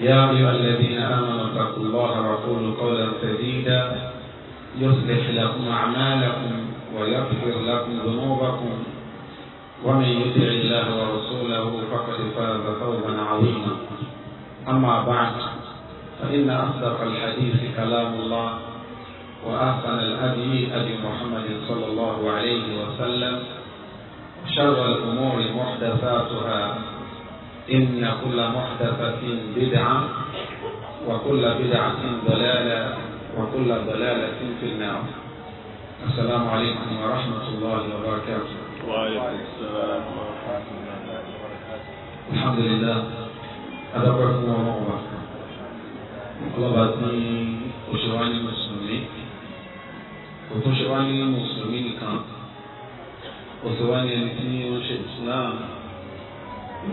يا أيها الذين آمنوا اتقوا الله وقولوا قولا سديدا يصلح لكم أعمالكم ويغفر لكم ذنوبكم ومن يطع الله ورسوله فقد فاز فوزا عظيما أما بعد فإن أصدق الحديث كلام الله وأحسن الهدي أبي محمد صلى الله عليه وسلم شر الأمور محدثاتها إن كل محدثة بدعة وكل بدعة ضلالة وكل ضلالة في النار السلام عليكم ورحمة الله وبركاته وعليكم السلام ورحمة الله وبركاته الحمد لله أدبركم الله ọlọ́bàtí òṣèwá ní mùsùlùmí kò tún ṣe wá ní mùsùlùmí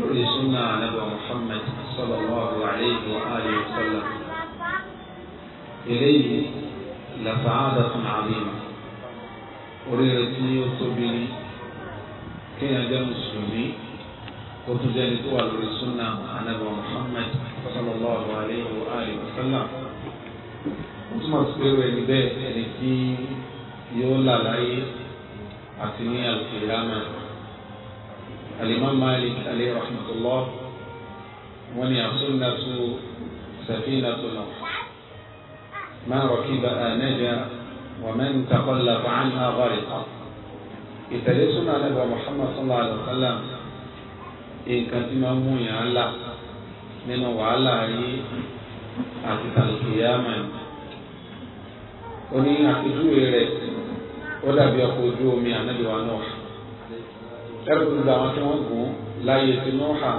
lórí súnà ànábì Muhammad sallallahu alayhi wa alihi wa sallam eléyìí làfàádà fún àbímọ oríire tí ó tóbi ní kéèyàn jẹ́ mùsùlùmí ó tún jẹ́ ní tó wà lórí súnà ànábì Muhammad sallallahu alayhi wa alihi wa sallam ó túmọ̀ sí pé ẹni tí yóò là láyé àti ní àlùkò ìyá alimami malik alayhi rahmatulah wọ́n ní asunatu safinatu náà man rakiba anaja wa man taqallafa anha ghariqa ìtẹ̀lé súnà nàbà muhammad sallallahu alayhi wa sallam nǹkan tí máa mú yàn án là nínú wàhálà ayé àti tàlùkìyàmà oní àpèjúwe rẹ̀ ó dàbí ọkọ̀ ojú omi ànábìwá náà ẹrù gbogbo àwọn tí wọ́n gùn láyé tí wọ́n hà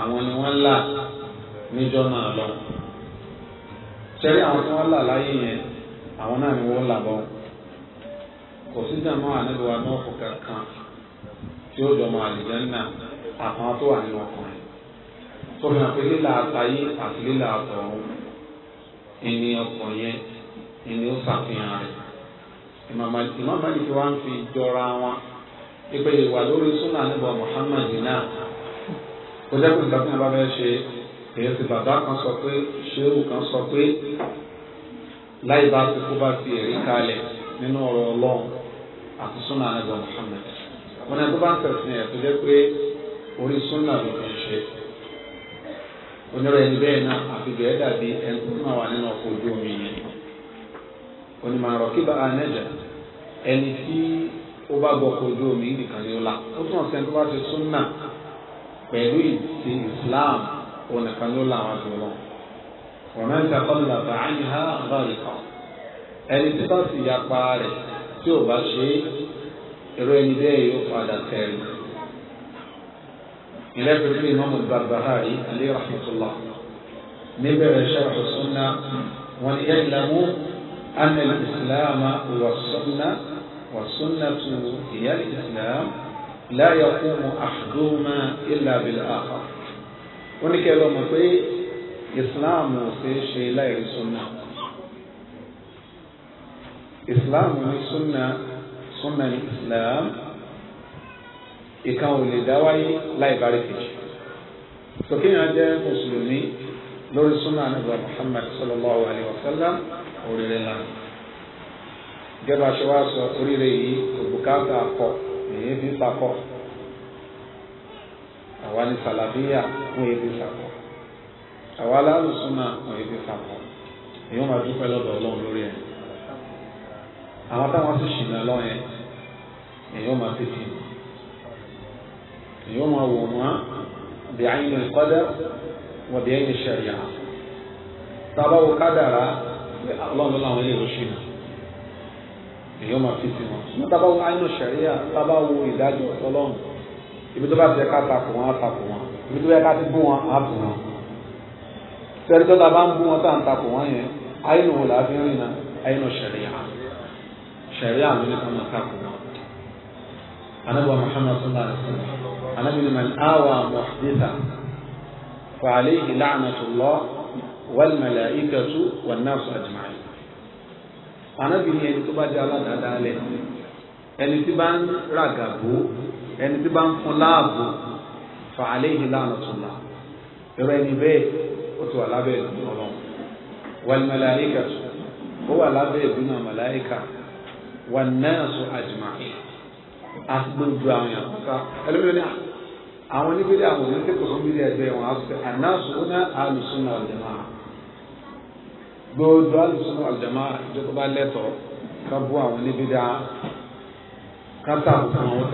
àwọn ni wọ́n là níjọ́ náà lọ sẹ́rí àwọn tí wọ́n là láyé yẹn àwọn náà ni wọ́n là bọ́ kò sí jàmọ́ ànábìwá náà kò kankan tí ó jọmọ àlìjẹ́nà àwọn tó wà nínú ọkùnrin tó fi lílà àtayé àti lílà àtọ̀hún ẹni ọkàn yẹn ẹni ó ṣàfihàn rẹ̀ ìmàmàlì tí wọ́n fi jọra wọn ìpè ìwà lórí súnà níbo Muhammad náà ó jẹ́ pé nǹkan tí wọ́n bá fẹ́ ṣe èyí ti bàbá kan sọ pé ṣéwù kan sọ pé láì bá ti kó bá fi èrí kalẹ̀ nínú ọ̀rọ̀ ọlọ́run àti súnà níbo Muhammad wọn ni ẹgbẹ́ bá ń tẹ̀sìn ẹ̀ tó jẹ́ pé orí súnà ló fi ń ṣe onírọ̀ ẹni bẹ́ẹ̀ náà àfihàn ẹ̀ dàbí ẹni tó máa wà nínú ọkọ̀ ojú omi yẹn onímọ̀ àrọ̀ bá a nẹ́jà ẹni tí ó bá gbọ́ ọkọ̀ ojú omi nìkan ni ó la ó tún ọ̀sẹ̀ tó bá ti súnà pẹ̀lú ìsìn Islam òun nìkan ni ó la àwọn àti ọlọ́run ọ̀nà ìṣàkọlù làbà á ní ha àbá ìkọ̀ ẹni tí bá sì ya pa rẹ̀ tí ò bá ṣe eré ẹni bẹ́ẹ̀ yóò padà tẹ̀lé ìrẹ́pẹ̀lú ìmọ̀mù Barbahari alẹ́ rahmatullah níbẹ̀rẹ̀ ṣàkóso náà wọ́n yẹ ìlànà أن الإسلام والسنة والسنة هي الإسلام لا يقوم أحدهما إلا بالآخر ونكلم مقوي إسلام وسيشي لا يسنة إسلام وسنة سنة الإسلام ìkan ò lè dá wáyé láì bá rí kejì sọkínyàn jẹ mùsùlùmí lórí súnà ànábì Muhammad sallallahu alayhi wa sallam òrìrì lánàá gẹ́gẹ́ bá ṣe wá sọ oríire yìí òbúkátà akọ èyí fi sakọ àwa ni sàlàbíyà fún èyí fi sakọ àwa aláàlùsúnà fún èyí fi sakọ èyí wọn máa dúpẹ́ lọ́dọ̀ ọlọ́run lórí ẹ̀ àwọn táwọn sì ṣìnà lọ́yẹn èyí wọn máa tètè èyí wọn máa wò wọ́n bí àyìn ìkọ́dẹ́ wọ́n bí àyìn ìṣẹ̀yà tábà wò kádàrá ọlọ́run làwọn ilé ìwé ṣìnà èèyàn máa fi sí wọn ní tábà wo àìnú sẹríà tábà wo ìdájọ́ ọlọ́run ibi tó bá ti yẹ ká takò wọn á takò wọn ibi tó yẹ ká ti bú wọn á bú wọn sẹrí tó tábà ń bú wọn tá à ń takò wọn yẹn àìnú wò láàbí rìn náà àìnú sẹríà sẹríà mi ní kàn máa takò wọn. anabi muhammad sallallahu alaihi wa sallam anabi ni man awa muhditha fa alayhi wal malaikatu wan nas ajma'in arábìnrin ẹni tó bá jẹ́ aládàáda lẹ̀ ẹni tí bá ń ràgàbó ẹni tí bá ń fún láàbò fa alayhi la'natullah ẹ̀rọ ẹni bẹ́ẹ̀ ó ti wà lábẹ́ ìdùnnú ọlọ́run wal malaikatu ó wà lábẹ́ ìdùnnú màláìkà wan nasu ajma'in agbójú àwọn yàn kọ́ta ẹlẹ́mìíràn ni ah, àwọn oníbèrè àwọn oníbèrè kò fún bíi ẹgbẹ́ wọn àti anáàsù ó ná àlùsùn náà lè máa. gbogbo alùsùnà àjàmá ìjọba bá lẹ́tọ̀ọ́ ká bú àwọn níbi dáa ká wọn tàbùkù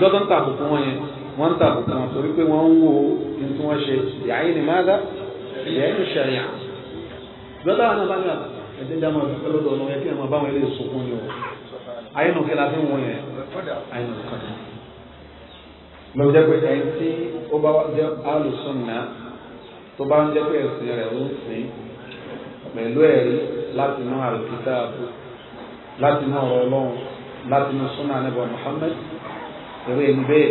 tó ń tàbùkù wọn yẹn wọ́n ń tàbùkù wọn torí pé wọ́n ń wo ní tí wọ́n ṣe yàáyé ni máa dá yàáyé ni máa bá wọn ilé ni o wọn yẹn jẹ́ pé pẹ̀lú ẹ̀rí láti inú al-kitab láti inú ọ̀rọ̀ ọlọ́run láti inú sunnah nebo muhammed eré ẹni bẹ́ẹ̀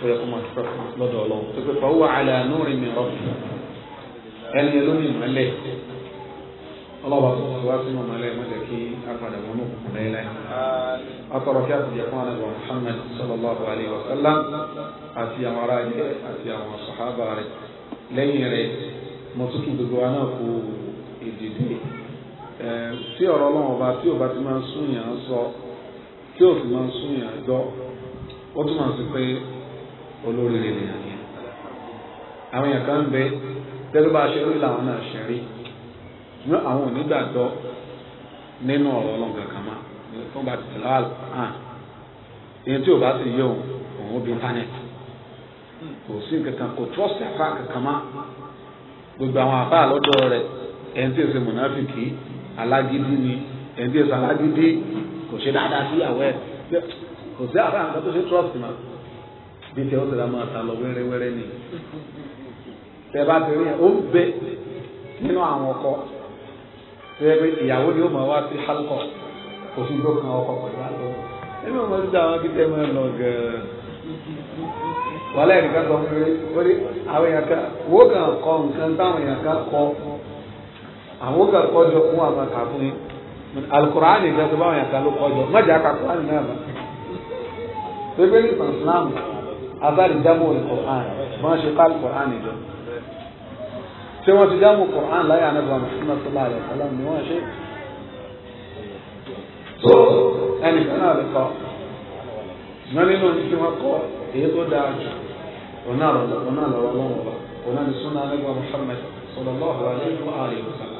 ó yẹ kó máa tó pẹ̀lú lọ́dọ̀ ọlọ́run tó pé pàwọ́ àlẹ́ ànúrin mi rọ̀ ẹni ẹ ló ní ìmọ̀lẹ̀ ọlọ́wà tó wá sí ọmọ ẹlẹ́ mọ́jẹ̀ kí a padà wọnú lẹ́lẹ́ atọ́rọ̀ kí a ti jẹ fún ànàbọ̀ muhammed sallallahu alayhi wa sallam àti àwọn ará àti àwọn sàhábà rẹ̀ lẹ́yìn rẹ̀ mọ́tútù gbogbo wa kú ìdìde tí ọ̀rọ̀ ọlọ́run ọba tí ò bá ti máa ń súnyàn án sọ tí ò máa ń súnyàn án gbọ́ ó túmọ̀ sí pé olórí rẹ̀ àwọn èèyàn kan ń bẹ bá a ṣe rí làwọn náà ṣe rí ní àwọn onígbàgbọ́ nínú ọ̀rọ̀ ọlọ́run kankan ń bá ti tẹ̀lé àlùkàn èyí tí sì òun òun gbogbo àwọn rẹ̀ ẹni tí ẹ ṣe mọ̀nàfìkì alágídí ni ẹni tí ẹ ṣe alágídí kò ṣe dáadáa sí ìyàwó ẹ kò sí àwọn àgbà tó ṣe trust ma bí tí ẹ ó sì ra máa ta lọ wẹ́rẹ́wẹ́rẹ́ ni tẹ bá ti rí ẹ ó ń bẹ nínú àwọn ọkọ tó yẹ pé ìyàwó ni ó máa wá sí halkọ kò sí gbó kan ọkọ pẹ̀lú àlọ́ ẹni wọn máa ń dá àwọn akíntẹ́ máa ń lọ gẹ́ẹ́ wàhálà ẹnìkan sọ fún mi ó àwọn èèyàn wọ́n kàn kọ nǹkan táwọn èèyàn kan kọ àwọn kan kọjọ fún àwọn kan fún yín alukur'an nìkan tó báwọn yàtọ̀ ló kọjọ mọ̀jà ká kur'an náà mọ̀ pépé ní islam abáàlì jámù alukur'an wọn ṣe ká alukur'an nìjọ ṣé wọn ti jámù kur'an láyé anábọ̀ Muhammad sallallahu alayhi wa sallam ni wọn ṣe. tó ẹnìkan náà lè kọ́ wọn nínú ní kí wọn kọ́ èyí tó dáa jù ọ̀nà àlọ́ ọ̀nà àlọ́ ọlọ́wọ́ ọ̀nà ní sunnah anábọ̀ Muhammad sallallahu alayhi wa sallam.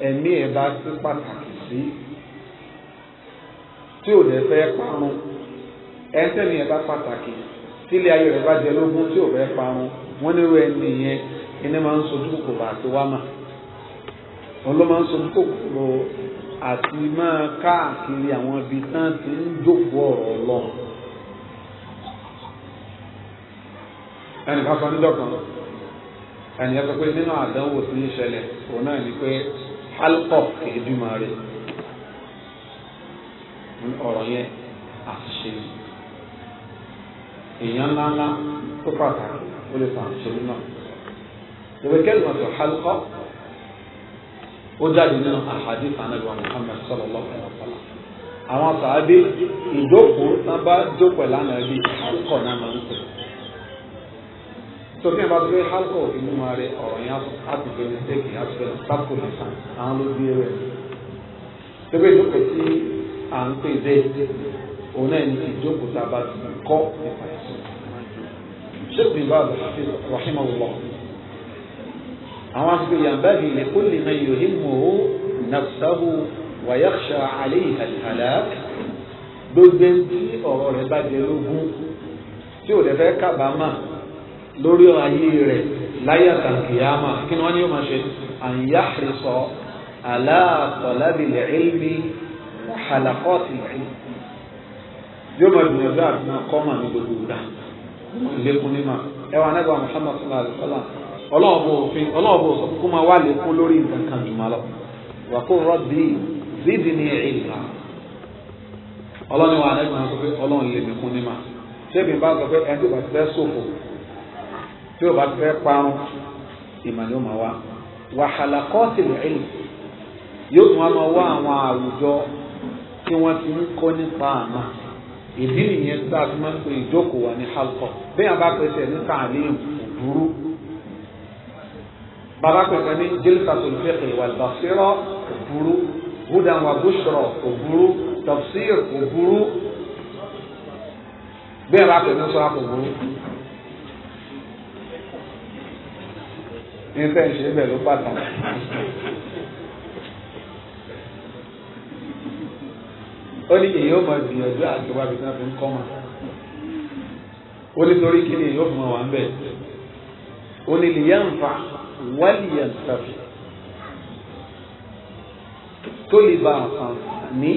ẹ̀mí ẹ̀ bá sí pàtàkì sí tí ò dẹ̀ fẹ́ parun ẹ̀ńtẹ́ni ẹ̀ bá pàtàkì tílé ayé rẹ̀ bá jẹ lógún tí ò fẹ́ parun wọ́n ní irú ẹni yẹn ẹni máa ń sojú kòkòrò àti wámà wọn ló máa ń sojú kòkòrò àti máa káàkiri àwọn ibi tán ti ń jókòó ọ̀rọ̀ ọlọ́run. ẹnì kan sọ nídọ̀kan ẹnì kan sọ pé nínú àdánwò tí ń ṣẹlẹ̀ òun náà ni pé alukọ kẹ̀ẹ́dùmá rẹ̀ ọ̀rọ̀ yẹn àṣìṣe èèyàn ńláńlá tó pàtàkì ó lè fa àṣìṣe nínú ìwé kẹ́lùmọ̀ tó alukọ ó jáde nínú àhàdí sanadu Muhammad sallallahu alaihi wa sallam àwọn sàábé ìjókòó náà bá jókòó lánàá bí alukọ náà máa sọfí ẹ̀ bá gbé halkọ̀ inú ma rẹ ọ̀rọ̀ yẹn àti gbé mistake yẹn àti gbé sápò nìkan àwọn ló gbé rẹ̀ tẹ́gbẹ́ ìjókòó tí à ń pè dé òun náà ní ìjókòó tá a bá ti kọ́ nípa ẹ̀sìn ṣéèkì bá rahim allah àwọn àti yanbaghi li kulli man yuhimmuhu nafsahu wa yakhsha alayhi al-halak gbogbo ẹni tí ọ̀rọ̀ rẹ̀ bá jẹ́ lógún tí ò lè fẹ́ kábàámà. lórí ayé re láyé kankiyama kí ni wọ́n ní yóò máa ṣe àyà àrísọ aláàtọ̀lábìlẹ̀ ilmi àlàkọ́ọ̀tì ilmi yóò máa gbìyànjú àti kọ́ mà ní gbogbo ìgbà ẹwà nígbà Muhammad sallallahu alayhi wa sallam ọlọ́ọ̀bù òfin ọlọ́ọ̀bù òsọ kó máa wá lórí nǹkan kan lọ wà kó ilma ọlọ́ni wà nígbà wọn sọ pé ọlọ́run lè mí ṣé bá tí o bá fẹ́ parun ìmọ̀ ni ó máa wá wàhálà kọ́ọ̀sì rẹ̀ yóò tún wá máa wá àwọn àwùjọ tí wọ́n ti ń kọ́ nípa àná ìdí nìyẹn tá a fi máa ń pe ìjókòó wa ní halkọ bẹ́ẹ̀ bá pèsè ní tààlíyàn òdúró bàbá pèsè ní jilsatul fiqh wal basira òdúró hudan wa òdúró tafsir òdúró bẹ́ẹ̀ bá pèsè sọ́ra òdúró. irúfẹ́ ìṣe bẹ́ẹ̀ ló pàtàkì. ó ní èyí ó mọ ìgbìyànjú àti wá bí sáfì ń kọ́ mà ó ní torí kí ni èyí ó fún wa ń bẹ̀ ó ní lè yá nfa wálì yẹn sáfì tó lè ba àǹfààní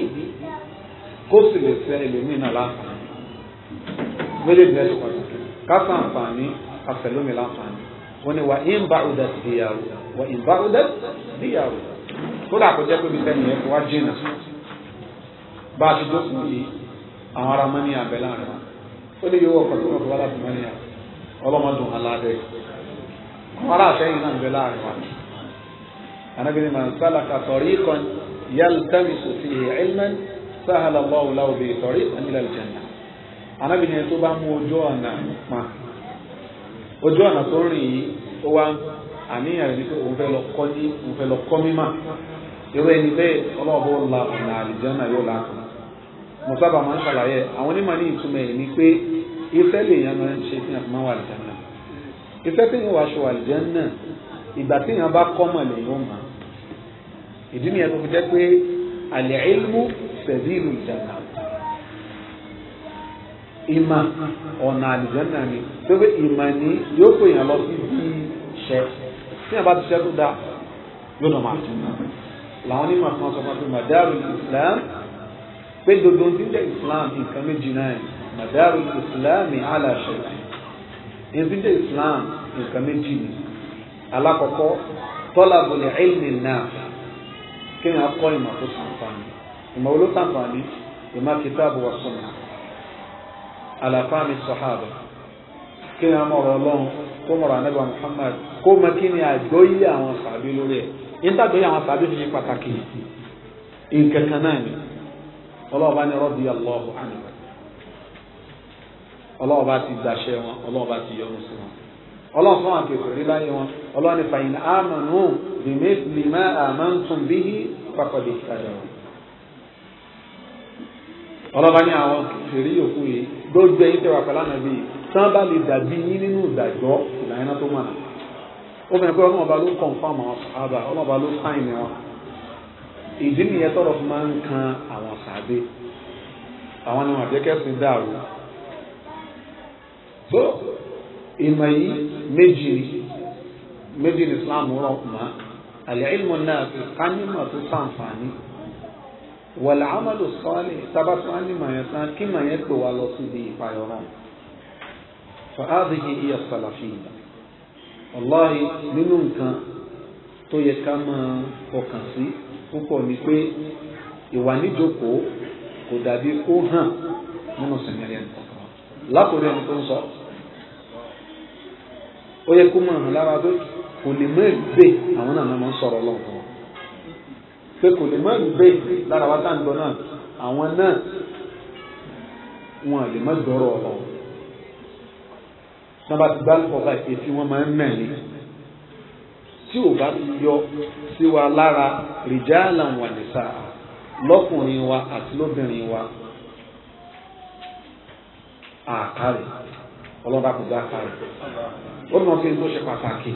kó sì lè fẹ́ ẹlòmíì náà láǹfààní méjèèjì ẹ̀ ṣe pàtàkì ká sàǹfààní àfẹ́lómi láǹfààní wọ́n ní wà ń bá ọ̀dà sí yàrá wà ń bá ọ̀dà sí yàrá kódà kó jẹ́ pé bí sẹ́ni yẹn kó wá jìnnà bá a ti dókun yìí àwọn ará mọ́ni abẹ́ láàrin wa ó ní yóò wọ́pọ̀ tó wọ́n fi wá láti mọ́ni yà ọlọ́mọdún aládé àwọn ará àtẹ́yìn náà ń bẹ láàrin wa anabi ni man salaka tariqan yaltamisu fihi ilman sahala Allahu lahu bihi tariqan ila al-jannah ojú ọ̀nà tó rìn yìí ó wá àníyàn rẹ̀ wípé òun fẹ́ lọ kọ́ ní òun fẹ́ lọ kọ́ irú ẹni bẹ́ẹ̀ ọlọ́ọ̀bọ la ọ̀nà àlìjánà yóò la kàn mo sábà máa ń ṣàlàyé àwọn onímọ̀ ní ìtumọ̀ ẹ̀ ni pé máa ń ṣe máa wà ìmọ̀ ọ̀nà àlùjànnà ni tó pé ìmọ̀ ni yóò pè yàn lọ sí bí ṣẹ́ tí yàn bá ti ṣẹ́ tó dáa yóò nà máa tún náà làwọn onímọ̀ kan sọ fún mi madaru islam pé dodo ti jẹ́ islam nǹkan méjì náà madaru islam ala shay èyí jẹ́ islam nǹkan méjì ni alákọ̀ọ́kọ́ talabul ilmi náà kéèyàn kọ́ ìmọ̀ tó sàǹfààní ìmọ̀ olóṣàǹfààní ìmọ̀ kitabu wa sunnah àlàfáàmì sọ̀hábà kí ni a mọ̀ ọ̀rọ̀ ọlọ́run kó mọ̀rọ̀ anábà Muhammad kó mọ kí ni àjọyé àwọn sàbí lórí ẹ̀ níta àjọyé àwọn sàbí fi yín pàtàkì nǹkan kan náà ni ọlọ́ọ̀bá ni rọ́bì allahu anhu ọlọ́ọ̀bá ti gbàṣẹ wọn ọlọ́ọ̀bá ti yọ́nú sí wọn ọlọ́run fún àti ìfòrí láyé wọn ọlọ́run ní fàyín àmọ̀nù bìmẹ́tìlímà àmọ́ntún bíi pápọ̀lì ìtajà wọn. ọlọ́ba ní àwọn ìfèrí yòókù yìí gbogbo ẹ̀yin tẹwà pẹ̀lú ànábì tán bá lè dàbí yín nínú ìdàjọ́ ìlànà tó mọ̀nà ó fẹ́ pé ọlọ́mọba ló ń kọ̀ǹfàmù àwọn sàhábà ọlọ́mọba ló sáìn wọn ìdí nìyẹn tọrọ fún máa ń kan àwọn sàábé àwọn ni wọn àjẹkẹsìn dàrú so ìmọ̀ yìí méjì méjì ní Islam rọ̀ mọ́ àlẹ́ ìlmọ̀ náà kánìmọ̀ tó sàǹfààní wàlẹ̀ amadu sọ́ọ̀lì tabatani mayẹ̀tàn kí mayẹ̀ pè wá lọ síbi ìpayọ̀ náà fàádìyí iyà sàlàfíà ọláyé nínú nǹkan tó yẹ ká máa fọkàn sí púpọ̀ ni pé ìwà níjókòó kò dàbí ó hàn nínú sẹ̀mẹ̀rẹ̀ ẹnìkọ̀ọ̀kan lákòrò ẹni tó ń sọ ó yẹ kó máa hàn lára pé kò lè mọ ègbè àwọn náà máa ń sọ̀rọ̀ lọ́wọ́ pé kò lè má rí bẹ́ẹ̀ lára wa tá à ń lọ náà àwọn náà wọn lè má dọ̀rọ̀ ọ̀rọ̀ sábà tí bá ọ̀gá ètí wọn máa ń mẹ́rin tí ò bá ti yọ sí wa lára rìjáàlà wà nìsa lọ́kùnrin wa àti lóbìnrin wa àkàrẹ̀ ọlọ́dà kò dá kàrẹ̀ ó mọ̀ sí ní tó ṣe pàtàkì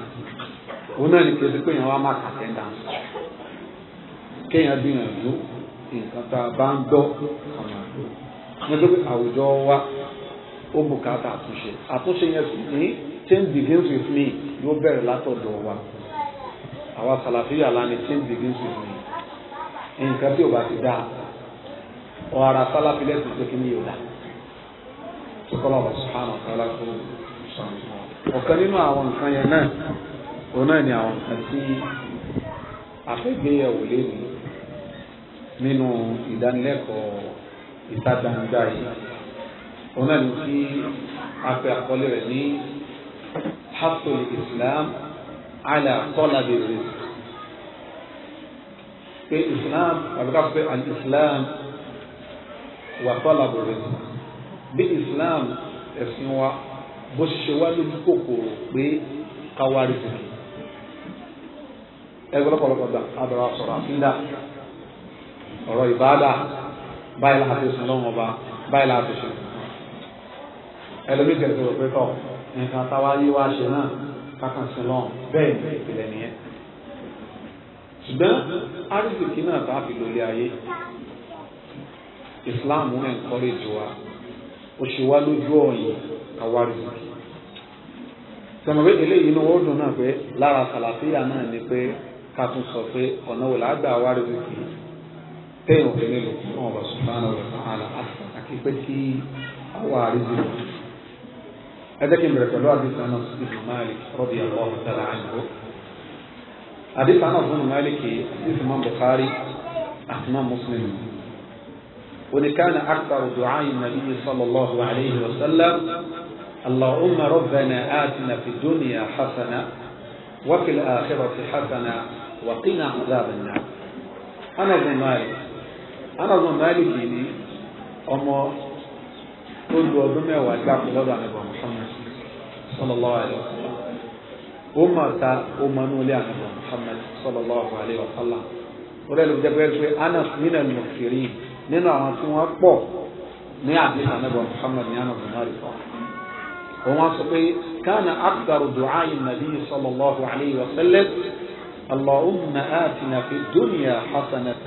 òun náà ní kí n ti pé yẹn wá má kà kéèyàn gbìyànjú nǹkan tá a bá ń gbọ́ àwọn nítorí àwùjọ wa ó bùkátà àtúnṣe àtúnṣe yẹn sì ní change begins with me yóò bẹ̀rẹ̀ látọ̀dọ̀ wa àwa sàlàfíà lánàá change begins with me nǹkan tí ò bá ti dáa ọ̀ ara sálàfí lẹ́sìn pé kí ni yóò dáa sọkọlá wa subhanahu wa ta'ala kó sàmì ọ̀kan nínú àwọn nǹkan yẹn náà òun náà ni àwọn nǹkan tí àfẹ́gbéyàwó lé nìyí nínú ìdánilẹ́kọ̀ọ́ ìtagbangba yìí òun náà ní kí a pe àkọlé rẹ̀ ní hafsul islam ala talabi rizq pé islam àbíká pé al-islam wà talabi rizq bí islam ẹ̀sìn wa bó ṣe wá lójú kòkòrò pé káwá rizq ẹgbẹ́ lọ́pọ̀lọpọ̀ gbà àbẹ̀wò àsọ̀rọ̀ àfíńdà ọ̀rọ̀ ìbáàdà báyìí láti sùn lọ́wọ́ ọba báyìí láti sùn ẹlòmíì tẹ̀sí òpin tọ̀ nǹkan táwa yé wá ṣe náà kákan sí lọ́wọ́ bẹ́ẹ̀ ni ìpìlẹ̀ nìyẹn ṣùgbọ́n arísìkí náà tá a fi lólé ayé Islam ń encourage wa ó ṣe wá lójú ọ̀yìn àwa arísìkí eléyìí inú wọ́n náà pé lára kàlàfíà náà ni pé ká tún sọ pé ọ̀nà wò lágbà wá téèyàn ò tẹ̀lé lò fún ọ̀rọ̀ subhanahu wa ta'ala àti pé kí àwọn àrídì lò. ẹ jẹ́ kí n bẹ̀rẹ̀ pẹ̀lú àdìsí àná ibn Malik radiyallahu ta'ala anhu. àdìsí àná ibn Malik àdìsí Imam Bukhari àti Imam Muslim. وإن كان أكثر دعاء النبي صلى الله عليه وسلم اللهم ربنا آتنا في الدنيا حسنة وفي الآخرة حسنة وقنا عذاب النار أنا ابن مالك anazọ Málíkì ni ọmọ tó lu ọdún mẹ́wàá gbáko lọ́dọ̀ àmì Muhammad sallallahu alaihi wa sallam ó mà ta ó mà ní olé àmì Muhammad sallallahu alaihi wa sallam orí ẹlòmí jẹ́ pé pé Anas nínú ẹ̀mí òkèrè nínú àwọn tí wọ́n pọ̀ ní àbí àmì Muhammad ní anazọ Málíkì wọ́n sọ pé كان أكثر دعاء النبي صلى الله عليه وسلم اللهم آتنا في الدنيا حسنة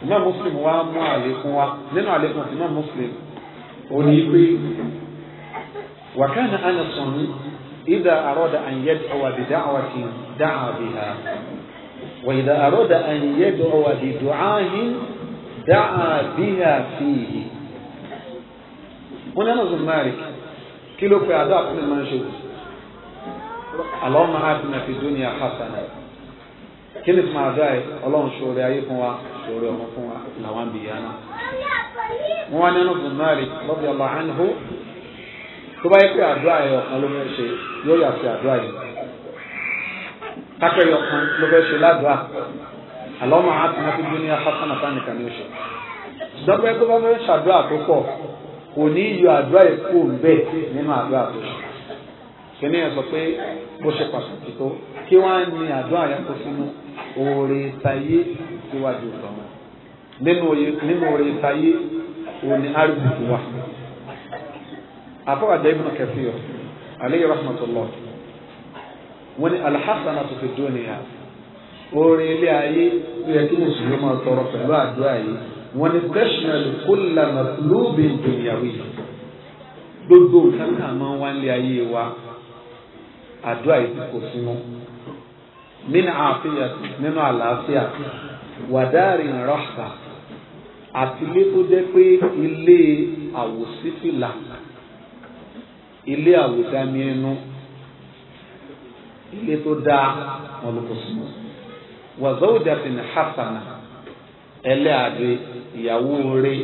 Imam Muslim wa mú àlékún wa nínú àlékún àti Imam Muslim ó ní pé wàkàna anasun idà àròdà ànyẹ́dì ọ̀wà bìdá àwà kì í dá àbí ha wà idà àròdà ànyẹ́dì ọ̀wà bìdó àhín dá àbí ha fìhì. Wọ́n ní Anasun Malik kí ló pe àdó àfúnni ṣe? Allahumma atina fi dunya hasana. kí lè máa dá ọlọ́run ṣòro ayé fún wa ṣòro ọmọ fún wa làwọn bìyà náà. wọ́n wá nínú bùnmárì lọ́bì ọba àánú tó bá yẹ pé àdúrà ẹ ọ̀kan ló fẹ́ ṣe yóò yà sí àdúrà yìí. kápẹ́rẹ́ ọ̀kan ló fẹ́ ṣe ládùúà àlọ́mọ àtúnmọ́ tó dúnìyà fásánàfá nìkan ni ó dọ́pẹ́ tó bá fẹ́ ṣàdúrà tó pọ̀ kò ní yọ àdúrà kí wọ́n á ní àdúrà yẹn kó sínú oore ìtayé síwájú ọ̀tọ̀mọ́ nínú oore ìtayé òní arúgbó wa àfọwọ́dà ibùdó kẹfì ọ aleyhi rahmatulah wọ́n ní alhassanatu fi dúnìyà oore ilé ayé ó yẹ kí mùsùlùmí máa tọrọ pẹ̀lú àdúrà yìí wọ́n ní tashmalu kulla matlubin dunyawi gbogbo nǹkan kan máa ń wá ní ayé wa àdúrà yìí kò sínú min àfihàn nínú àlàáfíà wàdáàrí rọ́ọ̀kà àti ilé tó jẹ́ pé ilé àwòsífìlà ilé àwòdání ẹnu ilé tó dáa wọn ló kó sùn wàzọ́wùjàtìn hasana ẹlẹ́àdé ìyàwó rẹ̀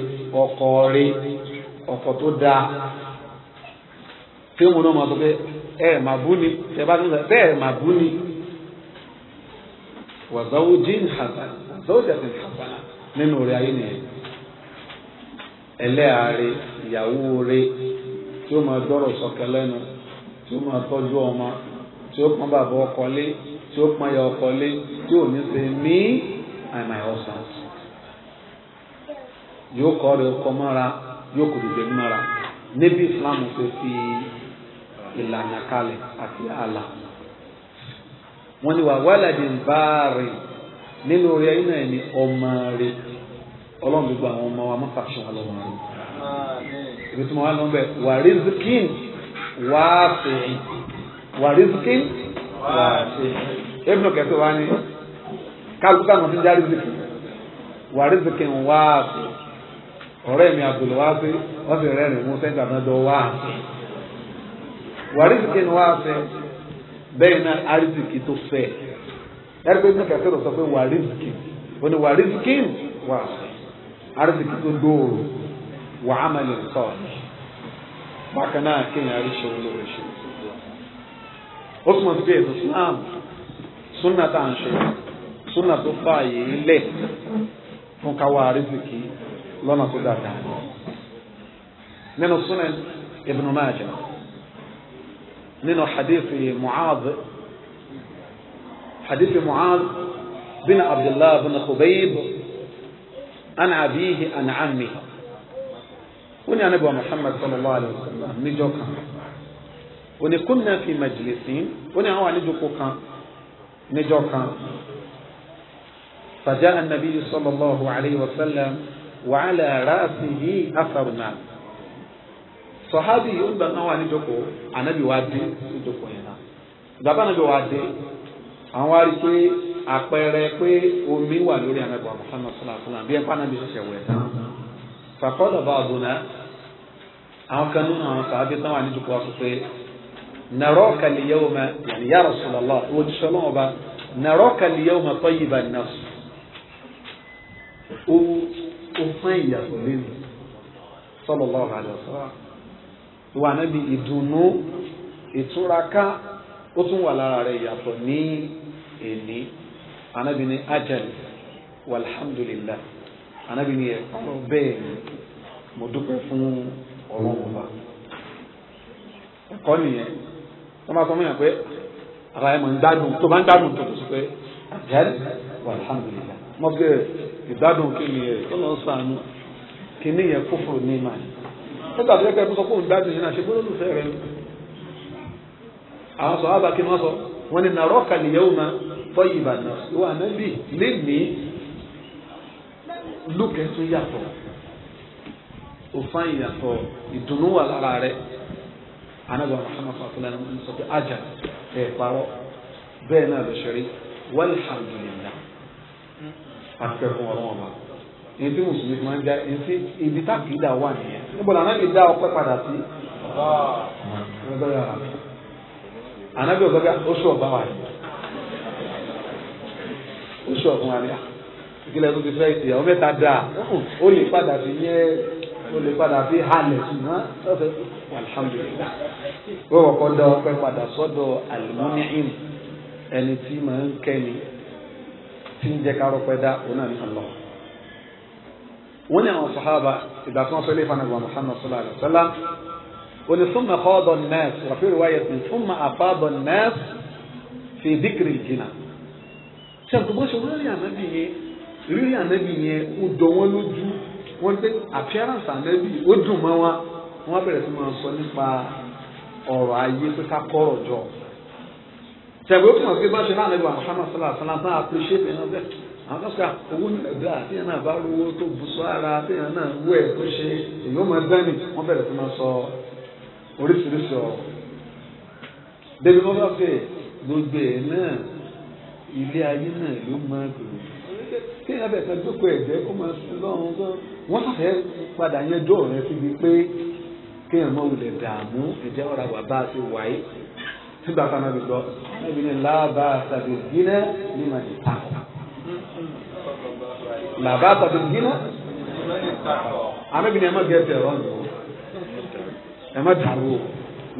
ọkọ rẹ̀ ọkọ tó dáa kí wọn náà máa sọ pé ẹ màbú ni ẹ bá tún sọ bẹ́ẹ̀ màbú ni wàzáwójìn hasan àzáwójàsìn hasan nínú orí ayé nìyẹn ẹlẹ́àárẹ̀ ìyàwó rẹ̀ tí ó máa gbọ́rọ̀ sọ̀kẹ́ lẹ́nu tí ó máa tọ́jú ọmọ tí ó pọn bàbá ọkọ lé tí ó pọn ya ọkọ lé tí ò ní ṣe me and my husband yóò kọ́ rẹ̀ ọkọ mọ́ra yóò kò dìde mọ́ra níbi Islam ṣe fi ìlànà kalẹ̀ àti àlà wọ́n ní wà wàlàdì báàrì nínú orí ayé náà ni ọmọ rẹ̀ ọlọ́run gbogbo àwọn ọmọ wa má fàṣọ wa lọ́wọ́ rẹ̀ ibi tí mo wá lọ́wọ́ bẹ́ẹ̀ wà rìzìkìn wà fèyìn wà rìzìkìn wà fèyìn ebùnà kẹsàn-án wa ni kálukú àwọn tó ń já rìzìkìn wà rìzìkìn wà fèyìn ọ̀rẹ́ mi àbùlù wá sí wọ́n sì rẹ́rìn-ín sẹ́ńtà náà dọ̀ wá fèyìn wà rìzìkìn wà fèyìn. bẹ́ẹ̀ náà arizikì tó fẹ́ ẹgbẹ́ ibi kẹfẹ́ rẹ̀ sọ pé wà rizikì ó ní wà rizikì wà arizikì tó dóòrò wà ámàlì nǹkan bákan náà kéèyàn aríṣẹ́ olóore ṣe ó túmọ̀ sí pé ètò Islam súnà tá à ń ṣe súnà tó fààyè lẹ̀ fún káwa arizikì lọ́nà tó dáadáa منه حديث معاذ حديث معاذ بن عبد الله بن خبيب عن أبيه عن عمه وني أبو محمد صلى الله عليه وسلم نجوكا وني كنا في مجلسين وني هو نجوكا نجوكا فجاء النبي صلى الله عليه وسلم وعلى رأسه أثر نار sọ̀hábì olùgbà kan wà níjòkó ànábì wa dé níjòkó yẹn náà ìgbàgbọ́ ànábì wa dé àwọn wa rí pé àpẹẹrẹ pé omi wà lórí wa Muhammad sallallahu alaihi wasallam bí ẹ pa ànábì ṣẹ̀ṣẹ̀ wẹ̀ tán fàkọ́dọ̀ bá ọdún àwọn kan àwọn tán wà ya ìwà ànábì ìdùnnú ìtúraká ó tún wà lára rẹ̀ yàtọ̀ ní èní ànábì ní ajali walhamdulillah ànábì ní ẹ̀kọ́ bẹ́ẹ̀ ni mo dúpẹ́ fún ọlọ́run ọba ẹ̀kọ́ nìyẹn wọ́n máa sọ fún yàn pé ara ẹ̀ mọ̀ ń gbádùn tó bá ń gbádùn tó sọ pé ajali walhamdulillah mọ̀ pé ìgbádùn kí ni ẹ̀ kí ni yẹn kófòrò ní ìmọ̀ yẹn nígbà tó yẹ kẹ́ ẹ sọ fóun gbádùn yìí náà ṣe gbọ́dọ̀ lùfẹ́ rẹ àwọn sọ ábà kí wọ́n sọ wọ́n ní nàró kàlíyàwó ma fọ́ ìbànú ìwà anábì lẹ́nìí lùkẹ́ tó yàtọ̀ òfin ìyàtọ̀ ìdùnnú wà lára rẹ anábì Muhammad fàtúlẹ̀ ní sọ pé ajá ẹ̀ parọ́ bẹ́ẹ̀ náà lọ ṣẹ̀rí wàlhàmdùlìlá àti kẹ́kọ̀ọ́ ọ̀rọ̀ ọ̀bà ní tí mùsùlùmí máa ń já ibi tákìlá wà nìyẹn níbo ni anábì dá ọpẹ́ padà sí. anábì ọ̀gá oṣù ọ̀bá wa yìí oṣù ọ̀fun wa ni ah, ìkìlẹ̀ tó ti fẹ́ ìtì ọ̀ mẹ́ta dà ó lè padà sí yẹ ó lè padà sí halẹ̀ ṣùgbọ́n ọ̀fẹ́ alhamdulillah wọ́n kọ́kọ́ dá ọpẹ́ padà sọ́dọ̀ alimọ́nìyìn ẹni tí màá ń kẹ́ni tí ń jẹ́ ká rọpẹ́ dá òun náà ní ọlọ́run wọ́n ní àwọn sàhábà ìgbà tí wọ́n fẹ́ lé fanagba muhammad sallallahu alayhi wa sallam wọ́n ní summa khada an-nas wa fi riwayatin summa afada an-nas fi dhikri al-jinan. sẹ́ǹtù bó ṣe rírí ànábì yẹn rírí ànábì yẹn ó dọ̀ wọ́n lójú wọ́n pé appearance ànábì ó dùn mọ́ wọn wọ́n bẹ̀rẹ̀ sí máa sọ nípa ọ̀rọ̀ ayé pé ká jọ. sẹ́ǹtù ó kàn sí bá ṣe àwọn kan sọ ah, owó ìgbà téèyàn náà bá rówó tó bu sọ ara téèyàn náà wú ẹ̀ tó ṣe èyí ó máa dání wọ́n bẹ̀rẹ̀ sí máa sọ oríṣiríṣi ọ̀rọ̀ débi wọ́n bá fẹ́ gbogbo ẹ̀ náà ilé ayé náà ló máa gbèrò téèyàn bẹ̀rẹ̀ sí gbogbo ẹ̀jẹ̀ kó máa sí lọ́run gan wọ́n sàfẹ́ padà yẹn dọ̀ rẹ síbi pé kéèyàn máa wulẹ̀ dààmú ẹ̀jẹ̀ ọ̀rọ̀ wà bá a ṣe wáyé nígbà kan náà bí lọ ẹ̀mí ni láàbà àtàbí ìdílé ní màdìtà làbá àtàtà gíná arábìnrin ẹ má gẹ tẹ̀rọ ọ̀nà o ẹ má dàrú o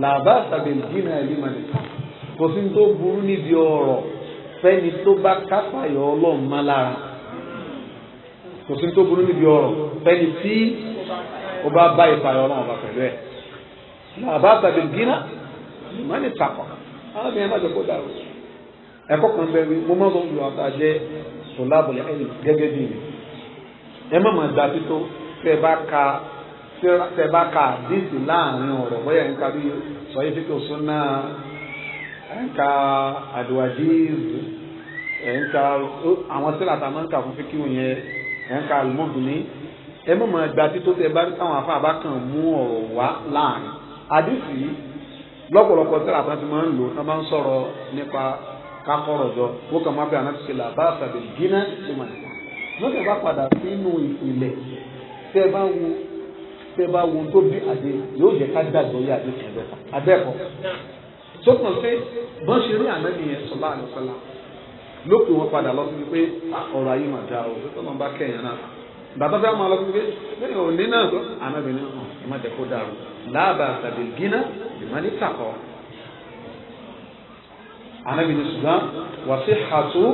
làbá àtàtà gíná ẹ bí má lè ta kò sí tó burú níbi ọ̀rọ̀ fẹ́ni tó bá kápáyọ̀ ọlọ́run má lára kò sí tó burú níbi ọ̀rọ̀ fẹ́ni tí ó bá bá ìpayọ̀ ọlọ́run ọba pẹ̀lú ẹ̀ làbá àtàtà gíná má lè takọ̀ arábìnrin ẹ má jẹ kó dàrú ẹ̀kọ́ kan bẹ́ẹ̀ mo má sọ fún wa tòlábùlẹ̀ ẹ̀yìn gẹ́gẹ́ bí mi. ẹ má máa gba tító tẹ bá ka tẹ bá ka àdìsí láàrin ọ̀rọ̀ bóyá ń ka bí sọyí fíkì òsún náà ń ka àdùwàdìsí ń ka àwọn sílà tá a máa ń kà fún fíkì wọn yẹn ń ka àlùmọ́bìnrin ẹ má máa gba tító tẹ bá táwọn afá bá mú ọ̀rọ̀ wá láàrin àdìsí lọ́pọ̀lọpọ̀ sílà tá ti máa ń lò tá máa ń sọ̀rọ̀ nípa ká kọ̀rọ̀ jọ wọ́n kàn má bẹ àná ṣe là bá àtàbí gíná ṣe mà ní. lókè bá padà sínú ìpìlẹ̀ tẹ́ bá wo tẹ́ bá wo tó bí àdé yóò jẹ́ ká gbàgbọ́ yé àdé tẹ̀ bẹ́ẹ̀ abẹ́ẹ̀kọ́. sókàn pé bọ́n ṣe rí àná nìyẹn sọlá àlùfọlá lókè wọn padà lọ sí pé ah, ọ̀rọ̀ ayé mà dáa o tó lọ́n bá kẹ́yìn náà bàbá bá máa lọ sí pé lẹ́yìn òní náà àná mi ní ọ̀ ẹ̀ má jẹ́ kó dáa o láàbà àtàbí gíná ìmọ̀ ní anabi ni ṣùgbọ́n wàsí hàtó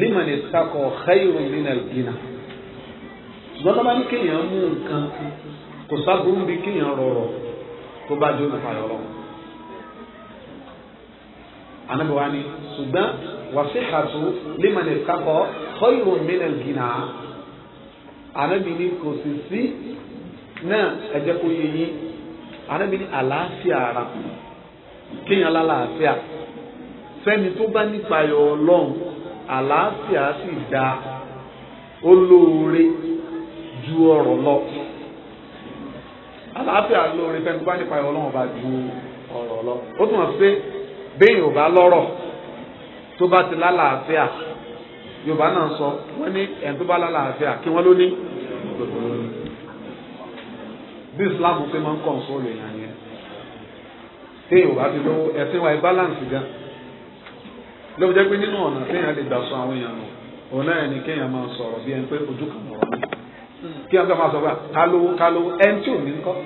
límọ̀nì takọ̀ xeyìrò nínú gínà ṣùgbọ́n tó bá ní kéèyàn mú nǹkan kò sábúrú bí kéèyàn rọrọ tó bá jó nípa yọrọ anabi wa ni ṣùgbọ́n wàsí hàtó límọ̀nì takọ̀ xeyìrò nínú anabi ni kò sì sí náà ẹ jẹ́ kó yẹ yín anabi ni àlàáfíà ara kù kéèyàn lálàáfíà fẹ́ni tó bá nípa ayọ̀ ọlọ́run àlàáfíà sì dá olóore ju ọrọ̀ lọ àlàáfíà lóore fẹ́ni tó bá nípa ayọ̀ ọlọ́run bá ju ọrọ̀ lọ ó tún wọn pé béèyàn ò bá lọ́rọ̀ tó bá ti lálàáfíà yorùbá náà sọ wọ́n ní ẹni tó bá lálàáfíà kí wọ́n ló ní bí islam ṣe máa ń kọ̀ ń sọ lè yẹn téèyàn bá ti lówó ẹ̀sìn wa ẹ̀ balance gan ló fi jẹ́ pé nínú ọ̀nà téèyàn lè gbà sọ àwọn èèyàn nù òun náà ni kéèyàn máa sọ̀rọ̀ bí ẹni pé ojú kan ọ̀rọ̀ mi kí wọ́n fẹ́ máa sọ pé kálówó kálówó ẹni tí ò ní kọ́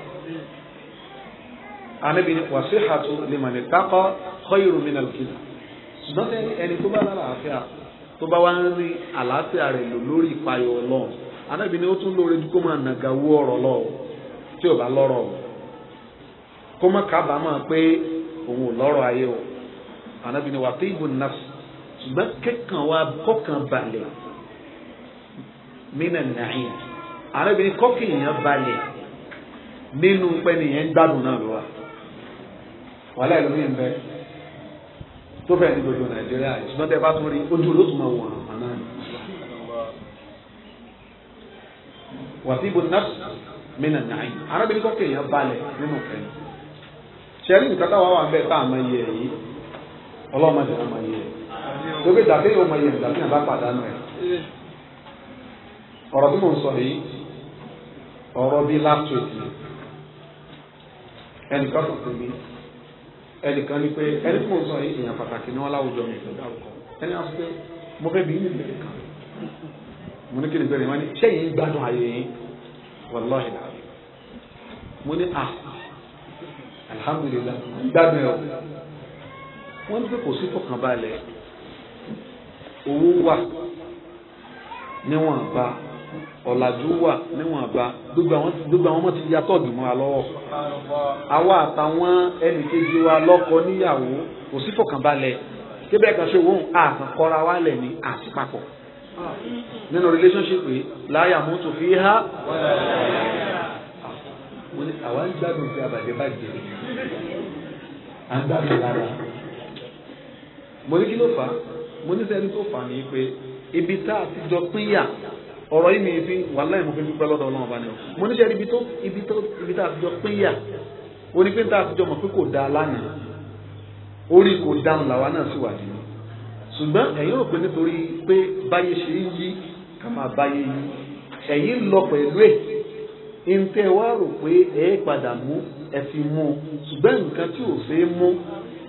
àníbi ni wàsíhàtú limani takọ khayrun minal kina ṣùgbọ́n sẹ́ni ẹni tó bá lálàáfíà tó bá wá ń rí àlàáfíà rẹ̀ lò lórí ìpayọ̀ ọlọ́run àníbi ni ó tún lóore dúkọ́ máa nàgà ọ̀rọ̀ lọ́wọ́ tí ò bá lọ́rọ̀ ọ̀hún kó má kábàámọ̀ pé òun ò lọ́rọ̀ ayé o ànábi ni wà á tẹ́yìnbó nafsi ṣùgbọ́n kẹ́kàn wa kọ́kàn balẹ̀ mínà nàáyà ànábi ni kọ́kàn èèyàn balẹ̀ nínú pẹ́ni yẹn ń gbádùn náà lọ́wọ́ wàhálà ìlú yẹn bẹ́ẹ̀ tó fẹ́ẹ̀ ní gbogbo nàìjíríà ṣùgbọ́n tẹ bá tún rí ojú ló tún máa wọ̀ àná ni. wà á tẹ́yìnbó nafsi mínà nàáyà ànábi ni kọ́kàn èèyàn balẹ̀ nínú pẹ́ni ṣẹ́rí nǹkan táwọn wà bẹ́ẹ̀ tá àmọ́ iye yìí ọlọ́mọ ìdè àmọ́ iye lókè ìdàkẹ́ yóò mọ iye ìdàkẹ́ yàrá pàdánù ẹ̀ ọ̀rọ̀ tí mò ń sọ yìí ọ̀rọ̀ bíi last week ni ẹnìkan tó pè mí ẹnìkan ní pé ẹni tí mò ń sọ yìí èèyàn pàtàkì ní wọn láwùjọ mi ìfẹ́ ẹni wọn pé mo fẹ́ bí nílùú ìbẹ̀rẹ̀ mo ní kí ni ìbẹ̀rẹ̀ wọn ni ṣé yìí gbádùn ayé yìí wàlọ́ọ̀hìn àbí mo ní à ah, alhamdulilah gbádùn ẹ̀ o wọ́n ní pé kò sí fọkànbalẹ̀ owó wà níwọ̀nba ọ̀làjú wà níwọ̀nba gbogbo àwọn ọmọ ti ya tọ́ọ̀gì mọ́ wa lọ́wọ́ àwa àtàwọn ẹnìkejì wa lọ́kọ níyàwó kò sí fọkànbalẹ̀ síbẹ̀ kan ṣe wọ́n àkànkọ́ra wa lẹ̀ ní àtìpapọ̀ nínú relationship yìí láyà mọ́tò fi há mo ní àwa ń gbádùn pé àbàjẹ́ bàjẹ́ à ń gbádùn lára mo ní kí ló fà á mo ní sẹ́ni tó fà á ní pé ibi tá a ti jọ pín yà ọ̀rọ̀ yìí mi fi wàhálà yìí mo fi ń dúpẹ́ lọ́dọ̀ ọlọ́run ọba ni mo ní sẹ́ni ibi tó ibi tá a ti jọ pín yà ó ní pé tá a ti jọ mọ̀ pé kò dáa lánàá orí kò dáhùn làwa náà sì wà nínú ṣùgbọ́n ẹ̀yin rò pé nítorí pé báyé ṣe ń yí ká máa báyé yí ẹ̀yin lọ pẹ̀lú ẹ̀ ntẹ wá rò pé ẹ padà mú ẹ fi mú un ṣùgbọ́n nǹkan tí ò ṣe mú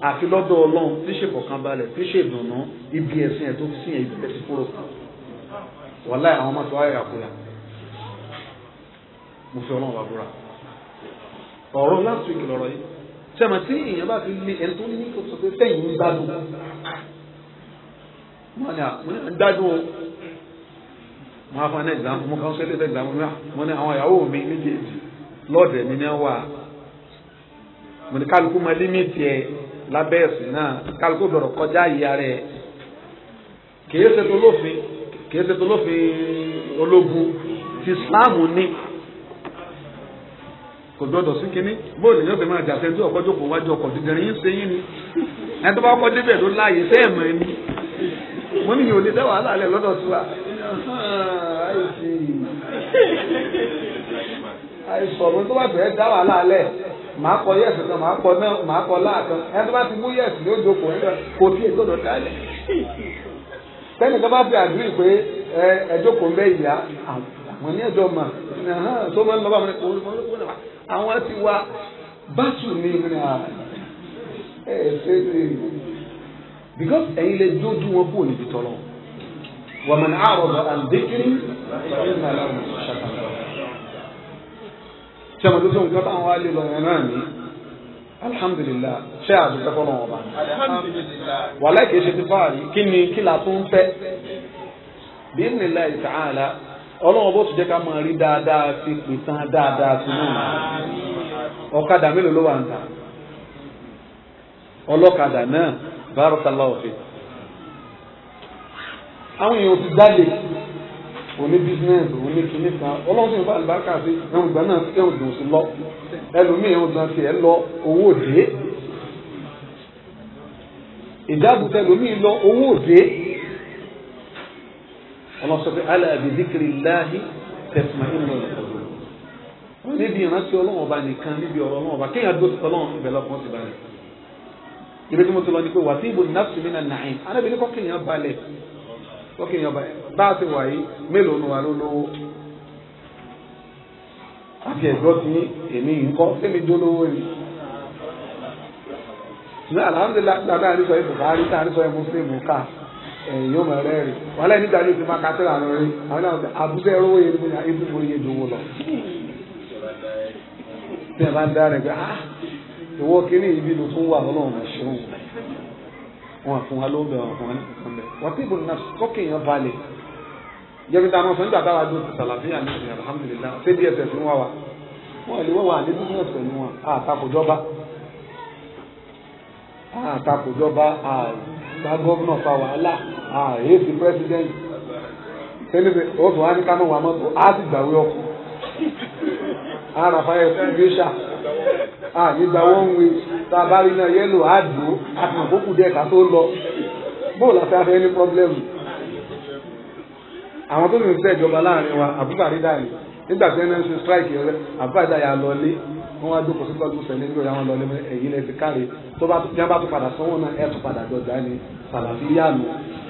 àfi lọ́dọ̀ ọlọ́run tí ṣe kọ̀kan balẹ̀ tí ṣe ìdùnnú ibi ẹ̀sìn ẹ̀ tó fi sìn ẹ̀ ibi ẹ̀ ti kúrò wàlá àwọn ọmọ tó wáyà àkúyà mo fi ọlọ́run wá búra ọ̀rọ̀ last week lọ́rọ̀ yìí sẹ́mi tí èèyàn bá fi lé ẹni tó ní kó sọ pé sẹ́yìn ń gbádùn wọ́n à ń gbádùn o wọn á fún ẹni ẹgbàmù mo kàn sọ ẹlẹ́fẹ̀ ẹgbàmù mi mo ní àwọn ìyàwó mi méjèèjì lọ́ọ̀dẹ̀ mi ní wà mo ní kálukú mọ límìtì ẹ lábẹ́ ẹ̀sìn náà kálukú gbọ́dọ̀ kọjá ìyá rẹ kìí ṣe tó lófin kìí ṣe tó lófin ológun ti Islam ní kò gbọdọ̀ sí kínní bóòlù yóò fi máa jà sẹ́ńtì ọ̀kọ́jọ́ kò wájú ọkọ̀ dídìrín yín ṣe ni ẹni tó bá kọ́ débẹ̀ ló láàyè sẹ́ẹ̀mọ̀ ẹni mo ní yòó ní dá wàhálà lẹ̀ lọ́dọ̀ sí wa I see. àìsọ̀rọ̀ tó bá fẹ́ dá wà lẹ̀ màá kọ kan màá kọ náà màá kọ tó bá ti mú yẹ̀sì kò tí èso lọ dálẹ̀. sẹ́ni tó bá fi àdúrà pé ẹjọ́ kò ń àwọn ní mà tó máa ń lọ bá wọn kò àwọn ti wá ní ìrìn ṣe é ṣe é because lè wọn kúrò níbi tọ́lọ́. ومن أعرض عن ذكري فإن له شفقة sẹ́wọ̀n tó sọ̀rọ̀ gbọ́dọ̀ àwọn alẹ́ lọ́yẹ̀ náà ni alhamdulilah ṣé àdúgbò fọlọ́ wọn bá wà láìké ṣe ti fáàrí kí ni kí la tún fẹ́ bí nílá ìtàhálà ọlọ́wọ́n bó ti jẹ́ ká máa rí dáadáa sí pìtàn dáadáa sí náà ọ̀kadà mélòó ló wà ń ta ọlọ́kadà náà barakallahu fik àwọn èèyàn ti jáde òní business òní kìíní kan ọlọ́run sì ń fa àlùbáríkà sí ẹ̀hùn ìgbà náà ẹ̀hùn ìdùn sí lọ ẹlòmíì ẹ̀hùn ìgbà tiẹ̀ lọ owó òde ìdáàbò tẹlòmíì lọ owó òde ọlọ́sọ̀fẹ́ ala bi zikrillahi tatma'innul qulub níbi ìrántí ọlọ́run ọba nìkan níbi ọ̀rọ̀ ọlọ́run ọba kéèyàn dúró sí ọlọ́run ìbẹ̀lẹ̀ ọkàn lókè yẹn bá a ti wà yìí mélòó nu wa ló lówó àti ẹ̀gbọ́ ti èmi nǹkan sẹ́mi dolówó ni ní alhamdulilayi náà àrísọ yìí Buhari náà àrísọ yìí Muslim ká ẹ̀yìn ọmọ rẹ̀ rí wọn lẹ́yìn nígbà yóò ti máa kásẹ̀ àná rí àwọn náà sọ àbúṣe ẹ̀rọ yẹn ni mo ní ibùdó yẹn dòwó lọ. bí ẹ bá ń dá rẹ pé ah ìwọ kiri ibi ló tún wà lọ́nà ọ̀nà ṣòwò wọn fún wa ló ń bẹ wọn fún wa ní kankan bẹ wọn tébù náà kókè yẹn balẹ̀ jẹ́bi tá a máa sọ nígbà táwa dùn sàlàfíà ní ìsìn alhamdulillah ṣé dss ń wá wa wọn ìlú wọn wà ní business pẹ̀lú wọn àtakòjọba àtakòjọba àgbà gọ́vnọ̀ fa wàhálà àyèsí president sẹ́ni ó fún wa ní kámọ́ wa mọ́tò á sì gbàwé ọkọ̀ àràfáyẹ fún gésà àyígbà wọn wé tá a bá rí náà yẹlò àdó àtàkókò díẹ̀ ká tó lọ bóòlù àti afẹ ní pọblẹmù àwọn tó sì ń fẹ́ ìjọba láàrin wa àbúrò àrídà nígbà tí ẹnẹ ń ṣe strike rẹ àbúrò àrídà yà lọ lé wọn wá jókòó sí tọdún sẹlẹ nígbà yàwọn lọ lé ẹ̀yìn lẹsẹ káre tó bá yàn bá tún padà sanwó náà ẹ tún padà dọjà ni sàlàfíyàmù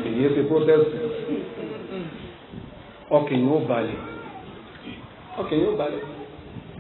èyí ṣe protest ọkàn yóò balẹ̀ ọkàn yóò balẹ̀.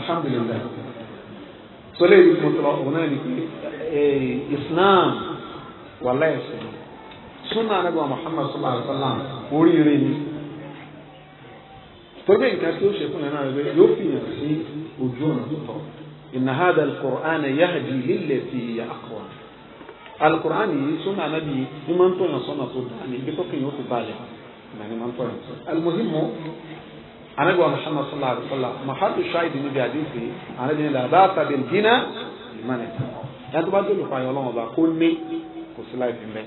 alhamdulillah sọlẹ̀ yìí mo tọ́ òun náà ni pé islam wàlá ẹ̀sẹ̀ sunna anabi wa muhammad sallallahu alaihi wa sallam oríire ni tọ́jú nǹkan tí ó ṣe fún ẹ̀rọ rẹ̀ yóò fi hàn sí ojú ọ̀nà tó tọ́ inna hadha al-Qur'an yahdi lillati hiya aqwam al-Qur'an yìí sunna anabi ni máa ń tọ̀yàn sọ́nà tó dáa ní ibi tó kìnyìn ó ti balẹ̀ ìgbà ni máa ń tọ̀yàn sọ́nà al-muhimmu anabi wa muhammad sallallahu alaihi wa sallam mahadu shahid níbi àdìsí anabi ní làbá tàbí dínà ìmọ̀nì ẹni tó bá dúró fún ayọ̀ ọlọ́run ọba kó ní kò sí láì fi mẹ́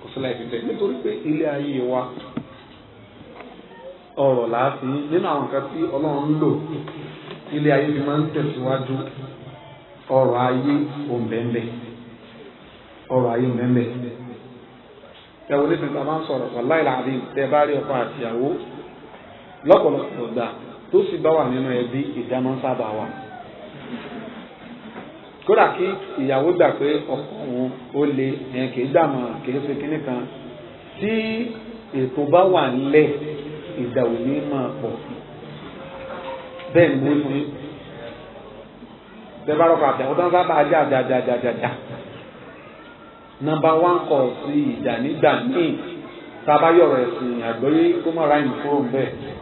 kò sí láì fi mẹ́ nítorí pé ilé ayé wa ọ̀rọ̀ láàfin nínú àwọn nǹkan tí ọlọ́run ń lò ilé ayé fi máa ń tẹ̀síwájú ọ̀rọ̀ ayé òǹbẹ̀ǹbẹ̀ ọ̀rọ̀ ayé òǹbẹ̀ǹbẹ̀ ẹ̀wọ̀n nípa ìgbà máa ń sọ̀rọ̀ wàláìlà àdìsí ẹ bá rí ọkọ àtìyàwó lọ́pọ̀lọpọ̀ ọ̀dà tó sì bá wà nínú ẹbí ìdáná sábà wà kódà kí ìyàwó gbà pé ọkọ òun ó le ẹ̀yìn kì í dàmọ̀ràn kì í ṣe kínní kan tí ètò bá wà nílẹ̀ ìjà ò ní máa pọ̀ bẹ́ẹ̀ ni mo fún yín bẹ́ẹ̀ bá rọ́pò àjà ọ̀dọ́ sábà já ajá ajá ajá ajá já nọ́mbà wán kọ̀ sí ìjà nígbà míì tá a bá yọ̀rọ̀ ẹ̀sìn àgbọ́yé kó má ra ń bẹ́ẹ̀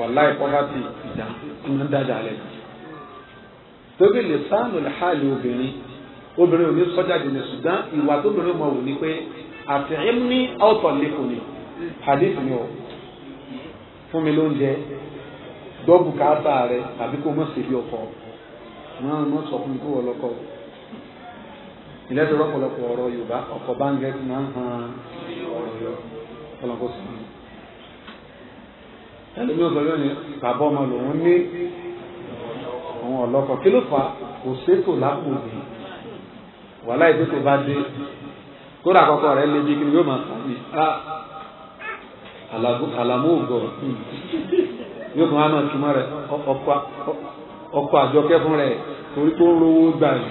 wàláì pọ́fàtì ìjà ń dájà lẹ̀. torí lè sáànù làhálì obìnrin obìnrin ò ní sọ́jà dìní ṣùgbọ́n ìwà tóbìnrin mọ̀ wò ni pé àfihàn ní ọ̀tọ̀ lẹ́kọ̀ọ́ ni hadith ni o fún mi lóúnjẹ dọ́ọ̀bù káàtà rẹ àbí kó mọ̀ sí ibi ọkọ̀ náà mọ̀ sọ fún mi kó wọ lọ́kọ̀ ilé tó rọ́pọ̀lọpọ̀ ọ̀rọ̀ Yorùbá ọ̀pọ̀ bá ń gẹ́ ti máa ń han ọ̀rọ̀ yọ ọlọ́kọ̀ sí i ẹlòmí ò sọ lónìí bàbá ọmọ lòun ní àwọn ọlọ́kọ̀ kí ló fà kò ṣètò lápò bí wàhálà ìgbé tó bá dé kódà àkọ́kọ́ rẹ̀ lé bí kí ni yóò máa tàbí àlàmú ògọ̀ yóò kàn án máa túmọ̀ rẹ̀ ọkọ̀ àjọkẹ́ fún rẹ̀ torí tó ń rówó gbà yìí.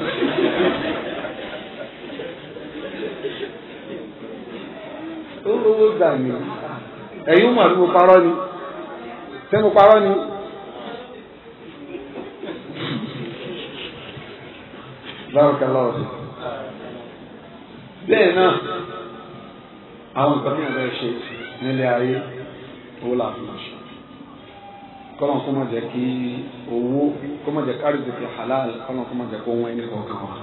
ó ń rówó gbà yìí ẹ̀yin mọ̀ àdúgbò parọ́ ni sẹ́nu parọ́ ni. bárakàlọ́ọ̀ sí. bẹ́ẹ̀ náà àwọn nǹkan tí wọ́n fẹ́ ṣe nílé ayé owó láti máa ṣe kọ́nà kó má jẹ́ kí owó kó má jẹ́ kárìtì ti halal kọ́nà kó má jẹ́ kó wọ́n ẹni kọ̀ọ̀kan wa.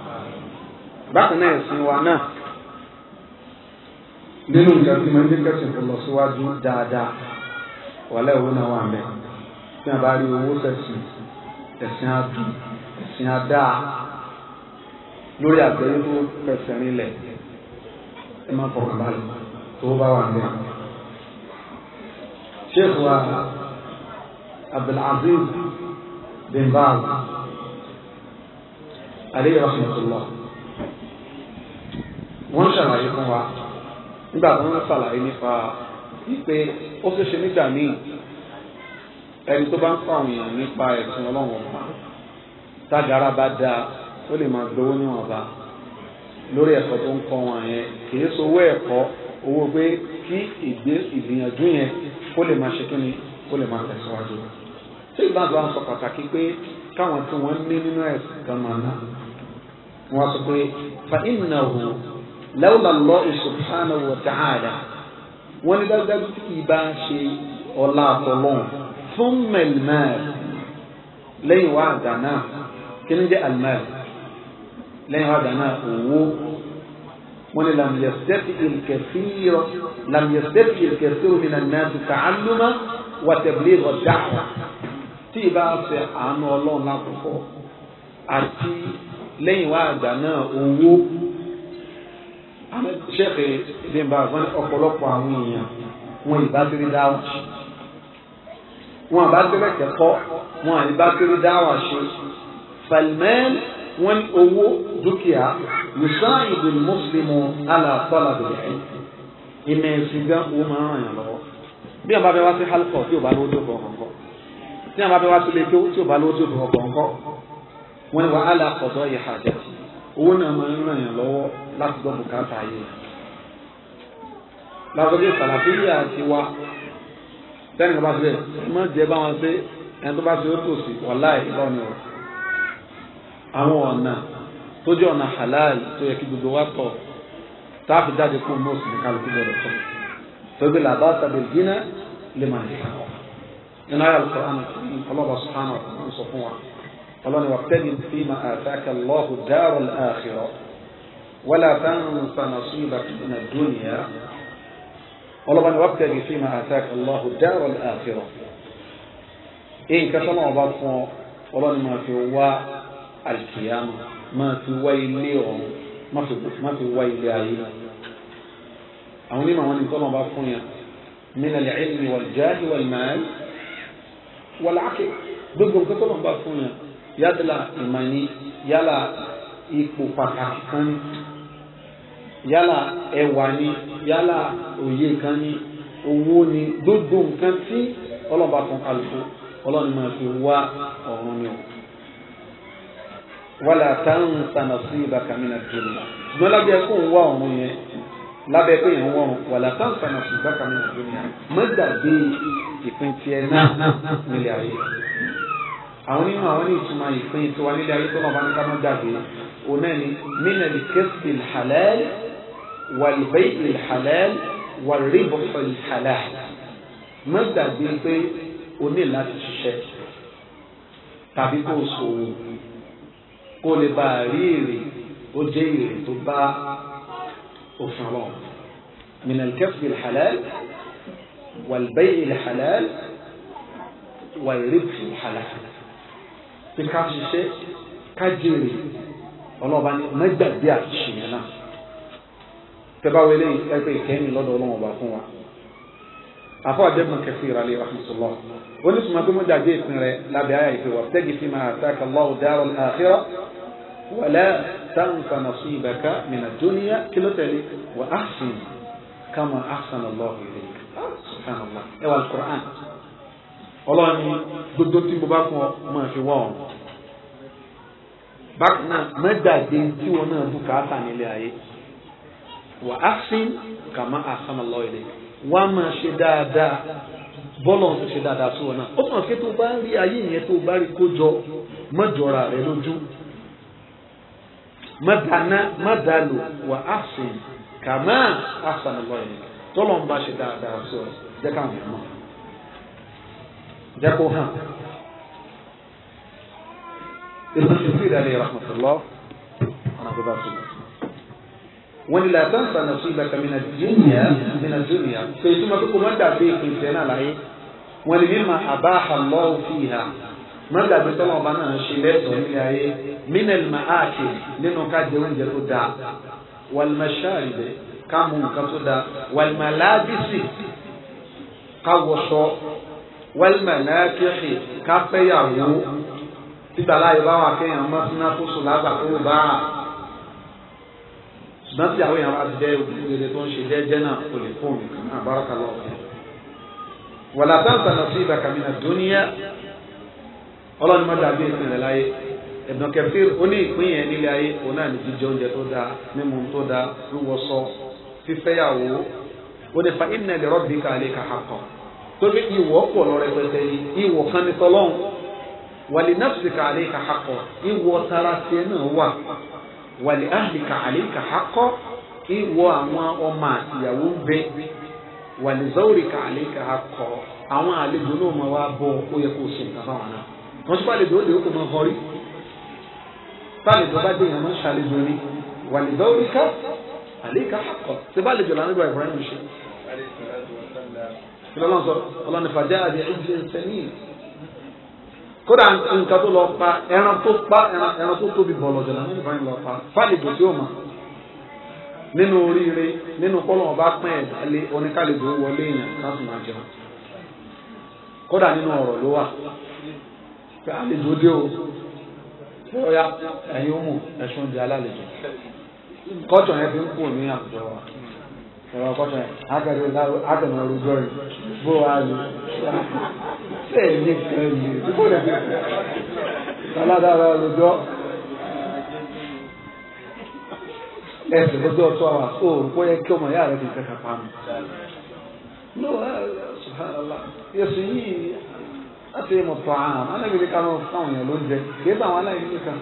bákan náà ẹ̀sìn wa náà nínú nǹkan tí mo ń dé kẹ́sìn tó lọ síwájú dáadáa wàlẹ́ owó náà wà mẹ́ tí a bá rí owó sẹ̀sìn ẹ̀sìn adùn ẹ̀sìn adá lórí àgbẹ̀yé tó fẹsẹ̀ rinlẹ̀ ẹ má fọkàn balẹ̀ tó bá wà mẹ́. sheikh wa abdulaziz bin baaz aleyhi rahmatulah wọ́n ṣàlàyé fún wa nígbà tó ń ṣàlàyé nípa wípé ó tún ṣe nígbà míì ẹni tó bá ń pàwọn èèyàn nípa ẹ̀sìn ọlọ́run ọ̀pá tágara bá dáa ó lè máa gbowó níwọ̀nba lórí ẹ̀kọ́ tó ń kọ́ wọn yẹn kìí sowó ẹ̀kọ́ owó pé kí ìgbé ìgbìyànjú yẹn kó lè máa ṣe kíni kó lè máa tẹ̀síwájú. ṣé ìgbàgbọ́ àwọn sọ pàtàkì pé káwọn tí wọ́n ní nínú ẹ̀sìn kan máa ná wọ́n sọ pé fa innahu lawla Allah subhanahu wọ́n ní dájúdájú tí kì í bá ń ṣe ọlá àtọlọ́hún fún mẹlmẹl lẹ́yìn wá àgbà kí ni jẹ́ àlmẹl lẹ́yìn wá àgbà owó wọ́n ní làmìyẹsẹtì ìlkẹsìrọ làmìyẹsẹtì ìlkẹsìrọ mi nàá nàá tuka àlùmá wàtẹbílẹ ọjà tí ì bá ṣe àánú Ọlọ́run lákòókò àti lẹ́yìn wá àgbà owó sẹ́ẹ̀kì dèmbà wọn ọ̀pọ̀lọpọ̀ àwọn èèyàn wọn ìbá kiri dáwà ṣe wọn àbá kiri kẹ́kọ́ wọn àìbá kiri dáwà ṣe falmẹ́n wọn owó dúkìá yusan ibùn mùsùlùmù aláàtọ́lá bẹ̀rẹ̀ ìmẹ̀ ẹ̀sìn gan owó máa ń ràn yàn lọ́wọ́ bí wọn bá fẹ́ wá sí halkọ tí ò bá lówó tó kọ̀ọ̀kọ̀ tí wọn bá fẹ́ wá sí lẹ́kọ́ tí ò bá lówó tó kọ̀ọ̀kọ̀ wọn ni wàhálà kọ̀dọ̀ yìí owó náà máa ń ràn yàn lọ́wọ́ láti gbọ́ bùkátà ayé làkọjọ sàlàfíà ti wa tẹnika bá sílẹ̀ má jẹ báwọn pé ẹni tó bá ṣe ó tòsí wàláì ìbá ni ọ̀rọ̀ àwọn ọ̀nà tó jẹ́ ọ̀nà halal tó yẹ kí gbogbo wa tọ̀ tá a fi jáde kó mọ́ọ̀sì ní kálukú gbọdọ̀ tọ̀ tóbi làbá tàbí gínà lè máa ní àwọn. nínú ayé ọlọ́ba sọ̀hánà ọ̀hún قال أنا واقتدم فيما آتاك الله الدار الآخرة ولا تنس نصيبك من الدنيا قال أنا واقتدم فيما آتاك الله الدار الآخرة إيه كتلا عبادة قال ما في هو القيامة ما في ويليهم ما في ما في ويلي àwọn onímọ̀ àwọn nìkan náà من العلم والجاه والمال والعقل ilmi wal-jahi Yadla imani yala ipò pàtàkì kan ní yala ẹwà ní yálà òye kan ní owó ní gbogbo nǹkan tí ọlọ́ba kan kálukú ọlọ́ni máa fi wá ọ̀run ni o. wàlà táwọn sànà sí ìbàkàmínà jùlọ ṣùgbọ́n lábẹ́ kó ń wá ọ̀run yẹn lábẹ́ pé ìhun wọ̀run wàlà táwọn sànà sí ìbàkàmínà jùlọ mọ́gbàgbé ìpín tiẹ̀ náà nílẹ̀ ayé àwọn nínú àwọn ní ìtumọ̀ ìpín tiwa nílé ayé tó náà bá ní ká má gbàgbé òun náà ni mina al-kasb al-halal wal-bay' al-halal wal pé o ní láti ṣiṣẹ́ tàbí kó o ṣòwò kó o lè bá a rí èrè ó jẹ́ èrè tó bá òfin lọ. من الكسب الحلال والبيع الحلال والربح الحلال pé ká ṣiṣẹ́ ká jèrè ọlọ́ọ̀bá ní mẹ́gbàgbé àṣìṣe yẹn náà tẹ́báwé lẹ́yìn ẹgbẹ́ ìkẹ́yìn lọ́dọ̀ ọlọ́wọ́n ọba fún wa afọ àjẹmọ kẹfì ìrọ̀lẹ́ rahmatullah onísùnmọ́ pé wọ́n jàgbé ìpín rẹ lábẹ́ àyà ìpè wà tẹ́gì sí máa àtàkà Allahu daral akhirah wala tansa nasibaka mina dunya kílótẹ́lẹ́ wa ahsin kama ahsana Allahu ilayka subhanallah ẹ wà al-Qur'an ọlọ́run ní gbogbo tí mo bá fún ọ máa fi wá ọ̀run bákan náà mẹ́gbàgbé tí wọn náà bù káàtà nílé ayé wà á sin kàmá àsámàlọ́ ilé wà á máa ṣe dáadáa bọ́ọ̀lù ọ̀hún ti ṣe dáadáa sí wọn náà ó kàn ṣe tó bá rí ayé yẹn tó bá rí kó jọ mọ́jọra rẹ lójú mọ́dáná mọ́dálò wà á sin kàmá àsámàlọ́ ilé tọ́lọ́ ń bá ṣe dáadáa sí ọ jẹ́ káwọn mọ̀ jẹ́ kó hàn. Ibn Kathir alayhi rahmatullah ọ̀nà tó bá sọ̀rọ̀. Wọ́n ní la tansa nasibaka mina dunya mina dunya. Pèsè ma kókó má dàbí ìpèsè náà láyé. Wọ́n ní mimma abaha Allahu fiha. Má dàbí sọ́wọ́n ọba náà ṣe lẹ́tọ̀ọ́ nílé ayé. Minal ma'akil nínú ká jẹ oúnjẹ tó dáa. Wal masharib ká mú nǹkan tó dáa. Wal malabisi ká wọṣọ wẹ́lmẹ̀ lẹ́ẹ̀kì kápẹ́yàwó tígbàláyé báwọn akẹ́yàn mọ́ sínú àkóso lágbà tó wò bá a ṣùgbọ́n tí àwọn èèyàn bá ti jẹ́ ojúlélẹ̀ tó ń ṣe jẹ́jẹ́ náà kò lè fún mi kan àbáraka lọ fún un. wàlá sí ibà kàmínà dúníyà ọlọ́run má dàbí ìpín láyé ẹ̀dùn kẹfìr ó ìpín yẹn nílé ayé òun náà ní jíjẹ oúnjẹ tó dáa mímu tó dáa wíwọṣọ fífẹ́yàwó ó ní fa ìnà ìdẹ̀rọ̀ torí ìwọ pọ̀ lọ rẹpẹtẹ yìí ìwọ kan ní tọ́lọ́hún wàlí nafsika àléka hakọ ìwọ tara tiẹ̀ náà wà wàlí ahlika àléka hakọ ìwọ àwọn ọmọ àtìyàwó bẹ wàlí zawrika àléka hakọ àwọn àlejò náà máa wá bọ ó yẹ kó ṣe náà wọn tún bá àlejò ó lè ó máa họrí bá dé máa ṣàlejò wàlí hakọ bá àlejò làwọn kí lọ́nà sọ ọlọ́ni fàjá àbí ẹ̀jẹ̀ sẹ́yìn kódà nǹkan tó lọ pa ẹran tó pa ẹran tó tóbi bọ̀ lọ́jọ́ náà nípa ìlọ pa fálìbò tí ó mọ̀ nínú oríire nínú kọ́lọ̀ ọba pín ẹ̀dálé oníkálìbò wọlé èèyàn láti máa kódà nínú ọ̀rọ̀ ló wà dé o eyi ẹ̀yin ó mú ẹ̀sùn di alálejò kọ́tọ̀ yẹn fi ń kú ní wa. ọkọta agamarugo bụ azụ aladararugo ẹsẹ̀ lọ́jọ́ ọ̀tọ́ àwọn àpò bóyá kí ọmọ ìyá rẹ̀ ti tẹ̀ka pa mi. no yẹsù yìí láti mọ̀ tọ́ àwọn anábìrì kan fáwọn èèyàn ló ń jẹ kì í bá àwọn aláìní nìkan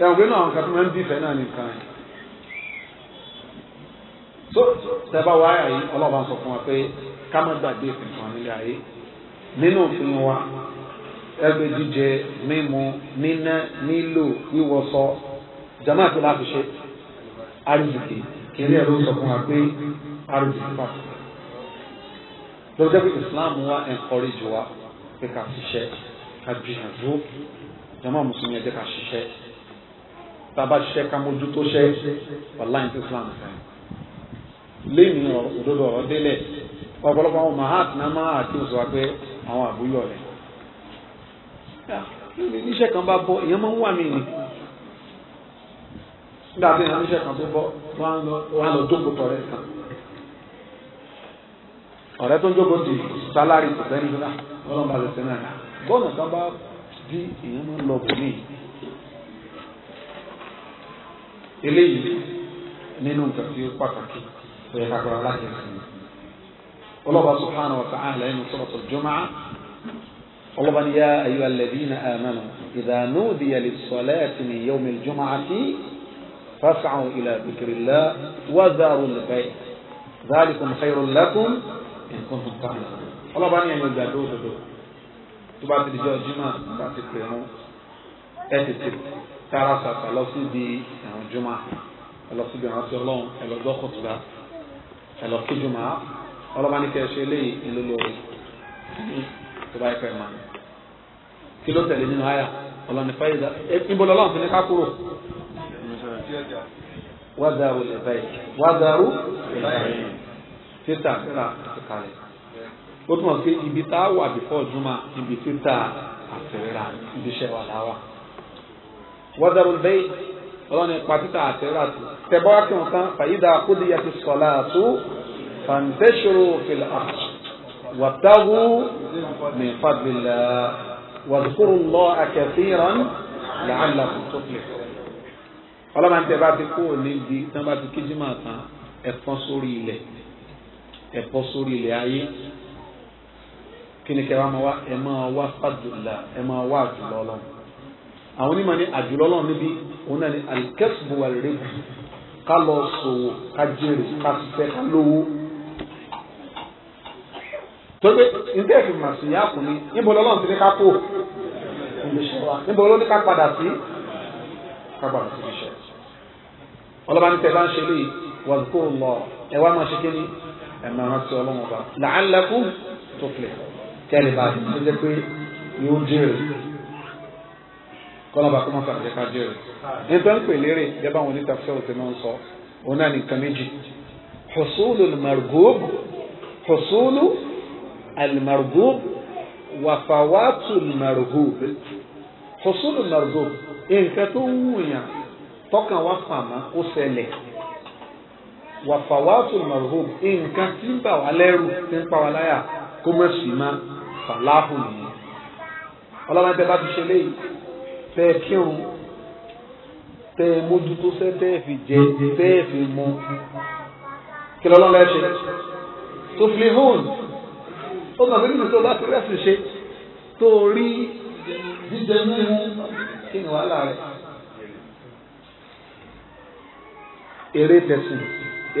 ẹ̀wọ̀n pé náà àwọn kan ń bí ìfẹ́ náà nìkan yìí. so sẹba wa ayà yìí ọlọ́ba sọ fún wa pé ká má gbàgbé ìfìfún nílé ayé nínú òfin wa ẹgbẹ́ jíjẹ mímu níná nílò wíwọṣọ jama àti láti ṣe arìsìkì kiri ẹ̀rọ sọ fún wa pé arìsìkì pàtó lọ́jọ́ pé Islam wa encourage wa pé ká ṣiṣẹ́ ká gbìyànjú jama mùsùlùmí ẹ̀jẹ̀ ká ṣiṣẹ́ tá a bá ṣiṣẹ́ ká mójútó ṣẹ́ wàláyé tí Islam fẹ́ràn. lẹ́yìn òdodo ọ̀rọ̀ délẹ̀ ọ̀pọ̀lọpọ̀ àwọn mahat náà máa àti oṣù wa pé àwọn àbúyọ rẹ̀ níṣẹ́ kan bá bọ́ èèyàn máa ń wà mí ni nígbà tí èèyàn níṣẹ́ kan tó bọ́ wọ́n lọ kan ọ̀rẹ́ tó ń jókòó sálárì kò fẹ́ nígbà wọ́n bá lè bọ́ọ̀nù kan bá bí èèyàn máa ń lọ bò eléyìí nínú nǹkan tí tó yẹ ká kọ́ra láti ẹ̀sìn yìí. ọlọ́ba subhanahu wa ta'ala inú suratul Jumu'ah ọlọ́ba ni yá ayyuha alladhina amanu idha nudiya lis-salati min yawmil jumu'ati fas'aw ila dhikrillah wa dharul bay' dhalikum khayrun lakum in kuntum ta'lamun. ọlọ́ba ni ẹ̀yin ìgbà dóòdòdò tó bá ti di jọ́ jimá bá ti pè mú ẹ tètè tààrà sàtà lọ síbi àwọn jumá ẹ lọ síbi àwọn sí ọlọ́run ẹ lọ gbọ́ kùtùbà ẹlọ kíjú máa ọlọ́ba ní kí ẹ ṣe eléyìí ìlú lórí tó bá yẹ pẹ́ máa kí ló tẹ̀lé nínú àyà ọlọ́ni fáyidà níbo lọ́lọ́run fi ní ká kúrò wádàrú lè báyìí wádàrú lè báyìí títà títà àtìkálẹ̀ ó túmọ̀ sí ibi tá a wà bífọ̀ ibi títà àtìrà ibi iṣẹ́ wà láwà wádàrú ọlọ́ni pa títà àtẹ́rà tó tẹ̀bọ́ kí wọn kan fàyídà kúndìyà ti sọ̀lá tó fàǹdẹ́sọ̀rọ̀ fìlà wàtáwù min fadlillah wadhkurullaha kathiran la'allakum tuflihun. ọlọ́mọdé tẹ bá ti kú òní di tí wọ́n bá ti kíjí máa tán ẹ̀fọ́ sórí ilẹ̀ ẹ̀fọ́ sórí ilẹ̀ ayé kí ni kẹ́ wá máa wá ẹ̀ máa wá fadlillah ẹ̀ máa wá àjùlọ ọlọ́run àwọn onímọ̀ ní àjùlọ náà níbi òun náà ní alikẹ́sùbù wà lérè ká lọ sòwò ká jèrè ká fẹ́ ká lówó. torí pé níta ẹ̀fìn màsìnyá kù ní níbo lọ́lọ́run ti ní ká kó níbo ló ní ká padà sí ká padà sí iṣẹ́. ọlọ́ba ní tẹ̀lé ṣe lè wà lóko lọ ẹ wá máa ṣe kí ni ẹ máa rántí ọlọ́run ọba làálẹ́kùn tó filẹ̀ kẹ́lẹ́ bá a ti ṣe pé yóò jèrè kọ́lọ́ba kó mọ́tà jẹ́ ká jẹ́rìí. nítorí pé lérè jẹ́bá àwọn onítàfẹ́ òsè máa ń sọ òun náà ní nǹkan méjì. husulu almargub husulu almargub wàfàwátù almargub husulu almargub nǹkan tó ń wùyàn tọkàn wá fàmà kó ṣẹlẹ̀ wàfàwátù almargub nǹkan tí ń bà wá lẹ́rù tí ń pa wá láyà kó mọ̀ sí ma fàlàhùn nìyẹn. ọlọ́run tẹ bá ti ṣe léyìí tẹ́ ẹ kírun tẹ́ ẹ mójútó sẹ́ tẹ́ ẹ fi jẹ tẹ́ ẹ fi mu kí lọ́lọ́ lẹ́ ṣe tó fi hùn ó gbàgbé nínú tó bá torí ẹ̀sìn ṣe tó rí jíjẹ mímu kí ni wàhálà rẹ̀ èrè tẹ̀sìn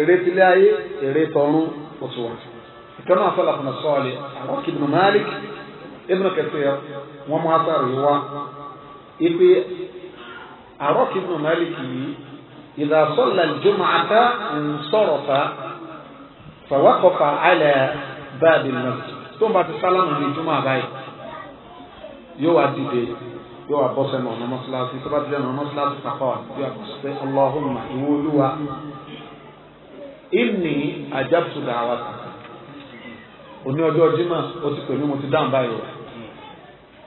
èrè tilé ayé èrè tọ̀run òṣùwọ̀n ìkànnì àfọlàfọ̀nà sọ́ọ̀lì àwọn kìbìnrin Malik Ibn Kathir wọn máa sáré wá ipe àrọ́kì ibn Malik yìí idha salla al-jum'ata insarafa fa waqafa ala bab al-masjid tó ń bá ti sálámù ní ìjùmọ̀ àbáyé yóò wá dìde yóò wá bọ́ sẹ́nu ọ̀nà mọ́sálásí tó bá ti dẹ́nu ọ̀nà mọ́sálásí kàkọ́ wa yóò wá sọ pé Allahumma ìwọ olúwa inni ajabtu da'watak òní ọjọ́ jimá o ti pè mí mo ti dáhùn báyìí wá.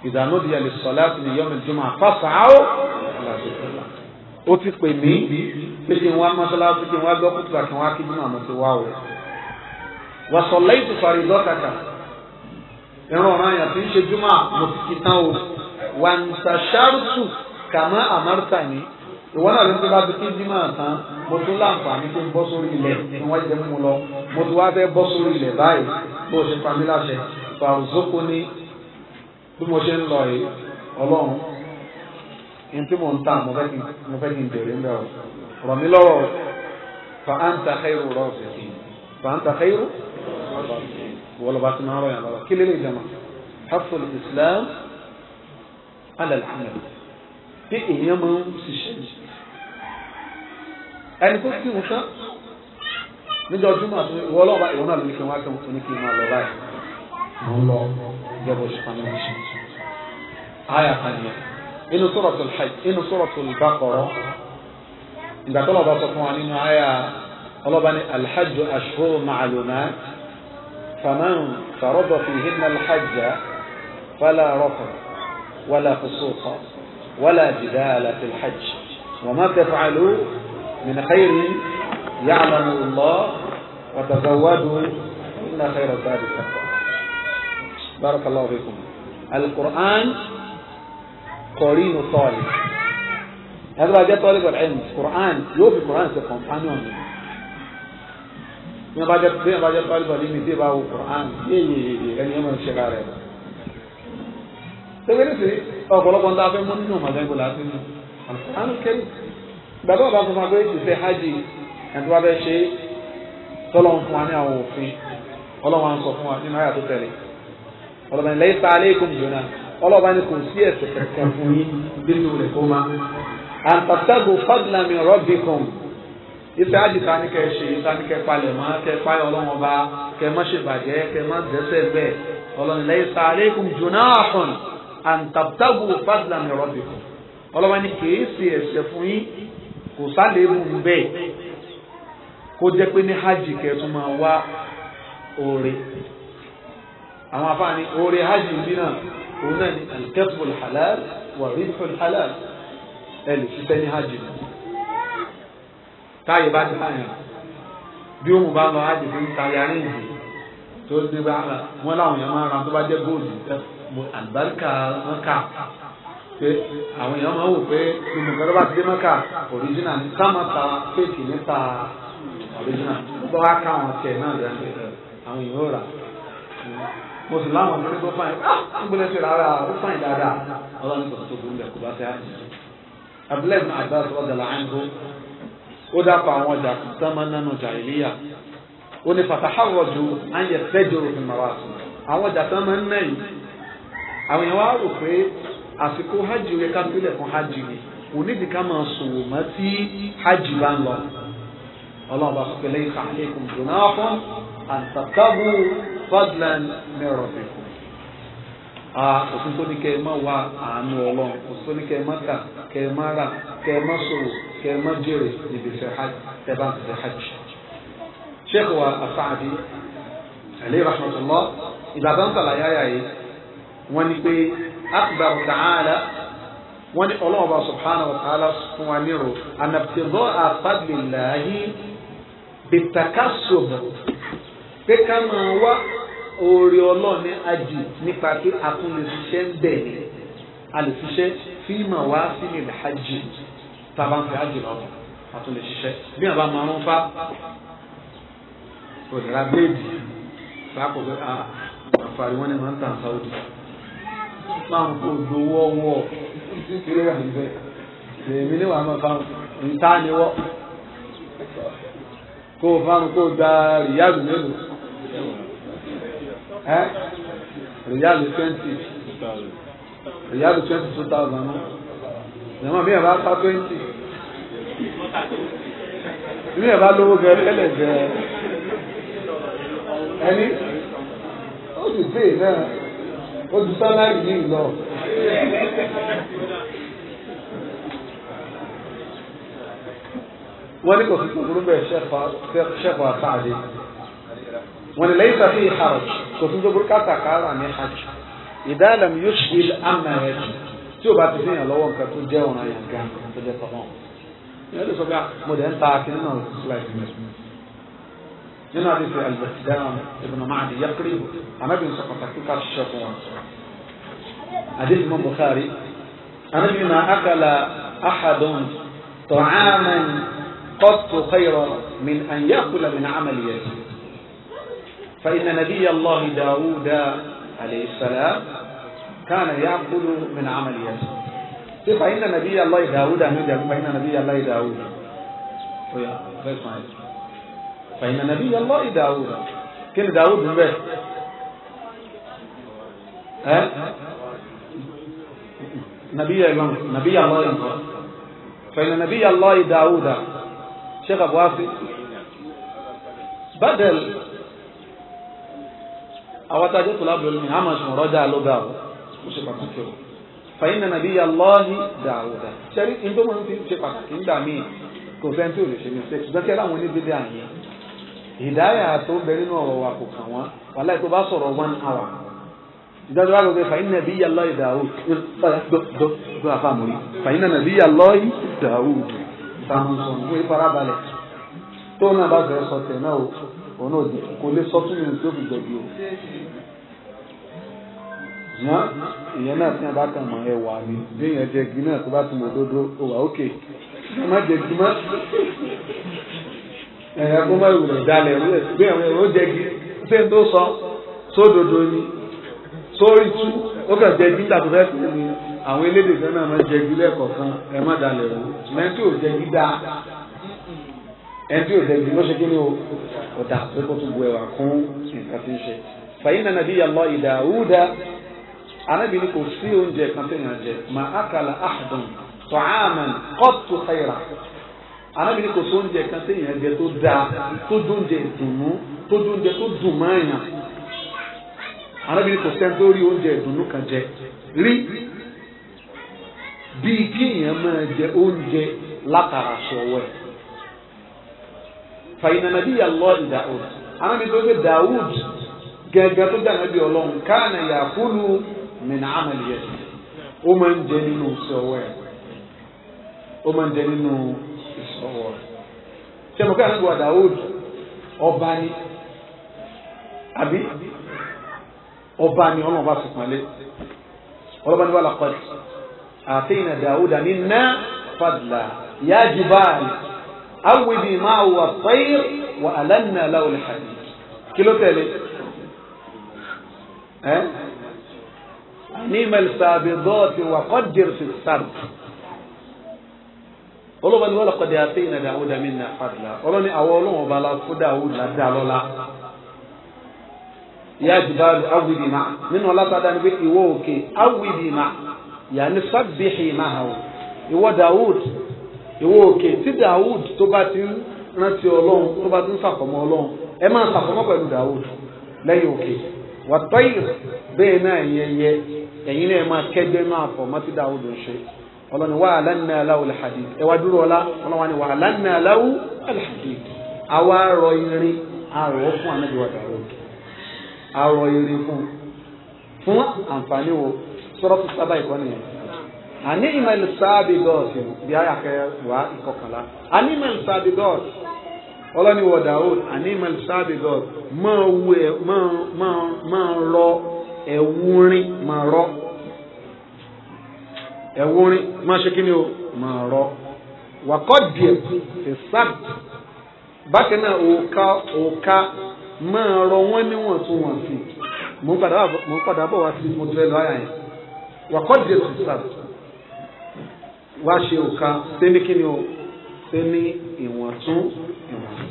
إذا نودي للصلاة من يوم الجمعة فاسعوا ó ti pè mí pé kí n wá mọ́sálásí kí n wá gbọ́ kútu àti wá kí n máa mọ̀ sí wá o. wàsọ̀lẹ́ ìtùfàrí lọ́kàkà ẹ̀rọ ọ̀ràn àyàn tí ń ṣe júmọ́ mo ti kí tán o. wàǹtàṣàrùtù kàmá àmárùtà ni ìwọ náà ló ń tó bá ti kí júmọ́ tán mo tún láǹfààní pé ń bọ́ sórí ilẹ̀ ni wọ́n jẹ́ mú lọ mo tún wá fẹ́ bọ́ sórí ilẹ̀ báyìí bó o ṣe pamí láṣẹ fàrùzókò ní bí mo ṣe ń lọ yìí ọlọ́run ní tí mo ń tà mo fẹ́ kí mo fẹ́ kí n bèrè ń bẹ̀ ọ́ rọ̀ mí lọ́wọ́ fa anta khairu raziqin fa anta khairu wọ́n bá ti máa rọ̀ yàn lọ́wọ́ kí lélẹ̀ ìjọba hafsul islam ala al bí èèyàn máa ń ṣiṣẹ́ ẹni tó kí n sán níjọ́ júmọ̀ àti ìwọ́lọ́ba ìwọ́n náà lè fi wá kí n máa lọ báyìí جابوا الخميس آية ثانية إنه سورة الحج إنه سورة البقرة إذا طلب هذا صفوان إنه آية طلبني الحج أشهر معلومات فمن فرض فيهن الحج فلا رفض ولا فسوق ولا جدال في الحج وما تفعلوا من خير يعلم الله وتزودوا إن خير الزاد التقوى barakallahu fikum alukur'an kọ̀rínù tọ́ọ̀lì ẹ̀rọ ajẹ́ tọ́ọ̀lì bọ̀dọ̀ ẹ̀mí kur'an yóò fi kur'an ṣe companion mi bí wọ́n bá jẹ́ bí wọ́n bá jẹ́ tọ́ọ̀lì bọ̀dọ̀ ẹ̀mí tí ì bá wo kur'an yéyeyeye ẹni ẹ̀ máa ń ṣe ká rẹ̀ sẹ́gbẹ́rì sí ọ̀pọ̀lọpọ̀ ń ta fẹ́ mú nínú màdẹ́gbò láti nù alukur'an kẹ́rì gbàgbọ́ bá fún wa pé ti ṣe hajj ẹ̀dùn wa bẹ́ ṣe tọ́lọ́ fún wa ní àwọn òfin ọlọ́wọ́n á sọ fún wa nínú àyà tó tẹ̀lé ọlọ́ba ní lẹ́yìn sáà aleikum jona ọlọ́ba ní kò sí ẹ̀ṣẹ̀ kankan fún yín nínú rẹ̀ kó ma. àǹtàtàgò fadlan min rabbikum ife adi ta ni kẹ ṣe ta ni kẹ palẹ̀ mọ́ kẹ palẹ̀ ọlọ́wọ́n ba kẹ má ṣe bàjẹ́ kẹ má dẹ́ṣẹ̀ bẹ́ẹ̀ ọlọ́ni lẹ́yìn sáà aleikum jona àfọ̀n àǹtàtàgò fadlan min rabbikum ọlọ́ba ní kì í ṣe ẹ̀ṣẹ̀ fún yín kò sálẹ̀ mú bẹ́ẹ̀ kó jẹ́ pé ní hajj kẹ́ẹ̀tún máa wá oore àwọn afáàní oore hajj bí náà òun náà ni alkẹ́tùbọ̀lù halal wà rífọ̀lù halal ẹ lè fi sẹ́ni hajj nù. táyì bá ti hàn yàn bí òun bá lọ hajj fún táyà ní ìdí tó ní bá wọn láwọn yẹn máa ran tó bá jẹ góòlù àlùbáríkà mọ́kà pé àwọn èèyàn máa wò pé gbogbo nǹkan tó bá ti dé mọ́kà original ní sáà máa ta fèkì níta original bọ́ wá ká àwọn tiẹ̀ náà lẹ́nu àwọn èèyàn ó rà á mo sì láwọn ọ̀dọ́ tó fáyín gbọ́dọ̀ sí rárá ó fáyín dáadáa ọlọ́run ní kòtò tó burú bẹ̀ kó bá fẹ́ àyè. abúlé ibùdó àgbà sọ ọ̀dàlà àńgó ó dápọ̀ àwọn ọjà tó máa ń nánú ọjà ìlíyà ó ní fàtàhàwọ̀ ju àyè fẹ́jọ́rò fún màwá sùn àwọn ọjà tó yìí àwọn èèyàn wá rò pé àsìkò hajj yẹ ká sílẹ̀ fún hajj ni onídìí ká máa sòwò mọ́ tí hajj bá ń lọ ọlọ́run bá sọ pé lẹ́yìn fadlan min rabbikum òfin tó ní kẹ́ ẹ má wá àánú ọlọ́run òfin tó ní kẹ́ ẹ má tà kẹ́ ẹ má rà kẹ́ ẹ má sòwò kẹ́ ẹ má jèrè níbi ìfẹ́ hajj tẹ́ bá ń fẹ́ hajj. sheikh wa asaadi alayhi rahmatullah ìbàbá ń sàlàyé àyà yìí wọ́n ní pé akbar ta'ala wọ́n ní ọlọ́run ọba subhanahu wa ta'ala fún wa nírò anabtidọ́ àfadlilahi bitakasub pé ká máa wá oore ọlọ́ọ̀ni ajù nípa pé a ń bẹ̀ ni a lè ṣiṣẹ́ fi mà wá sí ní hajj tá a bá ń fi hajj lọ́wọ́ a tún lè ṣiṣẹ́ máa ń fa òdìrà bléèdì fàákò pé a àfàrí wọn ni máa ń tàn sáwọ́dì máa ń kó dowó ọwọ́ kíló wà níbẹ̀ èmi ni wàá máa fa ń ta ni wọ́ kó o fa kó o gba ìyá àgùnmẹ́lò ẹ rìyálù twenty rìyálù twenty two thousand jẹ̀mọ́ mi ẹ̀ bá pa twenty mi ẹ̀ bá lówó gẹ̀ẹ́ lẹ́lẹ̀ gẹ̀ẹ́ ẹni ó sì pè náà ó ti sálárì yìí lọ. wọ́n ní kò sí kòkòrò bẹ́ẹ̀ ṣẹ́fà ṣáàdé. وان ليس فيه حرج كنتم تقول كاتا قال عن حج اذا لم يشغل اما يجب شو بعد فين لو ان كنت جاونا يا كان كنت جاي طبعا يا ده سبع مدن تاكل من السلايد جنابي في البستان ابن معدي يقري انا بنسق تحقيق الشيطان حديث من بخاري انا بما اكل احد طعاما قط خيرا من ان ياكل من عمل يده فإن نبي الله داود عليه السلام كان يعبد من عمل يسر إيه، فإن نبي الله داود فإن نبي الله داود فإن نبي الله داود كل داود من بيت ها نبي الله نبي الله فإن نبي الله داود شيخ أبو وافي بدل àwọn tá a jẹ́ tó lábẹ́ olómi a máa sùn rọ́jà ló bá o ó ṣe pàtàkì o fàyín nana bí yàlọ́ọ̀hì dàwùdà sẹ́rí nítorí wọn ti ṣe pàtàkì nígbà míì kò fẹ́ tí ò lè ṣe ní ṣe ṣùgbọ́n kí ẹ láwọn oníbi dà yẹn ìdáyà tó bẹ nínú ọ̀rọ̀ wa kò kàn wọ́n wàhálà tó bá sọ̀rọ̀ one hour ìdájọ́ òun náà kò lè sọ tún nínú tí ó fi gbẹ̀bí o ṣùgbọ́n ìyẹn náà tí wọ́n bá kàn mọ́ ẹwà mi bí èèyàn jẹ igi náà tó bá tún mọ́ dódó ó wà ókè ẹ má jẹ igi mọ́ ẹ̀yà kó má ìwòrán ìdálẹ̀ bí àwọn èrò jẹ igi ṣé n tó sọ sódodo ni sórí tú ó kàn jẹ igi nígbà tó fẹ́ fún mi àwọn elédè fẹ́ náà má jẹ igi lẹ́ẹ̀kọ̀ọ̀kan ẹ má dalẹ̀ rú ṣùgbọ́n jẹ igi dáa ẹbí ò dẹbi ló ṣe kí ni o dà pé kó tún bu ẹwà kún nǹkan tí ń ṣe. fàyínà nàbí yàlọ ìdàúdà anábì ni kò sí oúnjẹ kan tí yàn jẹ mà ákàlà àdùn tọ́hámàn kọ́tù xayira anábì ni kò sí oúnjẹ kan tí yàn jẹ tó dáa tó dóúnjẹ dùnú tó dóúnjẹ tó dùn máa yàn anábì ni kò sẹ́ni tó kan jẹ rí bíi kí yàn máa jẹ oúnjẹ látara sọ̀wọ́ ẹ̀. fàyínàmẹ́bí yà lọ dàúd anábì tó gbé dàúd gẹ́gẹ́ tó dànù bí ọlọ́run káàna yà kúlù mìnà àmàlìyẹ ó máa ń jẹ nínú ìṣọwọ́ ẹ̀ ó máa ń jẹ nínú ìṣọwọ́ ẹ̀ sẹ́mu ká nígbà Dawud ọba ni àbí ọba ni ọlọ́run bá sùpàlẹ̀ ọlọ́ba ni wàlá kọ́ọ̀tì àti ìnà Dawud àní awidi máa wà fẹ́yìr wà alánà aláwòlẹ̀ hàdí kí ló tẹ̀lé ẹ́ anímẹ̀lì sàbẹ̀dọ́ọ̀tì wà kọ́dìrì sí sàrù olóba ni wọ́n lọ́kọ̀ dé àti ìnàdà àwòdà mi nà fàdùlà ọlọ́ni àwọn olóhùn bala fúdà àwòdà dà lọ́la ìyá jùlọ awidi máa nínú ọlọ́tàdá ni pé ìwọ òkè awidi máa yà ni sábìhì máa wò ìwọ Dawud ìwọ òkè tí Dawud tó bá ti ń rántí ọlọ́run tó bá ti ń sàkọ́mọ́ ọlọ́run ẹ máa sàkọ́mọ́ pẹ̀lú Dawud lẹ́yìn òkè wàtọ́yì bẹ́ẹ̀ náà yẹ yẹ ẹ̀yin náà máa kẹ́gbẹ́ máa fọ̀ mọ́tí Dawud ń ṣe ọlọ́ni wà lánàá aláwò alhadid ẹ wá dúró ọlá ọlọ́wà ni wà lánàá aláwò alhadid àwa rọ irin arọ fún anábìwá Dawud arọ irin fún fún àǹfààní wo sọ́rọ́ tó sábà ìkọ́ni yẹn àní ìmọ̀lù sáàbì gọ́ọ̀sì bí àyà kẹwàá ìkọkànlá àní ìmọ̀lù sáàbì gọ́ọ̀sì ọlọ́ni wọ Dáúdù àní ìmọ̀lù sáàbì gọ́ọ̀sì máa rọ ẹ̀wúrin máa rọ ẹ̀wúrin máa ṣe kí ni o máa rọ wàkọ́ díẹ̀ ṣe sáàbì bákan náà òòka òòka máa rọ wọ́n níwọ̀ntúnwọ̀nsì mò ń padà bọ̀ wá sí mo tún ẹ lọ àyà yẹn wàkọ́ díẹ̀ ṣe sáàbì wá ṣe òkan ṣé ní kíni o ṣé ní ìwọ̀ntún ìwọ̀n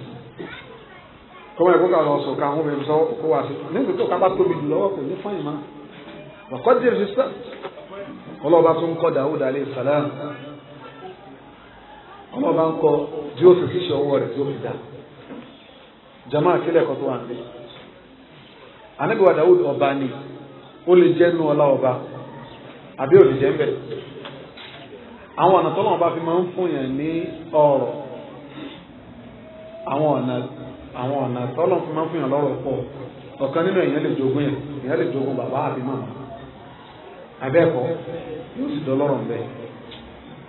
tọ́wọ́ ẹ̀kọ́ kà lọ sọ̀ka àwọn obìnrin sọ kó wá sí nígbà tó kápá tóbi jù lọ́wọ́ kò ní fún ìmọ̀ ọ̀kọ́ díẹ̀ sí sá ọlọ́ba tún kọ́ Dawud alayhi salam ọlọ́ba ń kọ bí ó sì ṣiṣẹ́ ọwọ́ rẹ̀ tí ó fi dá jama àkílẹ̀ kan tó wà nílé anábìwá Dawud ọba ni ó lè jẹ́ nú ọlá ọba àbí ò àwọn ọ̀nà tọ́lọ́wọ́n bá fi máa ń fún yàn ní ọ̀rọ̀ àwọn ọ̀nà àwọn ọ̀nà tọ́lọ́wọ́n fi máa ń fún yàn lọ́rọ̀ pọ̀ ọ̀kan nínú èèyàn lè jogún yàn èèyàn lè jogún bàbá àbí màmá abẹ́ẹ̀kọ́ yóò sì dọlọ́rọ̀ ń bẹ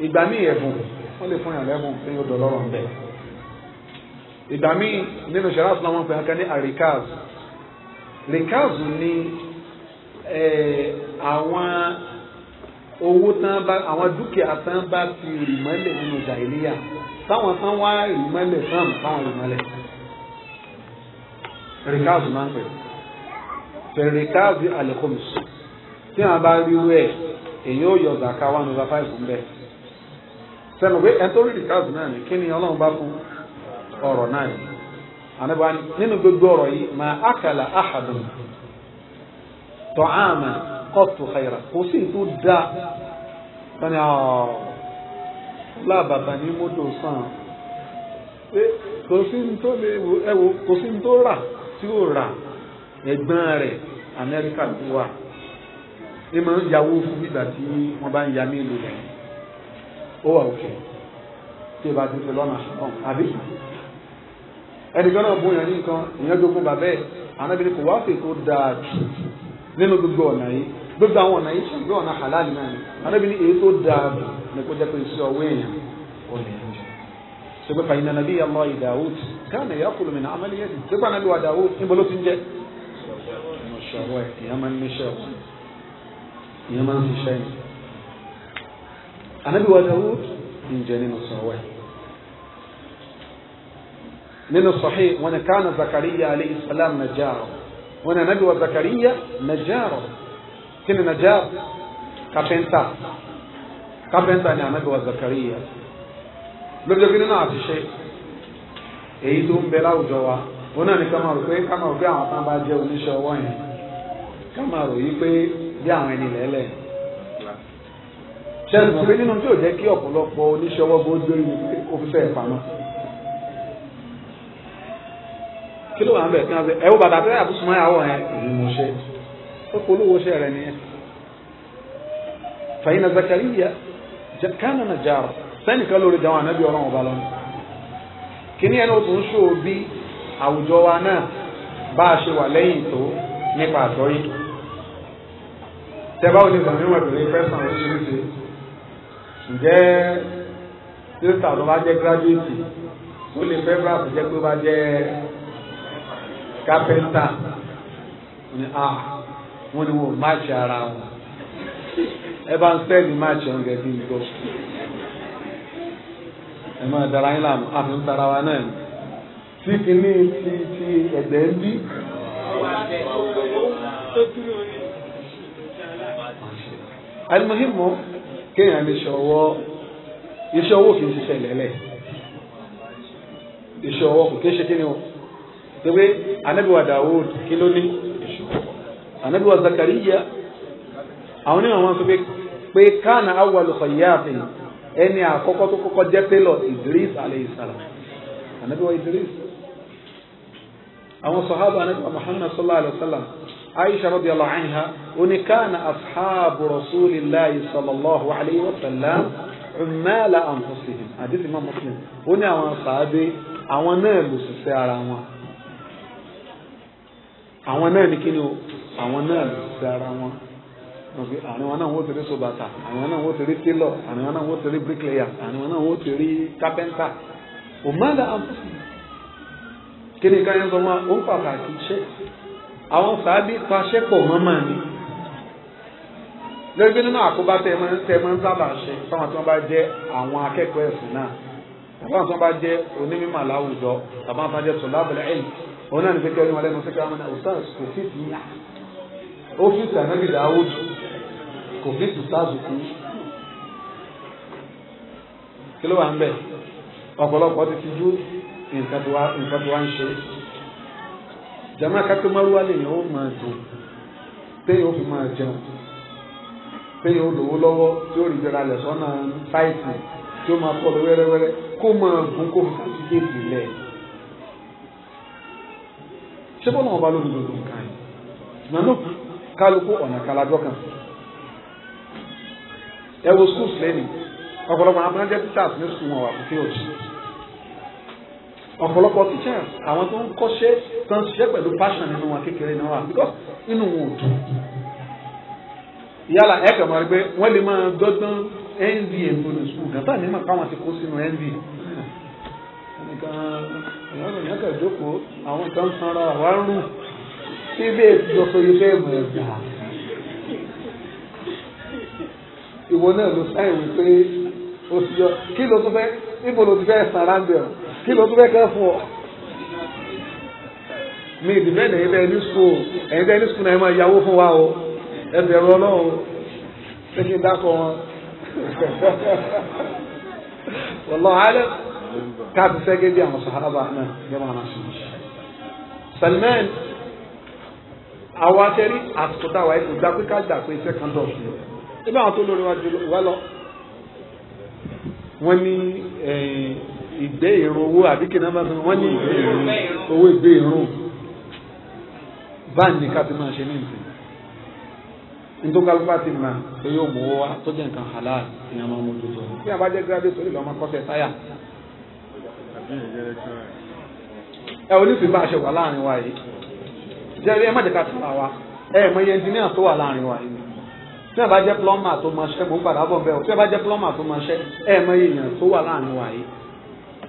ìgbà míì ẹ̀bùn wọ́n lè fún yàn lẹ́bùn tí yóò dọlọ́rọ̀ ń bẹ ìgbà míì nínú ṣẹlá tó lọ́wọ́ pé akẹ́ owó tán bá àwọn dúkìá tán bá fi rì nínú jàìlíyà táwọn tán wá rì tán táwọn rì mọ́lẹ̀. máa ń pè tí wọn bá rí èyí ó yọ zaka mbẹ. pé náà ni gbogbo yìí máa tọ́ àmà. قط xayira kò تودا tó لا sani ọ̀ lábàbà ní mọ́tò sàn kò sí tó lè ẹwò kò sí tó rà tí ó rà ẹ̀gbọ́n rẹ̀ amẹ́ríkà tó wà ní ma ń yàwó fún ìgbà tí wọ́n bá ń ya mí lò lẹ́yìn ó wà òkè tí ìbá ti fi lọ́nà ṣùgbọ́n àbí ẹnìkan náà bóyá ní nǹkan ìyẹn jogún bàbẹ́ ànábìrin kò wá sí tó dáa jù nínú gbogbo ọ̀nà yìí gbogbo àwọn ọ̀nà yìí ṣùgbọ́n ọ̀nà halal náà ni arábìnrin èyí tó dáa bù ní kó jẹ́ pé iṣẹ́ ọwọ́ èèyàn ò lè rí ṣùgbọ́n fàyínà nàbí yàmọ́ ìdáwùd káàmì ìyá kùlùmí náà amẹ́lẹ́ yẹn ṣùgbọ́n nàbí wà dáwùd níbo ló ti ń jẹ́ ìyàmọ́ ìyàmọ́ ìyàmọ́ ìṣẹ́ yìí anabi wa daud ǹjẹ́ nínú sọ̀wẹ́ nínú sahih wọn ni kánà zakariya alayhi salam najaro wọn ni anabi wa zakariya najaro tini na najab kápẹ́ńtà ni anabi wa zakariya lójó kí nínú àṣìṣe èyí tó ń bẹ láwùjọ wa òun náà ni ká máa rò pé ká máa rò pé àwọn kan bá jẹ́ oníṣẹ́ ọwọ́ yẹn ká máa rò yí pé bí àwọn ẹni lẹ́lẹ̀ ṣe mọ̀ pé nínú tí ó polówó ṣe rẹ̀ nìyẹn fàyínà Zakariya kánà nàjàrà sẹ́nìkan lórí dáwọn ànábì ọlọ́run ọba lọ́nà kíní ẹni ó tún ṣó bí àwùjọ wa náà bá a ṣe wà lẹ́yìn tó nípa àtọ́yìn tẹ́ báwo ni ìgbàmíwọ̀n ìbẹ̀rẹ̀ fẹ́sàn oríṣiríṣi ǹjẹ́ sísà tó bá jẹ́ gíráduwétì ó lè fẹ́ bá àtúnjẹ́ pé ó bá jẹ́ kápẹ́ńtà ní a. Ah, wọ́n ní wọ́n máàcì ara wọn ẹ bá ń sẹ́ẹ̀lì máàcì ọ̀hún gẹ̀ẹ́dì gbọ́ ẹ máa dara yín láàmú àmì ń tara wa náà tí kìíní ti ti ẹ̀dẹ̀ ń bí. alimuhimu kéèyàn lè ṣọwọ́ iṣẹ́ owó kì í ṣiṣẹ́ lẹ́lẹ̀ iṣẹ́ owó kò kí ń ṣe kí ni o. pé anábìwá Dawud kí ló ní anabi wa zakariya àwọn onímọ̀ wọn sọ pé pé kánà awàlù kọ̀yáàfì ẹni àkọ́kọ́ tó kọ́kọ́ jẹ́ pélọ̀ idris aleyhisselam anabi wa idris àwọn sọ̀hábà anabi wa muhammad sallallahu alayhi wa sallam aisha radiyallahu anha oní kánà asxaabu rasulillahi sallallahu alayhi wa sallam ummaala anfusihim àdìsí imam muslim oní àwọn sàábé àwọn náà lòṣìṣẹ́ ara wọn. àwọn náà ní kíni o àwọn náà ló dára wọn àwọn náà sobata àwọn náà wọ́n tailor àwọn náà bricklayer àwọn náà wọ́n ti rí carpenter òmàdà àbúrò kíni ká yẹn sọ wọn ó pàtàkì iṣẹ́ àwọn sàábì paṣẹ pọ̀ mọmọ ni lórí bí nínú àkóbá tẹ tí wọn bá àwọn òun náà ní pé kẹrin wọn lẹ́nu sí káwọn náà ọ̀sán kò fi ti ó fi ti ànábì dáwùd kò fi ti sáàzù kú kí ló wà ń bẹ̀ ọ̀pọ̀lọpọ̀ ti fi ju nǹkan tó wá ń ṣe jama kátó márùwá lèèyàn ó máa ṣé bọ́lá wọn bá lóbi lóbi nǹkan yìí ṣùgbọ́n náà kálukú ọ̀nà kalajọ́ kan ẹ wo skul sílẹ̀nì ọ̀pọ̀lọpọ̀ àwọn abúlé teachers ní skul wọn wà fún field ọ̀pọ̀lọpọ̀ teachers àwọn tó ń kọ́ṣẹ́ tó ń ṣiṣẹ́ pẹ̀lú fashion nínú wọn kékeré náà wà because inú wọn ò dùn yálà ẹ kàn máa rí pé wọ́n lè máa dọ́gbọ́n nv ẹ̀ ń bọ̀ ní skul gàtà ní mà káwọn ti kó sínú nv èèyàn kàn jókòó àwọn kan sanra wà ń rù síbẹ̀ ìjọ pé ilé ìmọ̀ ẹ̀gbà ìwọ náà ló sáì wí pé o ti yọ kí ló tún fẹ́ níbo ló ti fẹ́ sanra ń bẹ̀ ọ́ kí ló tún fẹ́ kẹ́ fún ọ. mi ìdìbẹ́ ẹ̀yìn bẹ́ẹ̀ ní school ẹ̀yìn bẹ́ẹ̀ ní school náà ẹ máa yáwó fún wa o ẹ bẹ̀rù ọlọ́run ṣé kí n dákọ̀ wọn. wọ́n lọ́ọ́ káàbí fẹ́ gẹ́gẹ́ bí àwọn sàhábà náà gẹ́gẹ́ àwọn aṣọ. Salman àwọn atẹ́rí àsìkò táwa ẹ̀ kò gbà pé ká gbà pé iṣẹ́ kan dọ̀ fún wa jù wá lọ. Wọ́n eh, ìgbé ìrún owó àbí kí nàbà sọ wọ́n ní owó ìgbé ìrún. Báńdì ká ti máa ṣe ní ìsìn. Nítorí ti mà pé yóò mú tó jẹ́ nǹkan halal ìyàmọ́ mọ́tò tó. Bí àbájẹ́ gíráàdì sórí lọ́mọ kọ́sẹ̀ táyà ẹ ò nífẹ̀ẹ́ bá a ṣe wà láàrin wa yìí jẹ́rìí ẹ má jẹ́ ká tún ra wa ẹ ẹ̀ mọ iye ẹnjìníà tó wà láàrin wa yìí tí ẹ bá jẹ́ plọ́mà tó máa ṣẹ́ mo ń padà bọ̀ bẹ́ẹ̀ o tí ẹ bá jẹ́ plọ́mà tó máa ṣẹ́ ẹ ẹ̀ mọ iye èèyàn tó wà láàrin wa yìí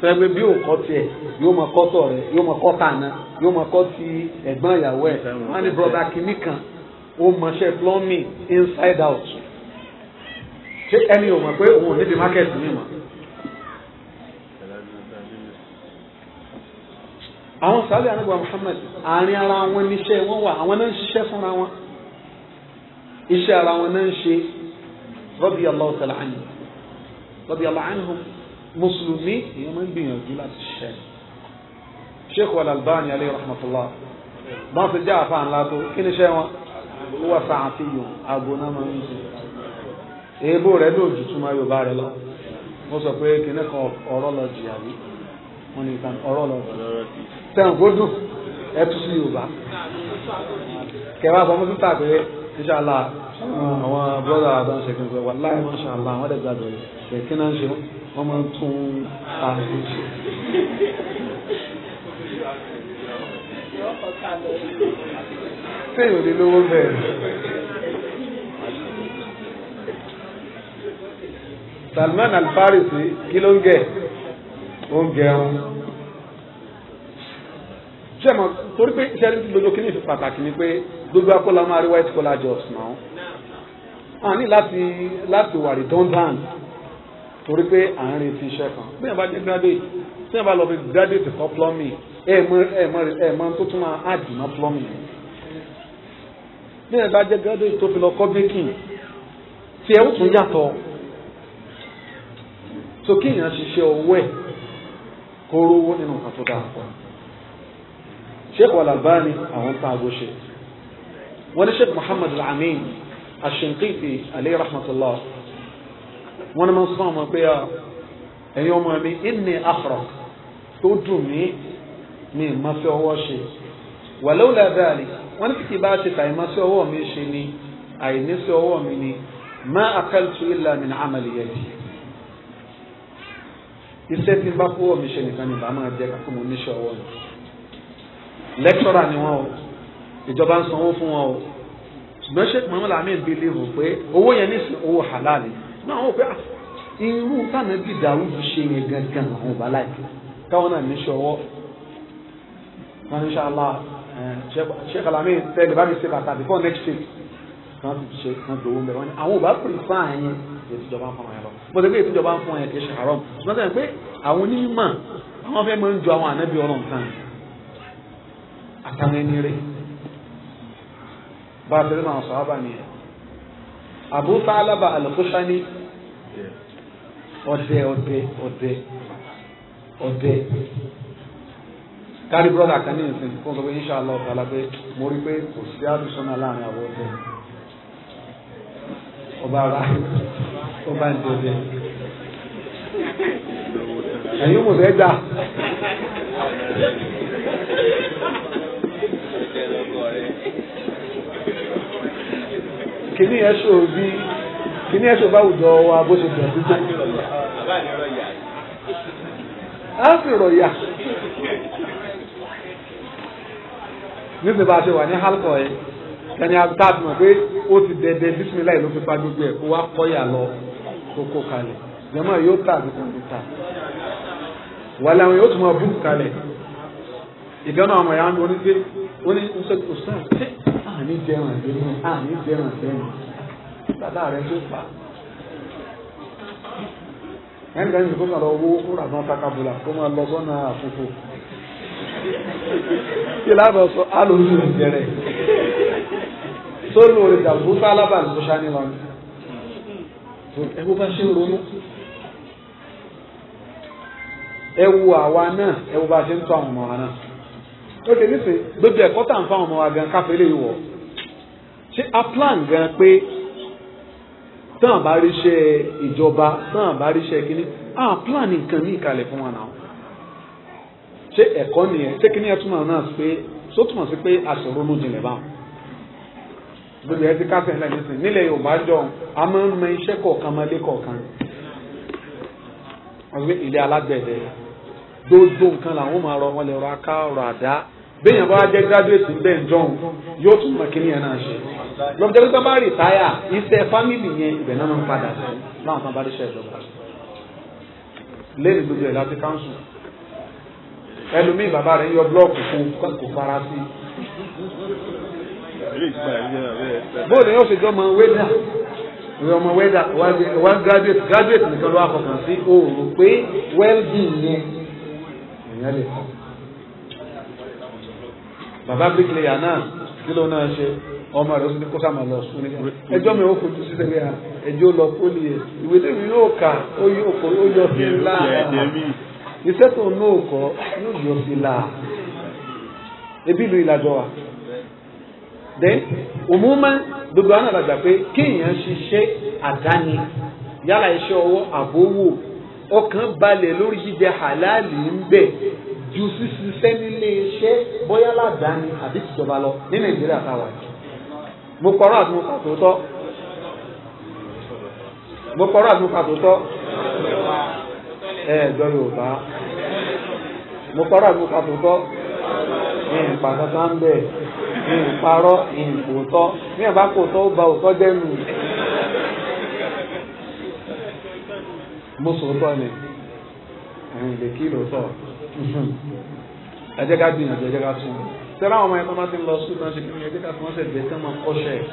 fẹ́ẹ́ bí òkọ́ tiẹ̀ yóò mọ kọ́tọ̀ rẹ̀ yóò mọ kọ́tà náà yóò mọ kọ́ ti ẹ̀gbọ́n ìyàwó ẹ̀ wọ́n ní brọ́dà kìíní kan ó mọṣẹ́ plumbing inside out ṣé ẹni ò mọ̀ pé òun ò ní di market mi mọ̀ àwọn sábẹ́ àrùbọ̀ Muhammad àárín ara wọn níṣẹ́ wọn wà àwọn náà ń ṣiṣẹ́ fúnra wọn iṣẹ́ ara wọn náà ń ṣe radiyallahu ta'ala anhu radiyallahu anhu mùsùlùmí èèyàn máa ń gbìyànjú láti ṣiṣẹ́ Sheikh Al-Albani alayhi rahmatullah wọn fi jẹ́ àfa ńlá tó kí ni iṣẹ́ wọn ó wà sàáfihàn aago náà máa ń sùn èèbò rẹ̀ ló jù túmọ̀ Yorùbá rẹ̀ lọ mo sọ pé kìnnìkan ọ̀rọ̀ lọ jìyà rí wọn ni ọ̀rọ̀ lọ jìyà rí tẹ̀wọ̀n kó dùn ẹ tún sí yorùbá kẹwàá fọmọ títà pé inṣàlá àwọn brọ́dà àdán ṣe kí n sọ wà láì wọ́n ṣàlá àwọn ẹ̀dẹ̀ gbàdọ̀ rẹ̀ kí náà ṣe wọ́n máa tún ààrùn ṣe. Téèyàn lè lówó bẹ́ẹ̀. Salman alfarisi farisi kí ló ń gẹ̀? Ó ń gẹrun sẹ́mọ̀ torí pé sẹ́ni tí gbogbo kìíní fi pàtàkì ni pé gbogbo akọ́lá máa rí white collar jobs náà wọ́n ní láti láti wà redundant torí pé à ń retí iṣẹ́ kan bí wọ́n bá dé graduate tí wọ́n bá lọ fi graduate kọ́ plumbing ẹ̀ mọ ẹ̀ mọ ẹ̀ mọ tó tún máa add mọ́ plumbing bí wọ́n bá jẹ́ graduate tó fi lọ kọ́ baking tí ẹ̀ ó tún yàtọ̀ so kí èèyàn ṣiṣẹ́ owó ẹ̀ kó rówó nínú nǹkan tó dáa pọ̀ sheikh Al-Albani àwọn pàgọ́ ṣe wọ́n ní sheikh Muhammad Al-Amin Ash-Shinqiti alayhi rahmatullah wọ́n ní mọ̀ sọ́n ọmọ pé ah, ẹ̀yin ọmọ mi inni akhraq tó dùn mí ní ìmọ̀fẹ́ ọwọ́ ṣe wàlọ́wọ́lá dáàlì wọ́n ní kìkì bá ṣe àìmọ̀fẹ́ ọwọ́ mi ṣe ni àìnífẹ́ ọwọ́ mi ni ma akaltu illa min amali yadi iṣẹ́ tí n bá kó ọwọ́ mi ṣe nìkan ni bàá máa jẹ́ kakú mo níṣẹ́ ọwọ́ mi lẹ́kítọ́rà ni wọ́n o ìjọba ń sanwó fún wọn o ṣùgbọ́n sheikh muhammed amin believe pé owó yẹn ní sin owó halal náà wọ́n pé irú tànàbí dawud ṣe yẹn gangan àwọn ọba láìpẹ́ káwọn náà ní ṣọwọ́ wọn ní ṣàlá eh, sheikh alamin tẹ́lẹ̀ bá mi ṣe bàtà before next week kan ti ṣe kan tó ń bẹ wọn ni àwọn ò bá pè fún àyẹn èyí tí ìjọba ń fún àyẹn lọ bó ṣe pé èyí tí ìjọba ń fún àyẹn kì í ṣe haram ṣùgbọ́n sẹ́yìn pé àwọn onímọ̀ àwọn fẹ́ máa ń ju àwọn ànábì ọlọ́run àtàwọn ẹni rẹ̀ bá a bẹ̀rẹ̀ náà sọ ábà nìyẹn Abu Thalaba al-Khushani ọdẹ ọdẹ ọdẹ ọdẹ kárí brọ́dà kan ní ìsìn fún sọ pé inṣàlá ọ̀tá alábẹ́ mo rí pé kò sí àdùsọ́nà láàrin àwọn ọdẹ ọba ara ọba ń dọdẹ ẹ̀yin mo fẹ́ kìnìún yẹn ṣòro bí kìnìún yẹn ṣòro bá àwùjọ wa bó ṣe dùn dídó. a sì rọ̀yà níbi bá a ṣe wà ní halkọ yẹn ẹni àbútáàbù mọ̀ pé ó ti dẹdẹ bísímìláì ló fi pa gbogbo ẹ̀ kó wá kọ́yà lọ kókó kalẹ̀ jẹ́mọ́ yóò tà àbí kàn ló tà yóò tún mọ búùkù kalẹ̀ ìgbẹ́nu àwọn ẹ̀yà ń lọ ní pé ó ní ń sọ kò sáà àní jẹun ẹ̀dẹ́nu àní jẹun ẹ̀dẹ́nu bàbá rẹ tó pa. ẹnì kan yìí kó sọ̀rọ̀ owó kúrò àbọ̀n takabula kó máa lọ sọ́nà àfòfò. kí lábẹ́ sọ alòlù rẹ̀ jẹrẹ sólù rẹ̀ dàgbò sálábà ló ṣáni lọ. ẹ bó bá ṣe ń ronú ẹ wo àwa náà ẹ wo bá ṣe ń tọ́ àwọn ọmọ wa náà ok nísìnyí gbogbo ẹ̀kọ́ tá à ń fáwọn ọmọ wa gan káfí lè wọ̀ ṣé a plan gan pé tán àbá ríṣẹ́ ìjọba tán àbá ríṣẹ́ kínní a plan nǹkan ní ìkàlẹ̀ fún wa náà ṣé ẹ̀kọ́ nìyẹn ṣé kínní ẹ̀ túmọ̀ náà pé só túmọ̀ sí pé àṣọrò ló jinlẹ̀ báwọn gbogbo ẹ̀ ti káfí ẹ̀ lẹ́yìn nísìnyí nílẹ̀ Yorùbá jọ a máa ń mọ iṣẹ́ kọ̀ọ̀kan mọ́lé kọ̀ọ̀kan wọ́n ilé alágbẹ̀dẹ gbogbo nǹkan làwọn máa rọ wọn lè rọ aká rọ àdá béèyàn bá jẹ́ graduate ń bẹ́ẹ̀ jọ̀hún yóò tún mọ̀ kí nìyẹn náà ṣe lọ́jọ́ pé bá rìtáyà iṣẹ́ fámìlì yẹn ibẹ̀ náà máa ń padà sí láwọn kan bá rí iṣẹ́ ìjọba lẹ́nu gbogbo ẹ̀ láti káńsù ẹlòmíì bàbá rẹ̀ ń yọ búlọ́ọ̀kù fún kò fara sí bóòlù yóò ṣe jọ ọmọ wẹ́dà ọmọ wẹ́dà wá graduate graduate nìkan ló wà fọkàn sí òòrùn pé well-being yẹn ìyẹn lè fọ́ bàbá bíríkìlẹ̀yà náà kí ló náà ṣe ọmọ rẹ̀ ó sì ní kó sàmà lọ sùn nígbà ẹjọ́ mi ò fojú sí sẹ́lẹ̀ à ẹjọ́ lọ pólì yẹ ìwé tèmi yóò kà ó yọ sí i iṣẹ́ tó ń náà yóò yọ sí i ebi ìlú ìlàjọ wa then òmùmá gbogbo àwọn àgbàgbà pé kéèyàn ṣiṣẹ́ àdáni yálà iṣẹ́ ọwọ́ àbówò ọkàn balẹ̀ lórí jíjẹ hàlálì ń bẹ ju ṣíṣiṣẹ́ nílé iṣẹ́ bóyá ládàáni àbí tìjọba lọ ní nàìjíríà táwa yìí mo kọrọ àti mo kà tó tọ́ mo kọrọ àti mo kà tó tọ́ ẹ ẹjọ yorùbá mo kọrọ àti mo kà tọ́ ẹ ìpà kankan ń bẹ ẹ ìparọ ẹ ní ẹ bá kòótọ ó ba òótọ́ dẹnu mo sòótọ́ ni ẹ̀yìn lè kí lóòótọ́ ẹ jẹ́ ká gbìyànjú ẹ jẹ́ ká sún sẹ́rà àwọn ọmọ ẹ̀kọ́ máa ti lọ sùn náà ṣe kí ẹ jẹ́ ká fi wọ́n sẹ̀ bẹ́ẹ̀ kán máa kọ́ṣẹ́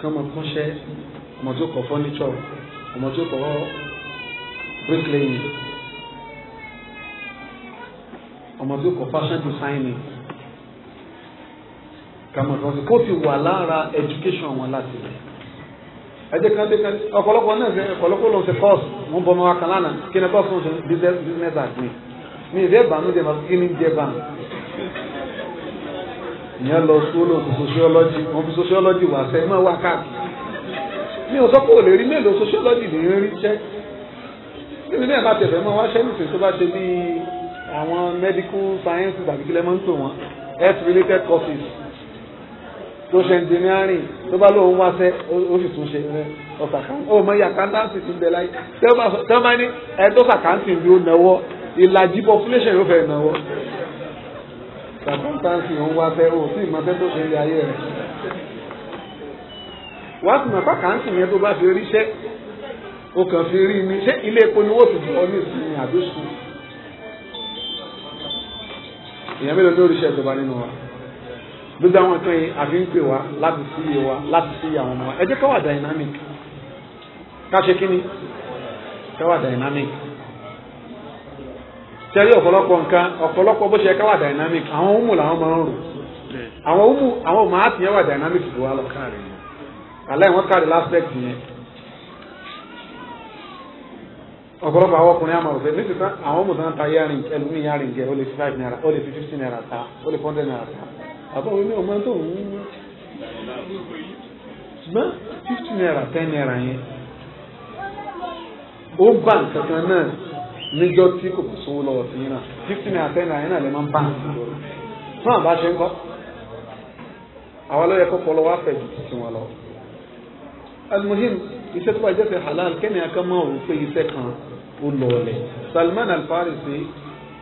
kán máa kọ́ṣẹ́ ọmọ tó kọ́ furniture ọmọ tó kọ́ bricklaying ọmọ tó kọ́ fashion designing kàmọ̀tàn kó ti wà lára education wọn láti rẹ̀ ẹjẹ kan tẹ kan ọ̀pọ̀lọpọ̀ náà ṣe ọ̀pọ̀lọpọ̀ lọ ṣe kọọsù mo ń bọ ọmọ wa kan lánàá kí ni bọọsù ṣe business admin mi ìdẹ ìbànújẹ́ máa kí ni jẹ bá mi. ìyẹn lọ school of sociology mo fi sociology wà sẹ máa wá káàkiri mi ò sọ pé ò lè rí mélòó sociology lè rí ṣẹ níbi náà bá tẹ̀fẹ̀ mọ́ wá ṣẹ́nìṣẹ́ tó bá ṣe bí àwọn medical sciences àbíkílẹ̀ máa ń tò wọ́n health related courses tó ṣe ẹnjìnírìn tó bá lóun wá sẹ ó sì tún ṣe ọ̀sàkántì ó mọ iye àkántàǹtì ti ń bẹ láyé tẹ́ bá ní ẹ tó sàkántì ni ó náwó ìlàjì population yóò fẹ́ náwó sàkántàǹtì òun wá sẹ ó sì mọ sẹ tó ṣe ilé ayé rẹ. wàá sì mọ̀ sàkántì yẹn tó bá fi ríṣẹ́ ó kàn fi rí ni ṣé ilé epo ni wọ́n ti jù ọ ní ìsinmi àdóṣù èèyàn mélòó ló ríṣẹ́ ìjọba nínú wa. gbogbo àwọn kan yìí àfi ń pè wá láti iye wa láti sí iye àwọn ọmọ wa ẹ dynamic ká ṣe kí ni ká dynamic tẹ́rí ọ̀pọ̀lọpọ̀ nǹkan ọ̀pọ̀lọpọ̀ bó ṣe ká dynamic àwọn ọmọ làwọn máa ń rò àwọn ọmọ àwọn ọmọ àti dynamic tó wà lọ káàrí wọn káàrí yẹn ọ̀pọ̀lọpọ̀ ta ó lè fi five naira ta ó lè ta. àbọ̀wé náà máa tó ń ṣùgbọ́n fifty naira ten naira yẹn ó bá nǹkan kan náà níjọ́ tí kò kò sówó lọ́wọ́ sí náà fifty naira 10 naira yẹn náà lè máa ń bá fún àbá ṣe ń kọ́ àwọn lọ́yẹ kọ́ pọlọ wá fẹ̀jù sí wọn lọ. almuhim iṣẹ́ tó bá jẹ́ sẹ́ halal kẹ́nìyàn kan máa rò pé iṣẹ́ kan ó lọ ọ̀lẹ̀ Salman Al Farisi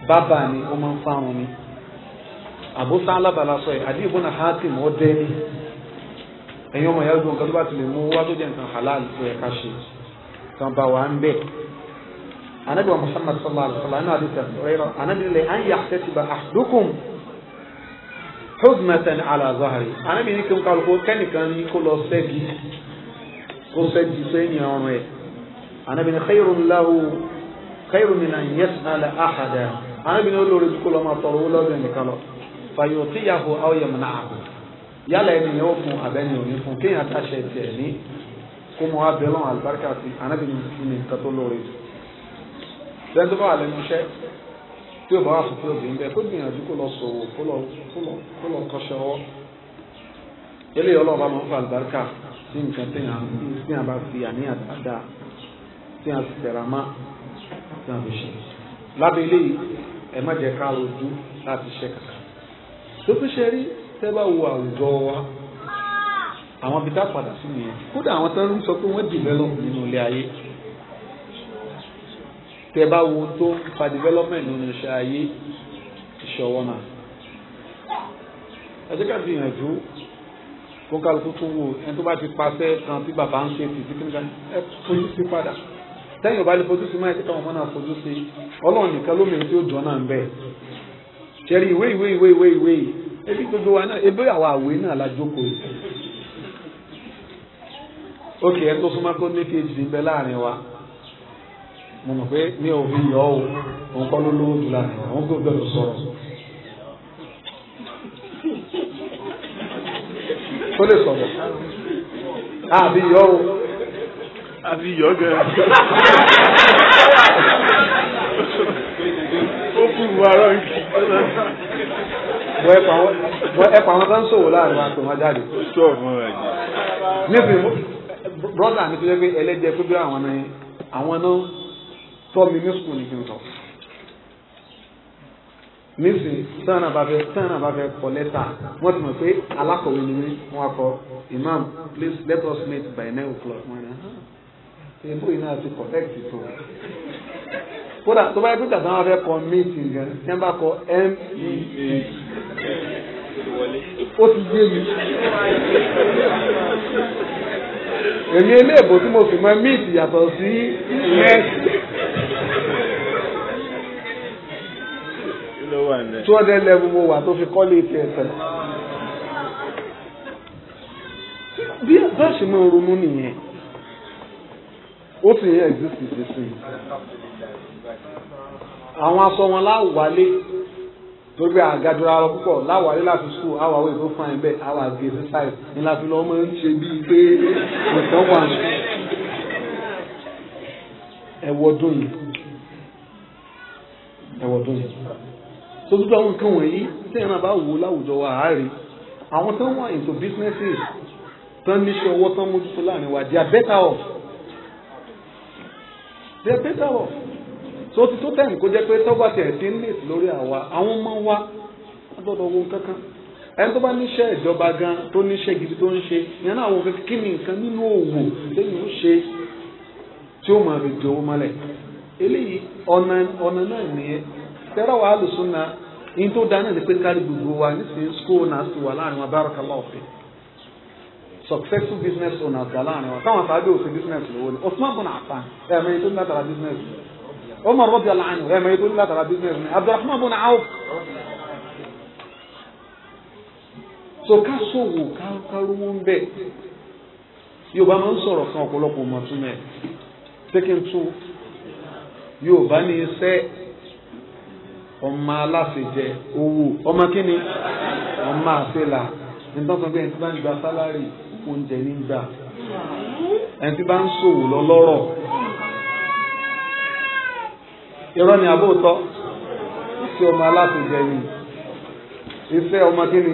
bàbá ni ó máa ń fáwọn ni àbúsá alábàlá sọ yìí àdí ìbọn àhátì mọ́ dẹ́ni ẹ̀yin ọmọ ìyá gbọ́n nǹkan tó bá ti lè mú wá tó jẹ́ nǹkan halal fún ẹ̀ka ṣe tán bá wà ń bẹ̀. anabi wa muhammad sallallahu alaihi wa sallam anabi ta rẹ́rọ anabi lè an yà tẹ́tí ba àdókùn hudmatan ala zahari anabi ní kí n kálukú kẹ́nìkan ní kó lọ sẹ́gi kó sẹ́gi sẹ́yìn ọrùn ẹ̀ anabi ní khayrun lahu khayrun min an yas'ala ahada anabi ní olórí kó lọ máa tọrọ owó lọ́dọ̀ nìkan lọ fàyọ̀tíyàwó àwòyẹ̀mọ̀nà àbò yálà ẹni yẹn ó fún abẹ́ni òní fún kéèyàn àtàṣe tiẹ̀ ní kó mọ abẹ́lọ́n àlùbáríkà sí anábìyẹn fún mi nǹkan tó lóore bẹ́ẹ̀ tó bá wà lẹ́nu iṣẹ́ tí ó bá wà fún fún obìnrin bẹ́ẹ̀ kó gbìyànjú kó lọ sòwò kó lọ kó lọ kọ́ṣẹ́ ọwọ́ eléyìí ọlọ́ọ̀bá máa ń fa àlùbáríkà sí nǹkan téèyàn bá fi àníyàn dáadáa téèyàn sì tẹ̀ra má téèyàn fi ṣe lábẹ́ eléyìí ẹ má jẹ́ ká rojú láti ṣe kàkà sókúnṣe rí tẹ́ bá wo àwùjọ wa àwọn ibi tá padà sí nìyẹn kódà àwọn tó ń sọ pé wọ́n develop nínú ilé ayé tẹ́ bá wo tó ń fa development nínú iṣẹ́ ayé ìṣọwọ́ náà ẹ jẹ́ ká gbìyànjú kó kálukú tó wò ẹni tó bá ti paṣẹ kan tí bàbá ń ṣe tìtì kí nìkan ẹ fojú sí padà tẹ́yìn ò bá fojú sí máa ẹ ti káwọn ọmọ náà fojú sí ọlọ́run nìkan lómi tí ó dùn náà ń bẹ́ẹ̀ ṣẹ́rí ìwé ìwé ìwé ìwé ìwé yìí ebi gbogbo wa náà ebi àwa àwé náà la jókòó yìí. ok ẹ tó súnmọ́ kó ní phd ń bẹ láàrin wa mo mọ̀ pé mi ò fi yọ ọ́ òun kọ́ ló lówó jù láàrin wa òun kò gbọ́dọ̀ sọ̀rọ̀. tó lè sọ̀rọ̀ àbí yọ ọ́ àbí yọ ọ́ gẹ̀rẹ́. ìwàrọ̀ àwọn náà tọ́ mi ní sùkúl ní kí n sọ. nísìnyí sẹ́wọ̀n àbáfẹ́ sẹ́wọ̀n àbáfẹ́ kọ lẹ́tà wọ́n ti mọ̀ pé alákọ̀wé ni mí wọ́n akọ imam please let us meet by nine o'clock. èbó yìí náà ti correct tó kódà tó bá yẹ píkà táwọn fẹ́ kọ mint gan yẹn bá kọ mint e ó ti yé mi èmi eléèbó tí mo fi mọ mint yàtọ̀ sí mint. E two hundred level mo wà tó fi kọ́lé ti ẹ̀sẹ̀. bí bá ṣe máa ronú nìyẹn ó sì yẹn exist ìdí sí àwọn aṣọ wọn láwàlé torí pé àgàdúrà lọ púpọ̀ láwàlé láti skul àwọn àwọn èso fún ẹ bẹ́ẹ̀ àwọn àgbè exercise ni láti lọ́ mọ́ ń ṣe bíi pé nǹkan wà ní ẹ̀wọ̀dún yìí ẹ̀wọ̀dún yìí tó dúdú àwọn nǹkan wọ̀nyí tí ẹ̀ràn bá wò láwùjọ wa àárín àwọn tó ń wà into businesses tán níṣẹ́ owó tán mójútó láàrin wa they are better off they are better off. so ti tó tẹ̀yìn kó jẹ́ pé tọ́gbà tiẹ̀ ti ń lè lórí àwa àwọn ọmọ wa gbọ́dọ̀ wo kankan ẹni tó bá níṣẹ́ ìjọba gan tó níṣẹ́ gidi tó ń ṣe ìyẹn náà àwọn kí ni nǹkan nínú òwò lẹ́yìn ó ṣe tí ó máa fi di owó mọ́lẹ̀ eléyìí ọ̀nà ọ̀nà náà nìyẹn tẹ́rọ náà yín tó gbogbo wa nísìnyí school náà sì wà láàrin wa successful business Umar radiyallahu anhu ẹ̀ mẹ́rin tó ní látara business ni Abdurrahman bin Awf. so ká sòwò ká ká rówó ń bẹ̀ Yorùbá máa ń sọ̀rọ̀ kan ọ̀pọ̀lọpọ̀ mọ̀ tún mẹ́ second two Yorùbá ní iṣẹ́ ọmọ aláṣejẹ owó ọmọ kíni ọmọ àṣelà nítorí pé ẹni tí bá ń gba sálárì oúnjẹ ní gbà ẹni tí bá ń sòwò lọ́lọ́rọ̀ irọ́ ni àbóòtọ́ sí ọmọ aláṣẹjẹ ni iṣẹ́ ọmọ kíni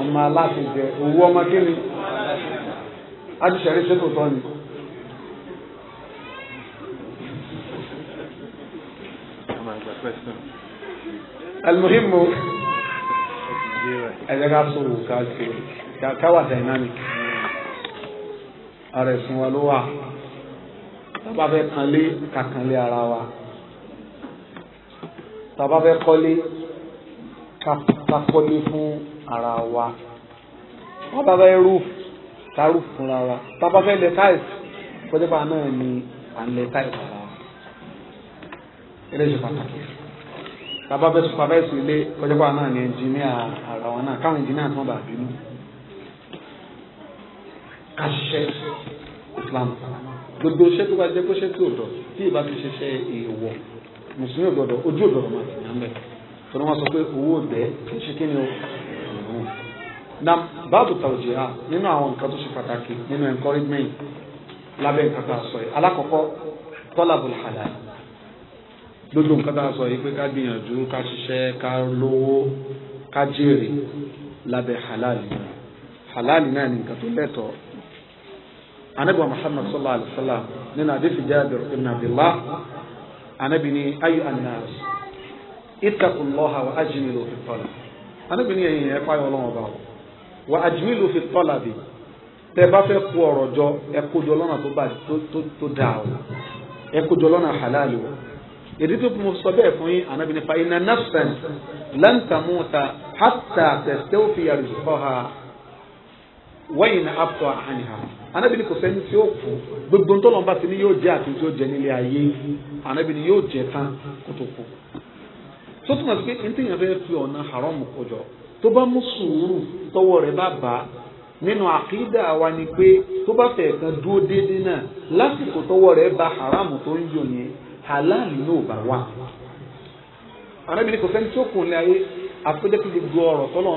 ọmọ aláṣẹjẹ owó ọmọ kíni ajíṣẹ́rí ṣètò tọ́ ni. alimuhimu ẹ̀jẹ̀ ká sọ wò ká ṣe ká wà dynamic ara ẹ̀sìn wa ló wà tá a bá fẹ́ kanlé ara wa tàbá fẹ́ kọ́lé ká fún ara wa wọ́n fẹ́ rúf ká rúf fúnra wa tàbá fẹ́ lẹ táìsì pọ́jọ́pá náà ni à ń lẹ táìsì ara wa eléyìí pàtàkì tàbá fẹ́ supervise ilé pọ́jọ́pá náà ni ẹnjìníà ara wa náà káwọn ẹnjìníà tí wọ́n bá bínú ká ṣiṣẹ́ Islam gbogbo ṣẹ́ tó bá jẹ́ kó ṣẹ́ tó dọ̀ tí ì bá ṣiṣẹ́ èèwọ̀ mùsùlùmí ògbọ́dọ̀ ojú ògbọ́dọ̀ máa tẹ̀lé àmì tó ní wọ́n sọ pé owó ọ̀dẹ́ kì í ṣe kí ni o na báàbù tàwùjẹ́ à nínú àwọn nǹkan tó ṣe pàtàkì nínú encouragement lábẹ́ nǹkan tá a sọ yìí alákọ̀ọ́kọ́ talabul halal gbogbo nǹkan tá a sọ yìí pé ká gbìyànjú ká ṣiṣẹ́ ká lówó ká jèrè lábẹ́ halal náà náà ni nǹkan tó lẹ́tọ̀ọ́ anábọ̀ Muhammad sallallahu alayhi wa sallam nínú adéfìjáde ibn Abdullah anabi ni ayu annaas ittaqullaha wa ajmilu fi talab anabi ni ẹ̀yin ẹ páyọ Ọlọ́run ọba o wa ajmilu fi talabi tẹ́ bá fẹ́ kó ọ̀rọ̀ jọ ẹ kó jọ lọ́nà tó bá tó dáa o ẹ kó halali o èdè tó mo sọ bẹ́ẹ̀ fún yín anabi ni fa inna nafsan lan tamuta hatta tastawfiya rizqaha wa in abta anha anabi ni kò sẹ́ni tí ó kú gbogbo ntọ́lọ́mbà sí ni yóò jẹ àti tí ó jẹ nílé ayé anabi ni yóò jẹ tán kó tó kú tó túmọ̀ sí pé ní tẹ̀yìn fẹ́ fi ọ̀nà haram kọjọ tó bá mú sùúrù tọwọ́ rẹ̀ bá bá nínú àkídà wa ni pé tó bá fẹ́ kan dúró déédéé náà lásìkò tọwọ́ rẹ̀ bá haram tó ń yọ yẹn halal náà bá wà anabi kò sẹ́ni tí ó kù nílé ayé àfẹ́jẹ́ kí gbogbo ọ̀rọ̀ tọ́lọ́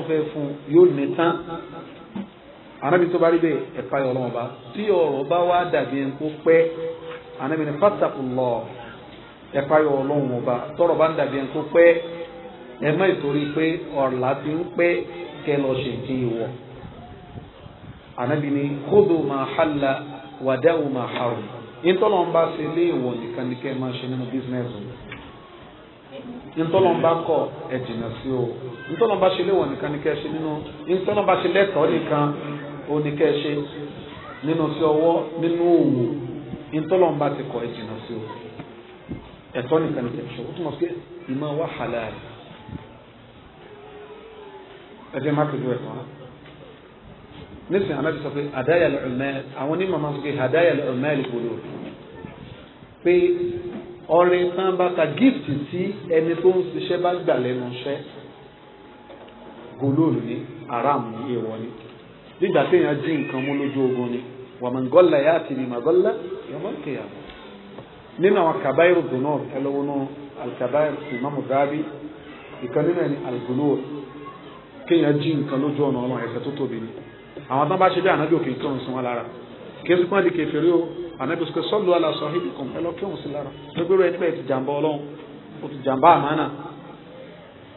anabi tó bá rí bẹ́ẹ̀ ẹ̀ka yọ ọlọ́wọ́n bá tí ọ̀rọ̀ bá wá dàbí ẹni kó pẹ́ anabi ní fatakulọ ẹ̀ka yọ ọlọ́wọ́n bá tọ́rọ̀ bá ń dàbí ẹni kó pẹ́ ẹ má ìtorí pé ọ̀la ti ń pẹ́ kẹ lọ ṣe kí n wọ̀ anabi ní kódò máa hàlà wàdáwò máa hàrùn ntọ́lọ́ ń bá ṣe lé ìwọ̀ nìkan ní kẹ́ máa ṣe nínú bísínẹ́sì ntọ́lọ́mba kọ ẹ̀jìnà sí o ntọ́lọ́mba ṣe léwọ̀n nìkan ní kẹ́ ṣe nínú ntọ́lọ́mba ṣe lẹ́tọ̀ọ́ oníkẹ́ṣe nínú sí ọwọ́ nínú òwò ntọ́lọ́mbà ti kọ́ ẹ̀ jìnnà sí o ẹ̀tọ́ nìkan ní kẹ́ṣe o túmọ̀ sí pé ìmọ̀ wà halal ẹ̀jẹ̀ má kéjú ẹ̀tọ́ náà nísìnyí anábì sọ pé àdáyà lọ́ọ̀mẹ́ àwọn onímọ̀ máa ń sọ pé àdáyà lọ́ọ̀mẹ́ lùkòlò pé ọrẹ tán bá ta gift tí ẹni tó ń ṣiṣẹ́ bá gbà lẹ́nu iṣẹ́ gòlóòlù ní aram ní èèwọ̀ ni nígbà téèyàn jí nǹkan mú lójú ogun ni wàmọ̀ngọ́lá yá àti ìmọ̀gọ́lá yọmọ kẹyà nínú àwọn kàbáyìrì dùnú ẹlọ́wọ́nú alkàbáyìrì ìmáàmù dábì ìkan nínú ẹni àlùbùnú kéèyàn jí nǹkan lójú ọ̀nà ọlọ́run ẹ̀ṣẹ̀ tó tóbi ni àwọn tán bá ṣe bí ànábì òkè kírun sí wọn lára kéésì kan di kẹfẹ́rí o ànábì sọ pé sọ́ọ̀lù aláṣọ ibi kan ẹ lọ kírun sí lára gbẹgbẹrú ẹni bẹ́ẹ̀ ti jàǹbá ọlọ́run ó ti jàǹbá àmánà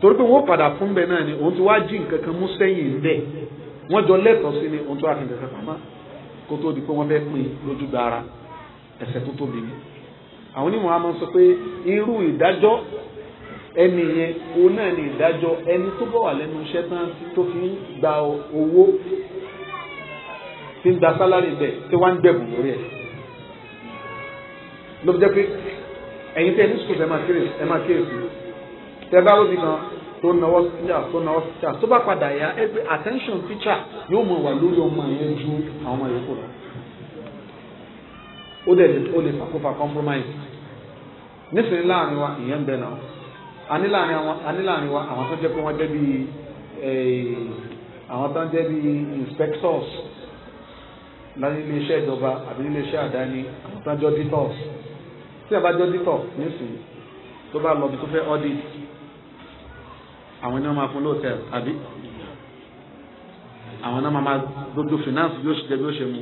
torí pé wọ́n padà fún bẹ́ẹ̀ náà ni òun ti wá jí nǹkan kan mú sẹ́yìn bẹ́ẹ̀ wọ́n jọ lẹ́tọ̀ọ́ sí ni ohun tó àfihàn ẹ̀sẹ̀ pamọ́ kó tó di pé wọ́n fẹ́ pín lójú gbára ẹ̀sẹ̀ tó tóbi ni àwọn onímọ̀ àmọ́ sọ pé irú ìdájọ́ ẹni yẹn òun náà ni ìdájọ́ ẹni tó bọ̀ wà lẹ́nu iṣẹ́ tán tó fi ń gba owó tí ń gba sálárì bẹ̀ tí wọ́n ń gbẹ̀bùn lórí ẹ̀ ló fi jẹ́ pé ẹ̀yin tẹ́ ní sùkúl ẹ máa kíyèsí ẹ máa kíyèsí tẹ́ bá lóbi kan tó náwó sí tíṣà tó náwó sí tíṣà tó bá padà yá ẹgbẹ́ attention tíṣà yóò mọ̀ wà lórí ọmọ yẹn ju àwọn ọmọ yòókù lọ. ó dẹ̀ ó lè fàkófà compromise nísìnyí láàrin wa ìyẹn ń bẹ náà àní láàrin wa àwọn tó jẹ́ pé wọ́n jẹ́ bíi àwọn tó ń jẹ́ bíi inspectors láti iléeṣẹ́ ìjọba àbí iléeṣẹ́ àdáni àwọn tó ń jẹ́ auditors tí a bá jẹ́ auditor nísìnyí tó bá lọ bí tó fẹ́ audit àwọn ni wọ́n máa fún lóòótẹ́ àbí àwọn náà máa máa gbogbo finance bí ó ṣe jẹ bí ó ṣe mu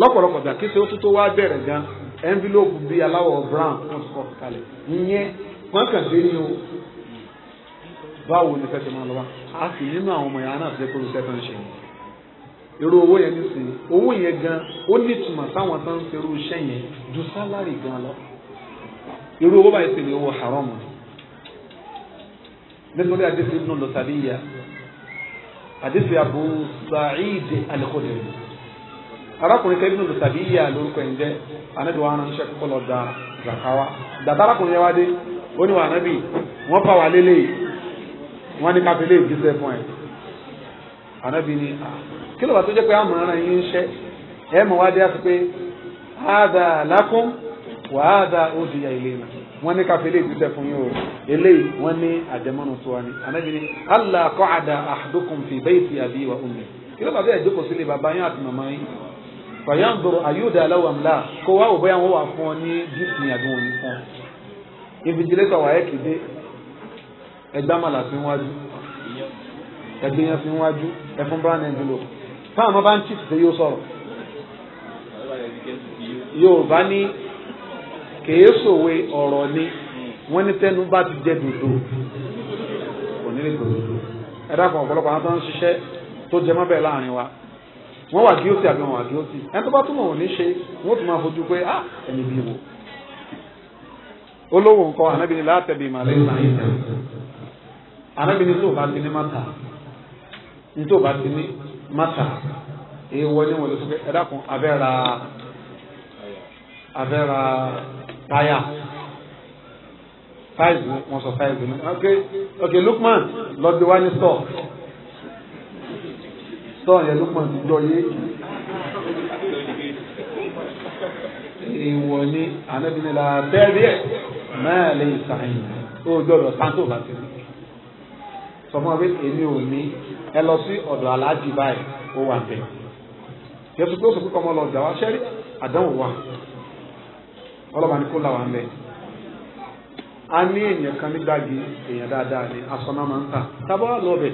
lọ́pọ̀lọpọ̀ gbà kí ṣe ó tún tó wá bẹ̀rẹ̀ gan envelope bíi aláwọ̀ brown wọ́n ti kọ́ kalẹ̀ ìyẹn kọ́ńkàndé ni o báwo ni fẹ́ máa lọ wá a sì nínú àwọn ọmọ yàrá náà ti jẹ́ kó ló fẹ́ fẹ́ ń ṣe yìí irú owó yẹn nísìnyí owó yẹn gan ó ní ìtumọ̀ sáwọn tó ń ṣerú iṣẹ́ yẹn ju sálárì gan lọ irú owó báyìí sì ni owó haram nítorí àdìsí ibùdó lọ́sàlíyà àdìsí Abu Sa'id al-Khudri arákùnrin kan ibùdó lọ́sàlíyà lórúkọ ẹ̀ ń jẹ́ anábìwá aránṣẹ́ kọ́kọ́ lọ da zakawa dàtà arákùnrin yẹn wá dé ó ní wà nábì wọ́n fà wá lélẹ̀ wọ́n ní káfílẹ̀ ìjíṣẹ́ fún ẹ̀ anábì ni kí ló bá tó jẹ́ pé àmọ̀ràn yín ń ṣẹ́ ẹ̀ mọ̀ wá dé àti pé hādhā lakum wa hādhā udiya ilayna wọ́n ní káfí eléyìí dúṣẹ́ fún yín o eléyìí wọ́n ní àjẹmọ́nù tó wá ní anábì ní allah qa'ada ahadukum fi bayti abi wa ummi kí ló bàbá ìjókòó sílé bàbá yín àti màmá yín fàyàǹdòrò àyùdà aláwàmlà kó wá wò bóyá wọ́n wà fún ọ ní gíìsì àbí wọn ní fún ọ invigilator wà ẹ́ kéde ẹgbàmàlà sí wájú ẹgbìyàn sí wájú ẹfún brown envelope táwọn ọmọ bá ń chip kèé sòwe ọ̀rọ̀ ni wọ́n ní tẹ́nu bá ti jẹ́ dòdò kò ní lè dòdò ẹ dákun ọ̀pọ̀lọpọ̀ àwọn tó ń ṣiṣẹ́ tó jẹ mọ́bẹ̀ láàrin wa wọ́n wà gíótì àbí wọ́n wà gíótì ẹni tó bá túmọ̀ ò ní ṣe wọ́n tún máa fojú pé ah ẹni bí wo olówó nǹkan anábìnrin látẹ̀bí ìmàlẹ́ ìsàyìn anábìnrin tó bá ti ní mátà ní tó bá ti ní èèwọ̀ ni wọ́n lè sọ pé ẹ dákun abẹ́ra táyà fáìlì wọn sọ fáìlì ní ok ok Lukman lọ́ọ́ gbé wá store. sọ sọ yẹn Lukman ti gbọ́ yé èèwọ̀ ni ànábìnrin la bẹ́ẹ̀ rí ẹ̀ máa lè sàyìn ó gbọ́dọ̀ sáńtò bá ti rí sọmọ pé èmi ò ní ẹ lọ sí ọ̀dọ̀ aláàjì báyìí ó wà bẹ́ẹ̀ yẹtù pé ó sọ pé kọ́mọ lọ jà wá ṣẹ́rí àdánwò wà ọlọ́ba ní kó là wà ń bẹ. a ní èèyàn kan ní gbági èèyàn dáadáa ni aṣọ náà máa ń tà tábọ́ lọ bẹ̀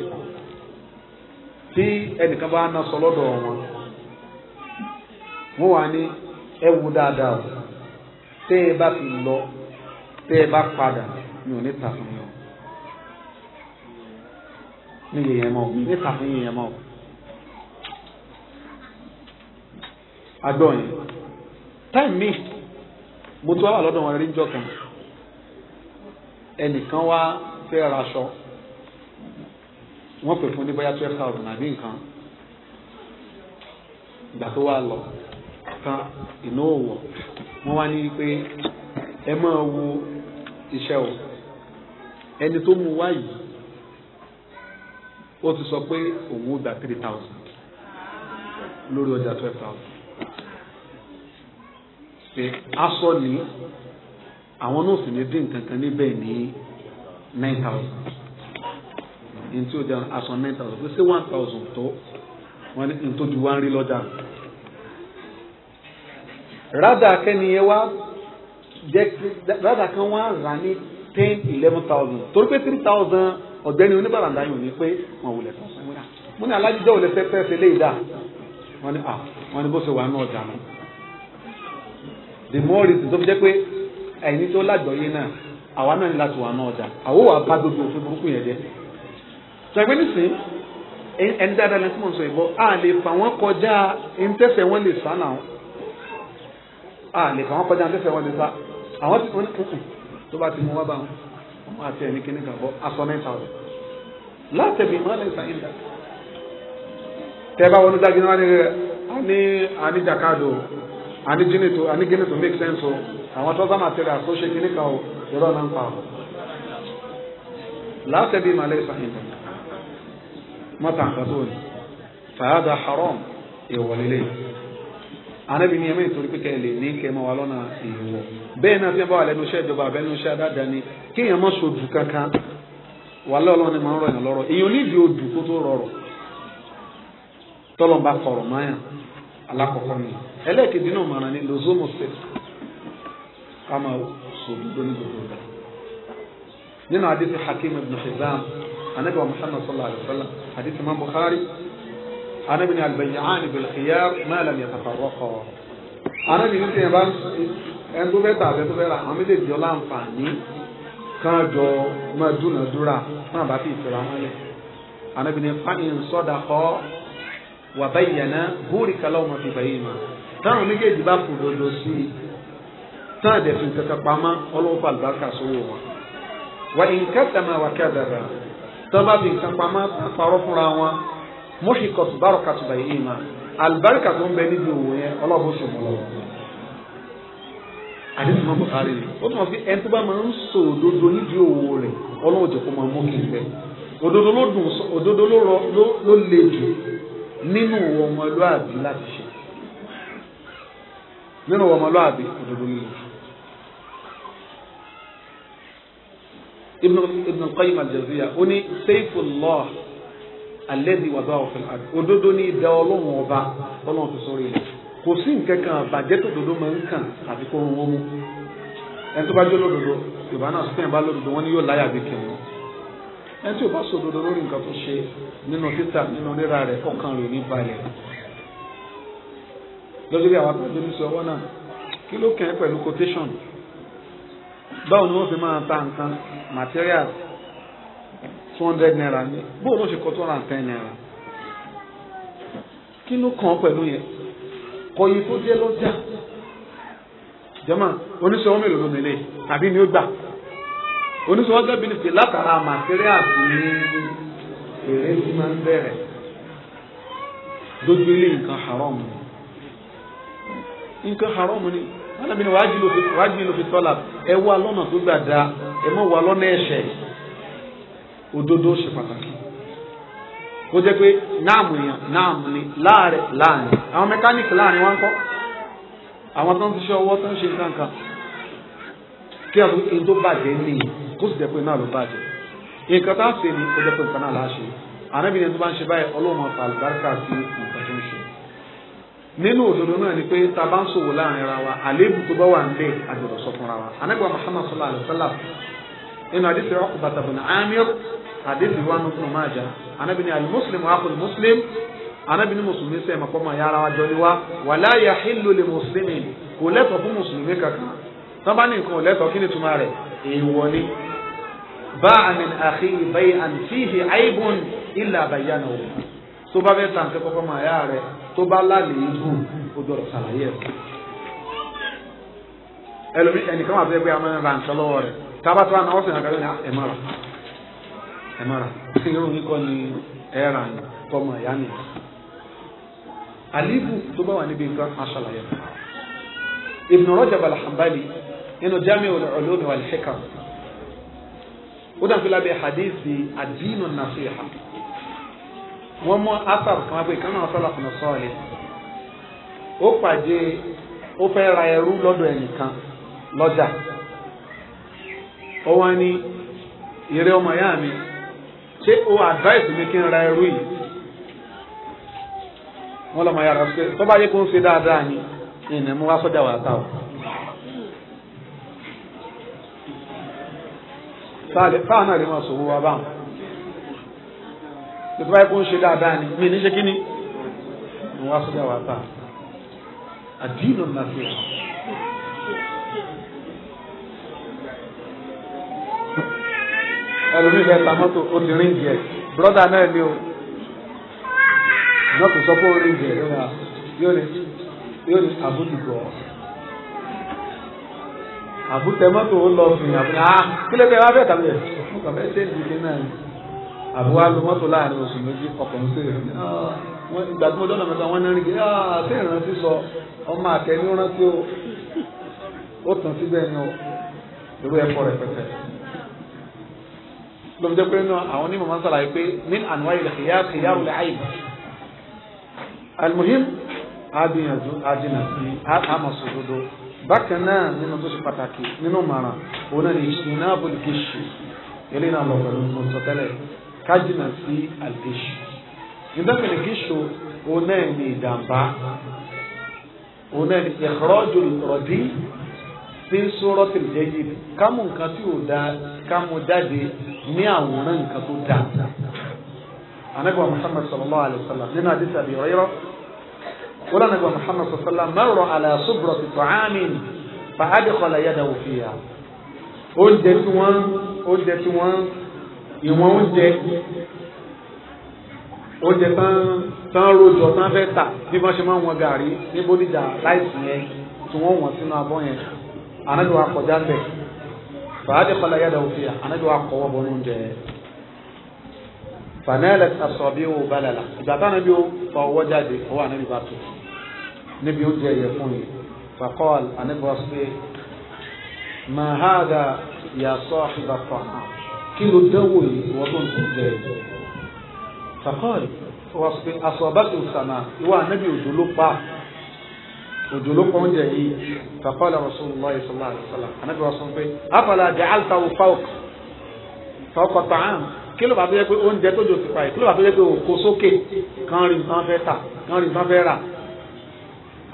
tí ẹnìkan bá ná sọ lọ́dọ̀ wọn wọ́n wà ní ẹwu dáadáa o tẹ́ ẹ bá fi lọ tẹ́ ẹ bá padà mi ní tà fún yín ní yẹ̀yẹ̀ mọ́ ní tà fún mọ́ o. agbọ́n yìí táìmì míì mo tún wá wà lọ́dọ̀ wọn rí jọ kan ẹnìkan wá fẹ́ ra aṣọ wọ́n pè fún ní bóyá twelve thousand àbí nǹkan ìgbà tó wá lọ kan iná òwò wọ́n wá ní pé ẹ máa wo iṣẹ́ o ẹni tó mú wá yìí ó ti sọ pé òun ó gba three thousand lórí ọjà twelve thousand pé aṣọ ni àwọn náà sì ní dín nǹkan kan ní nine thousand ní tí ó aṣọ nine thousand pé ṣé one thousand tó wọ́n ní nítorí wá ń rí lọ́jà rádà kẹ́niyẹn wá jẹ́ rádà kan wá rà ní ten eleven thousand torí pé three thousand ọ̀gbẹ́ni oníbàràǹdà yìí ò ní pé wọn ò lẹ̀ tán sẹ́wọ́n ní alájíjọ́ ò lè fẹ́ pẹ́ẹ́ fẹ́ lé ìdá wọ́n ní à wọ́n bó ṣe wà ní ọjà náà the more reason tó fi jẹ́ pé ẹ̀yin tó lágbọ̀ọ́yé náà àwa náà ní láti wà náà ọjà àwọn wà bá gbogbo òfin burúkú yẹn jẹ́ ṣàgbé nísìn ẹni dáadáa lẹ́sìn mọ̀ sọ ìbọn a lè fà wọ́n kọjá ntẹ́sẹ̀ wọn lè sá náà a lè fà wọ́n kọjá ntẹ́sẹ̀ wọn lè sá àwọn ti wọn kùkù tó bá ti mú wá bá wọn ọmọ àti ẹni kíní kà bọ́ aṣọ nine thousand látẹ̀bí mọ́ lẹ́yìn sáyẹn dá tẹ́ bá wọnú dájú náà ní àní àní jàkadò Ani anigini to ani anigini to make sense o àwọn tó bá máa tẹ̀lé àtúnṣe kìíní kan o ìrọ̀ náà ń pa o. láti ẹbí màálẹ̀ ìsàhìntàn mọ́tà nǹkan tó ní fàyàdà haram ìwọlélẹ̀ anabi ni ẹmẹ nítorí pípẹ́ lè ní kẹ́ ẹ máa wà lọ́nà ìwọ̀ bẹ́ẹ̀ náà tí wọ́n bá wà lẹ́nu iṣẹ́ ìjọba àbẹ́nu iṣẹ́ adájani kéèyàn má so dù kankan wà lọ́ọ̀lọ́ ni máa ń rọyàn lọ́rọ̀ èèyàn nídìí odù kó tó rọrọ̀ tọ́lọ́mbà kọ̀rọ̀ máyà alákọ̀ọ́kọ́ nìyẹn ẹlẹ́ẹ̀kejì náà mọ̀ràn ni lòzómù sèf ká máa sọ òdodo ní gbogbo ìgbà nínú àdìsí hakim ibn hizam anabi wa muhammad sallallahu alayhi wa sallam àdìsí imam bukhari anabi ni albayyani bilkhiyar ma lam yatafarraqa anabi ní sèyàn bá ẹni tó fẹ́ tà àti ẹni tó fẹ́ rà àwọn méjèèjì ọlá àǹfààní kan jọ máa dúnàdúrà fún anabi ní fa in wa bayyana burika lahuma fi bayyima. táwọn méjèèjì bá kò dodo sí i tán àdẹ̀fín kankan pamọ́ ọlọ́wọ́ fà sówó wọn. wà ní wà kẹdàrà tán bá fi nǹkan pamọ́ parọ́ fúnra wọn mọ́ṣíkọ̀ tó bárò kàtó bàyè yìí mà àlùbáríkà tó ń bẹ níbi òwò yẹn ọlọ́wọ́ sọ mọ́ lọ́wọ́. àdéhùn máa ń rẹ̀ ó ẹni tó bá máa n nínú ọmọlúàbí òdodo nínú. ibn ibn qayyim al-jawziya ó ní sayfullah alladhi wada'ahu fil ard òdodo ní ìdá ọlọ́run ọba ọlọ́run fi sọ̀rọ̀ ilẹ̀ kò sí nǹkan kan àbàjẹ́ tó dodo máa ń kàn àti kó wọn mú ẹni tó bá jẹ́ lódodo yorùbá náà spain bá lódodo wọn ni yóò láyà bí kìnnìún ẹni tí ò bá sọ òdodo lórí nǹkan tó ṣe nínú títà nínú rírà rẹ̀ ọkàn rẹ̀ ò ní balẹ̀ lọ́jọ́ bí àwọn àtàjọ ní sọ wọ́n náà kí ló kẹ́ pẹ̀lú quotation báwo ni wọ́n fi máa ta nǹkan materials two hundred naira ní bóun ló ṣe kọ́ two hundred and ten naira kí ló kàn pẹ̀lú yẹn kọ̀yí tó jẹ́ lọ́jà jẹ́mà oníṣòwò mélòó ló nílé tàbí ni ó gbà oníṣòwò gẹ́gẹ́ bí látara materials ní èrè tí máa ń bẹ̀rẹ̀ dójú ilé nǹkan haram ni nǹkan haram ni alábìíní wàájú ló fi tọ́lá ẹ wá lọ́nà tó gbà dáa ẹ mọ̀ wá lọ́nà ẹ̀ṣẹ̀ òdodo ṣe pàtàkì kó jẹ́ pé náàmù èèyàn náàmù ni láàrẹ̀ láàrin àwọn mẹkáníìkì láàrin wọn kọ́ àwọn tó ń ṣiṣẹ́ ọwọ́ tó ń ṣe nǹkan kan kí a sọ pé tó bàjẹ́ ní kó sì jẹ́ pé náà ló bàjẹ́ nǹkan tá a ṣe ni kó jẹ́ pé nǹkan náà láṣẹ àrẹ́bìnrin tó bá ń ṣe báyìí ọlọ́run nínú òdodo náà ni pé tá a bá ń sòwò láàrin ara wa àléébù tó bá wà nílé àjọ̀dọ̀ sọ fúnra wa anábìwá muhammad sallallahu alayhi wa sallam inú àdìsí ọkọ̀ bàtà bùnà amir àdìsí wa nù fún ọmọ àjà anábìní alimuslim wa kùn muslim anábìní mùsùlùmí sẹ́yìn mọ̀pọ́ mọ̀ yára wa jọ ni wa wàlá yahillu lil mùsùlùmí kò lẹ́tọ̀ fún mùsùlùmí kankan tán bá ní nǹkan ò kí ni túmọ̀ rẹ̀ èèwọ̀ ni báà min akhihi bay'an fihi aibun illa bayyanahu tó bá fẹ́ tàǹtẹ́ kọ́kọ́ mọ̀ yára rẹ̀ tó bá lálẹ́ ibù ó gbọ́dọ̀ ṣàlàyé ẹ̀ ẹlòmí ẹnìkan wà bẹ́ẹ̀ pé àwọn ẹ̀rọ àǹtọ́ lọ́wọ́ rẹ̀ tábà tó wà náà ọ̀sẹ̀ nàkàlẹ́ ní ẹ̀mọ́ra ẹ̀mọ́ra sí irú yìí kọ́ ni ẹ̀rọ àǹtọ́ tọmọ ẹ̀yá nìyẹn àlébù tó bá wà níbi nǹkan aṣàlàyé rẹ̀ Ibn Rajab al-Hanbali nínú Jami'ul Ulum wal Hikam ó dàbí lábẹ́ hadithi wọ́n mọ asar kan wá pé kánú ọ̀sọ́lá kùnà sọ́ọ̀lì ó pàdé ó fẹ́ ra ẹrú lọ́dọ̀ ẹnìkan lọ́jà ó wá ní ìrẹ́ ọmọ ìyá mi ṣé o advice mi kí n ra ẹrú yìí wọ́n lọ́mọ yàrá pé tó bá yẹ kó ń ṣe dáadáa ni ìnà mú wá sọ́jà wà tá o. sáà náà lè máa sòwò wa báwọn tó báyìí kó ń ṣe dáadáa ni mi ní ṣe kí ni mo wá sọ́dọ̀ wá tà àdínù nàfẹ́ ẹlòmíì fẹ́ ta mọ́tò ó ti rìn díẹ̀ brọ́dà náà ni o náà kò sọ pé ó rìn díẹ̀ lónà yóò ní yóò ní àbúdùgbọ̀ àbútẹ mọ́tò ó lọ fìyàn fún ah, kílẹ̀ tẹ́ wá fẹ́ tàbí ẹ̀ fún kàfẹ́ ìdílé náà ni àbúwá ló mọ́tò láàrin oṣù méjì ọkùnrin sí rẹ̀ wọ́n ìgbà tí mo dọ́nà mẹ́ta wọ́n náà rí i ah ṣé ìrántí sọ ọmọ àkẹ́ni rántí o ó tàn síbẹ̀ ni o irú ẹ̀kọ́ rẹ̀ pẹ̀tẹ̀. lóbi jẹ́ pé nínú àwọn onímọ̀ máa ń sàlàyé pé min anwa ilẹ̀ kìyà kìyà olè àyè almuhim adìyànjú adìyànjú àmọ̀ sòdodo bákan náà nínú tó ṣe pàtàkì nínú màrà òun náà ní ìṣúná abúlé kìṣù kájìnà sí àlùkìṣù ìdọ́kẹ́ ní kìṣù òun náà ní ìdàmbá òun náà ní ìkọ́rọ́jù rọ̀dí tí ń sọ̀rọ̀ tìlù jẹ́jì kámú nǹkan tí ò da kámú jáde ní àwòrán nǹkan tó da anagba muhammad sallallahu alayhi wa sallam nínú àdìsí àbí ọ̀rẹ́rọ̀ wọ́n anagba muhammad sallallahu alayhi wa sallam mẹ́rọ̀ àlàsùbùrọ̀ ti tọ́ àmín fa adìkọ̀lá òfìyà oúnjẹ tí wọ́n oúnjẹ tí wọ́n ìwọ̀n oúnjẹ oúnjẹ tán tán rojọ tán fẹ́ tà bí wọ́n ṣe máa ń wọn gàrí ní bódìjà láìsí yẹn tí wọ́n wọ̀n sínú abọ́ yẹn ànájọ akọjá bẹ̀ fàádé kọlá yàda òfin ànájọ akọwọ́ bọ́ oúnjẹ fanẹ́lẹ̀ àsọ̀bí ò balẹ̀ la ìgbà táwọn ẹbí ó fa ọwọ́ jáde ọwọ́ ànábì bá tó níbi oúnjẹ yẹ fún yìí fàkọ́ọ̀l ànábì wá sí pé màhádà yà sọ́ọ̀hìn bá pọ̀ náà kí ló dánwò yìí ìwọ tó ń tún bẹ̀rẹ̀ sàkọọlì wọ́n sọ pé aṣọ àbáṣe òsànà ìwà ànábì òjò ló pa òjò ló pa oúnjẹ yìí sàkọọlì rasulullah sallallahu alaihi wasallam ànábì wọ́n sọ pé àfàlà ja'alta fawq fawqa ta'am kí ló bá tó yẹ pé oúnjẹ tó jò sí pa yìí kí ló bá tó yẹ pé òkò sókè kan rí nǹkan fẹ́ tà kan rí nǹkan fẹ́ rà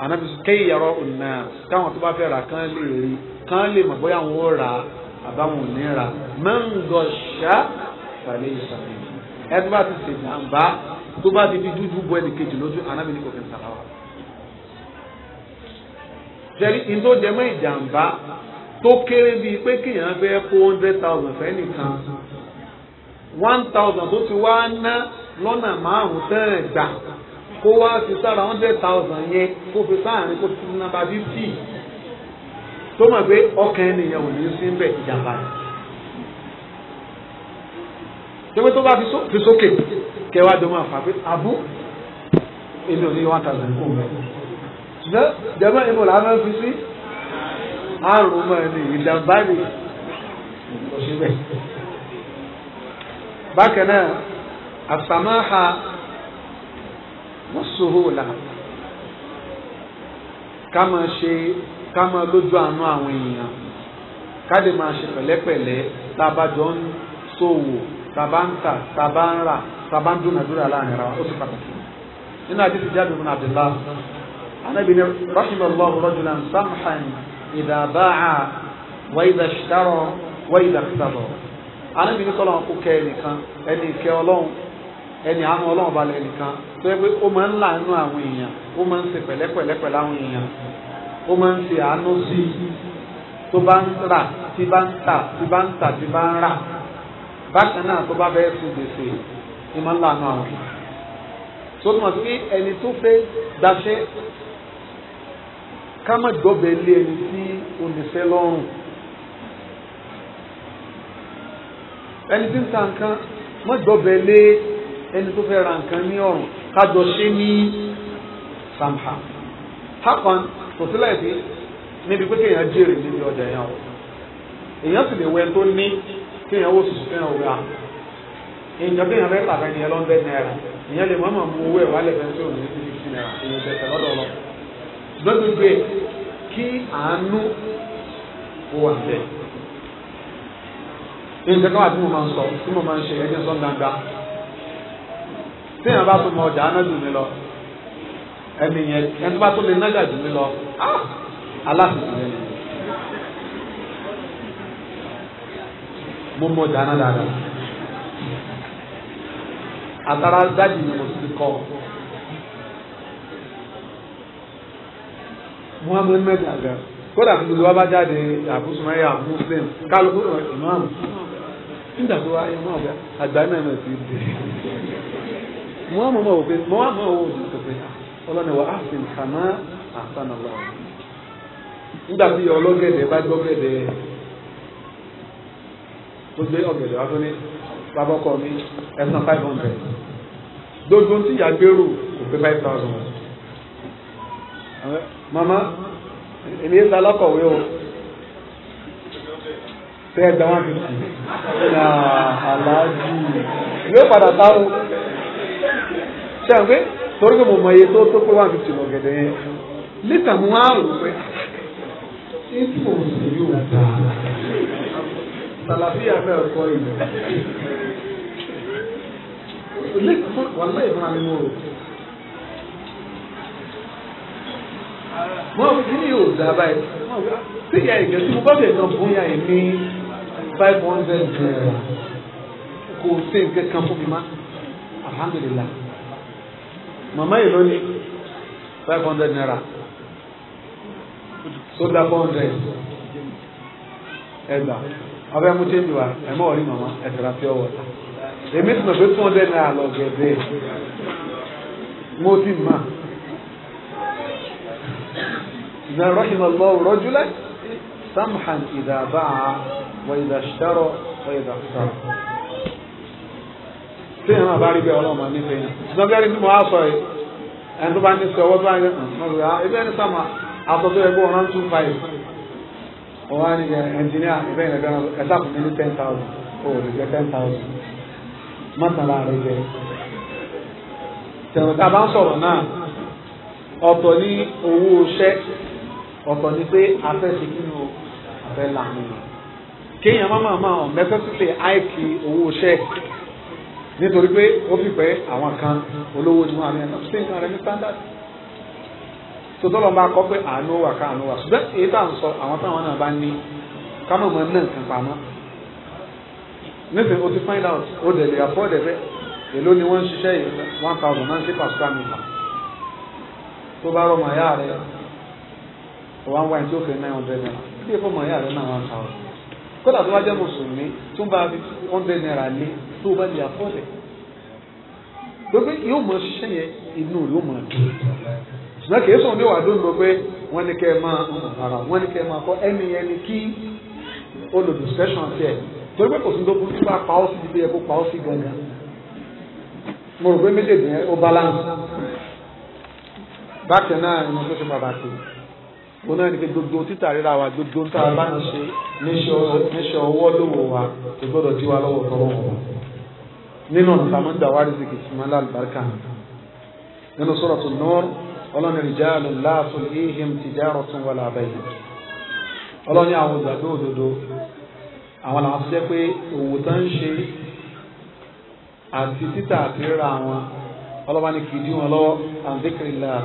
ànábì kéyìí yàrá ònà káwọn tó bá fẹ́ rà kan lè rí kan lè mọ̀ bóyá àwọn rà á àbáwọn onira mẹ́ngọ̀ṣá fàlẹ́ ìṣàlẹ̀ ẹni bá ti ṣe jàǹbá tó bá ti di dúdú bọ ẹnì kejì lójú anábì ní kòkè sàláwà. jẹ́rí ìdó jẹmọ́ ìjàǹbá tó kéré bíi pé kéèyàn fẹ́ kó hundred thousand fẹ́ nìkan one thousand tó ti wá ná lọ́nà márùn-ún tẹ́ẹ̀ gbà kó wá fi sára hundred thousand yẹn kó fi sáàrin kó fi nàbà fifty tó mọ̀ pé ọkàn ènìyàn ò ní sí ń bẹ̀ ìjàmbá rẹ̀ tẹ́wé tó bá fi sókè kẹwàá jọ máa fà pé abú èmi ò ní one thousand kó mẹ́ ṣùgbọ́n jẹ́mọ́ ìmọ̀ là máa ń fi sí àrùn mọ́ ẹni ìjàmbá ni kò sí bẹ́ẹ̀ bákan náà àsàmáhà wọ́n sòhó là ká máa ṣe ká máa lójú àánú àwọn èèyàn ká lè máa ṣe pẹ̀lẹ́pẹ̀lẹ́ tá a bá jọ ń ṣòwò tá a bá ń tà tá a bá ń rà tá a bá ń dúnàdúrà láàrin ara wa ó sì pàtàkì nínú àdìsí jáde ibn Abdullah anabi ni rahim allah rajulan samhan idha ba'a wa idha ishtara wa idha iqtada anabi ni kọlọn kó kẹ ẹnìkan ẹni ìkẹ Ọlọ́run ẹni àánú Ọlọ́run balẹ̀ ẹnìkan tó yẹ pé ó máa ń láàánú àwọn èèyàn ó máa ń ṣe pẹ̀lẹ́pẹ̀lẹ́ àwọn èèyàn ó máa ń ṣe àánú sí i tó bá ń rà tí bá ń tà tí bá ń tà tí bá ń rà bákan náà tó bá bẹ́ẹ̀ sùn gbèsè ni máa ń lànà àwọn tó túmọ̀ sí ẹni tó fẹ́ gbaṣẹ́ ká má gbọ́bẹ̀ lé ẹni tí oníṣẹ́ lọ́rùn ẹni tí ń ta nǹkan má gbọ́bẹ̀ lé ẹni tó fẹ́ ra nǹkan ní ọ̀rùn ká jọ ṣe ní samha hakan kò sílẹ̀ sí níbi pé kéèyàn jèrè níbi ọjà yẹn o èèyàn sì lè wẹ tó ní kéèyàn wò sùsù kéèyàn wúra èèyàn kéèyàn fẹ́ tàbí ẹni ẹlọ́ńdẹ́ náírà èèyàn lè mọ̀ọ́mọ̀ mú owó ẹ̀ wálẹ̀ fẹ́ sí òní ní fifty naira èèyàn tẹ̀sẹ̀ lọ́dọ̀ lọ. gbẹ́gbẹ́gbẹ́ kí àánú kó wà bẹ́ẹ̀. èèyàn kan wà tí mo máa ń sọ tí mo máa ń ṣe ẹgbẹ́ sọ́ńdàgbà téèyàn bá tó mọ ọjà anájú mi lọ ẹni yẹn ẹni tó bá tó lè nága jù mí lọ ah, aláàfin yẹn mo mọ dáná dáadáa àtàrà dájú ni mo ti kọ́ muhammed mẹ́gàgà kódà fún gbogbo wa bá jáde àbúsùmáyà muslim kálukú imam nígbà tó wá imam àgbà náà náà ti dé muhammed mọ̀ wò pé muhammed wò ó di pẹ̀pẹ́ yà ọlọ́ni wa ahsin kama ahsana Allah nígbà tí ọlọ́gẹ̀dẹ̀ bá gbọ́gẹ̀dẹ̀ tó gbé ọ̀gẹ̀dẹ̀ wá fún ní babọ́kọ mi ẹ̀sán five hundred gbogbo tí ìyá gbèrú kò pé five thousand mama èmi ń ta alákọ̀wé o tẹ́ ẹgbẹ́ one fifty na aláàjì yóò padà sáwọ́ ṣe ń gbé torí pé mo mọ iye tó tó pé one fifty lọ gẹ̀dẹ̀ yẹn lítà mo máa rò pé ipò yóò dà sàlàfíà náà kọ́ ìlú o. wọ́n fi ní yóò dá báyìí ah, sí ìyá ìgbẹ́ tí mo bá bẹ̀rẹ̀ náà fún ìyá yìí ní five hundred naira kò sí nǹkan kan fún mi má alhamdulilayi màmá yìí ló ní five hundred naira soda four hundred ẹgbà ọbẹ̀ mú change wa ẹ̀ mọ̀ rí màmá ẹ̀sẹ̀ra pure water èmi tí mo fi two hundred naira lọ gẹ̀dẹ̀ mo ti mà ìgbà rọ́ṣìn ọlọ́wọ́ rọ́jú samhan ìdàbà wa ìdàṣẹ́rọ̀ wa ìdàṣẹ́rọ̀ tí ìran àbá rí bẹ́ẹ̀ ọlọ́mọ nífẹ̀ẹ́ yẹn ṣùgbọ́n gẹ́gẹ́ bí mo á sọ yìí ẹni tó bá ní sọ ọwọ́ tó bá ah, yẹ ẹgbẹ́ ní sàmà àtọ́tọ́ ẹgbẹ́ ọ̀rán tún fa yìí wọ́n á ní ẹnjìníà ẹgbẹ́ yẹn lẹ́gbẹ́ náà ẹ̀sà fún mi ní ten thousand ó lè jẹ́ ten thousand mọ́tàlá rẹ̀ jẹ́ tẹ̀wọ̀n tá a bá ń sọ̀rọ̀ náà ọ̀tọ̀ ní owó iṣẹ́ ọ̀tọ̀ ní pé afẹ́sí nínú afẹ́ làmì kéèyàn má máa máa ọ̀ mẹ́fẹ́ sílẹ̀ àìkí owó iṣẹ́ nítorí pé ó fi pé àwọn kan olówó ni wọ́n àmì ẹ̀nà sí nǹkan rẹ̀ ní standard sotọ́lọ́ bá kọ́ pé àánú wà ká àánú wà ṣùgbọ́n èyí tá à ń sọ àwọn táwọn náà bá ní kámọ̀ mọ́ náà nǹkan pamọ́ nísìnyí o ti find out o dẹ̀ lè afford ẹ̀ bẹ́ẹ̀ èló ni wọ́n ń ṣiṣẹ́ yìí one thousand nine six per square meter tó bá rọmọ ẹ̀yà rẹ̀ o wá ń wá ẹni nine hundred naira bí èèfọ́ mọ̀ ẹ̀yà rẹ̀ náà one thousand kódà tó bá jẹ́ mùsùlùmí tó bá fi hundred naira lé tó bá lè àfọ́lẹ̀ gbogbo yóò mọ ṣiṣẹ́ yẹn inú yóò mọ dùn ṣùgbọ́n kì í sọ̀rọ̀ ní wàá dùn lọ pé wọ́n ní kẹ́ ẹ máa ara wọ́n ní kẹ́ ẹ máa kọ́ ẹni yẹn ni kí olùdìsẹ́sọ̀n ti ẹ̀ torí pé kò sí lóko tí bá pa ọ́ sí ibi tó pa ọ́ sí gangan mo rò pé méjèèjì yẹn ó balance bákan náà ni mo tó ṣe pàtàkì òun náà ni pé gbogbo títà rírà wa gbogbo tá a bá ń ṣe níṣẹ́ ọwọ́ lówó wa kò gbọ́dọ̀ tí wa lọ́wọ́ tọ́wọ́ wọn. nínú ìsàmú dàwárí zikì sùmọ́lá àlùbáríkà nínú Suratu Nur ọlọ́ni rijalun la tulhihim tijaratun wala bay'un ọlọ́ni àwọn ìgbàgbé òdodo àwọn làwọn ṣe pé òwò tó ń ṣe àti títà àti rírà wọn ọlọ́ba ni kìdí wọn lọ́wọ́ àǹdékèrè láà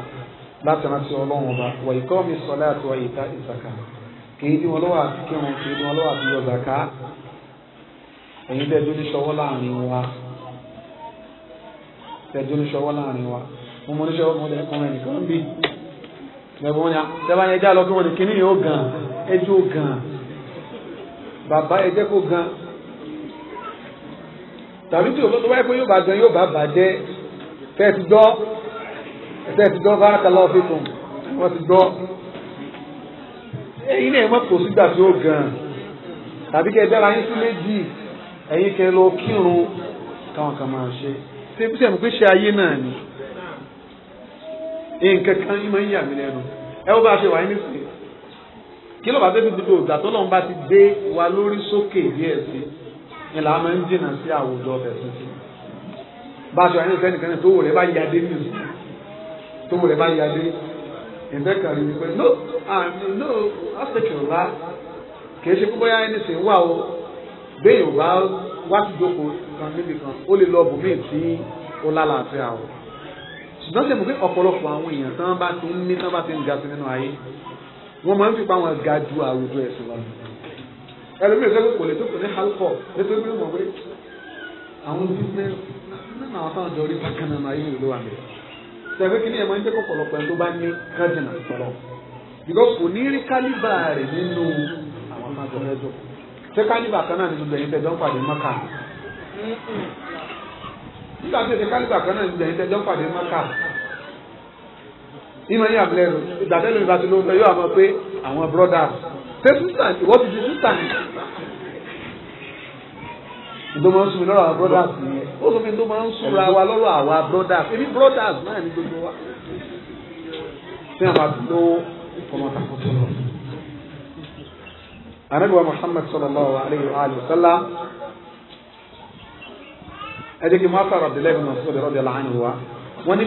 láti rántí ọlọ́run ọba wà ìtọ́ mi sọlá àti wà ìta ìsàkà kìí ní ọlọ́wà àti kírun kìí ní ọlọ́wà àti yọzàká ẹ̀yin tẹ́jú ní sọwọ́ láàrin wa tẹ́jú ní sọwọ́ láàrin wa mo mọ ní sọwọ́ mo lẹ́ ọmọ ẹnìkan bí ẹ̀bùn ni tẹ́bá yẹn já lọ kí wọ́n ní kíní yóò gan ẹjọ́ gan bàbá ẹjẹ́ kó gan tàbí tí òṣèlú wáyé pé yóò bá gan yóò bá bàjẹ́ fẹ́ẹ́ ti gbọ́ ẹ̀tẹ́ ti gbọ́ barakallahu fikum wọ́n ti gbọ́ èyí náà mọ́ kò sígbà tí ó gan tàbí kẹ́ dára yín sí méjì ẹ̀yin kẹ́ lọ kírun káwọn kan máa ṣe ṣé bí sẹ́mi pé ṣe ayé náà ni nǹkan kan yín máa ń yà mí lẹ́nu ẹ wọ́n bá ṣe wà ní sè kí ló bá débi gbogbo ìgbà tó lọ́n bá ti dé wa lórí sókè díẹ̀ sí ni làá máa ń jìnnà sí àwùjọ ọ̀fẹ́ tuntun bá a ṣe wà ní sẹ́nìkan tó wò rẹ̀ bá yá dé nìyí tó wọlé bá yá dé ìfẹ́ kàrí wípé no àmì ah, no aspect ọ̀la kìí ṣe púpọ̀ yára ẹni sè ń wà o béèyàn bá wá sí ìjókòó kan níbi kan ó lè lọ bùnmíì tí ó lálàáfíà o ṣùgbọ́n ṣe mọ̀ pé ọ̀pọ̀lọpọ̀ àwọn èèyàn tí wọ́n bá ti ń ní tí wọ́n bá ti ń ga sí nínú ayé wọ́n máa ń fi pa àwọn ga ju àwùjọ ẹ̀sìn lọ. ẹlòmíràn sẹ́kọ̀ kò lè tó kò ní halkọ̀ nítorí pé mọ̀ pé àwọn bísíǹnẹ́sì náà àwọn táwọn jọ rí bákan náà ayé ìlú wa mẹ́rin sẹ̀fẹ́ ẹ̀ máa ń jẹ́ kọ̀pọ̀lọpọ̀ ẹni tó bá ní kájìnà sọ̀rọ̀ because kò ní rí kálíbà rẹ̀ nínú àwọn májọ rẹ́jọ ṣé kálíbà kan náà ní gbogbo ẹ̀yin tẹ̀jọ́ ń pàdé mọ́kà nígbà tí èdè kálíbà kan náà ní gbogbo ẹ̀yin tẹ̀jọ́ ń pàdé mọ́kà ìmọ̀ yín àbúlẹ̀rù ìgbàdẹ́lù ìbátí ló ń lọ yóò àmọ́ pé àwọn brọ́dà ṣé sísà ìwọ́ ti di sísà tó máa lọ́rọ̀ àwọn brothers ó sọ fún mi wa lọ́rọ̀ àwa brothers èmi brothers náà gbogbo wa àwọn àdúgbò lọ. wa sallallahu alayhi wa sallam ẹ jẹ́ kí bin wa wọ́n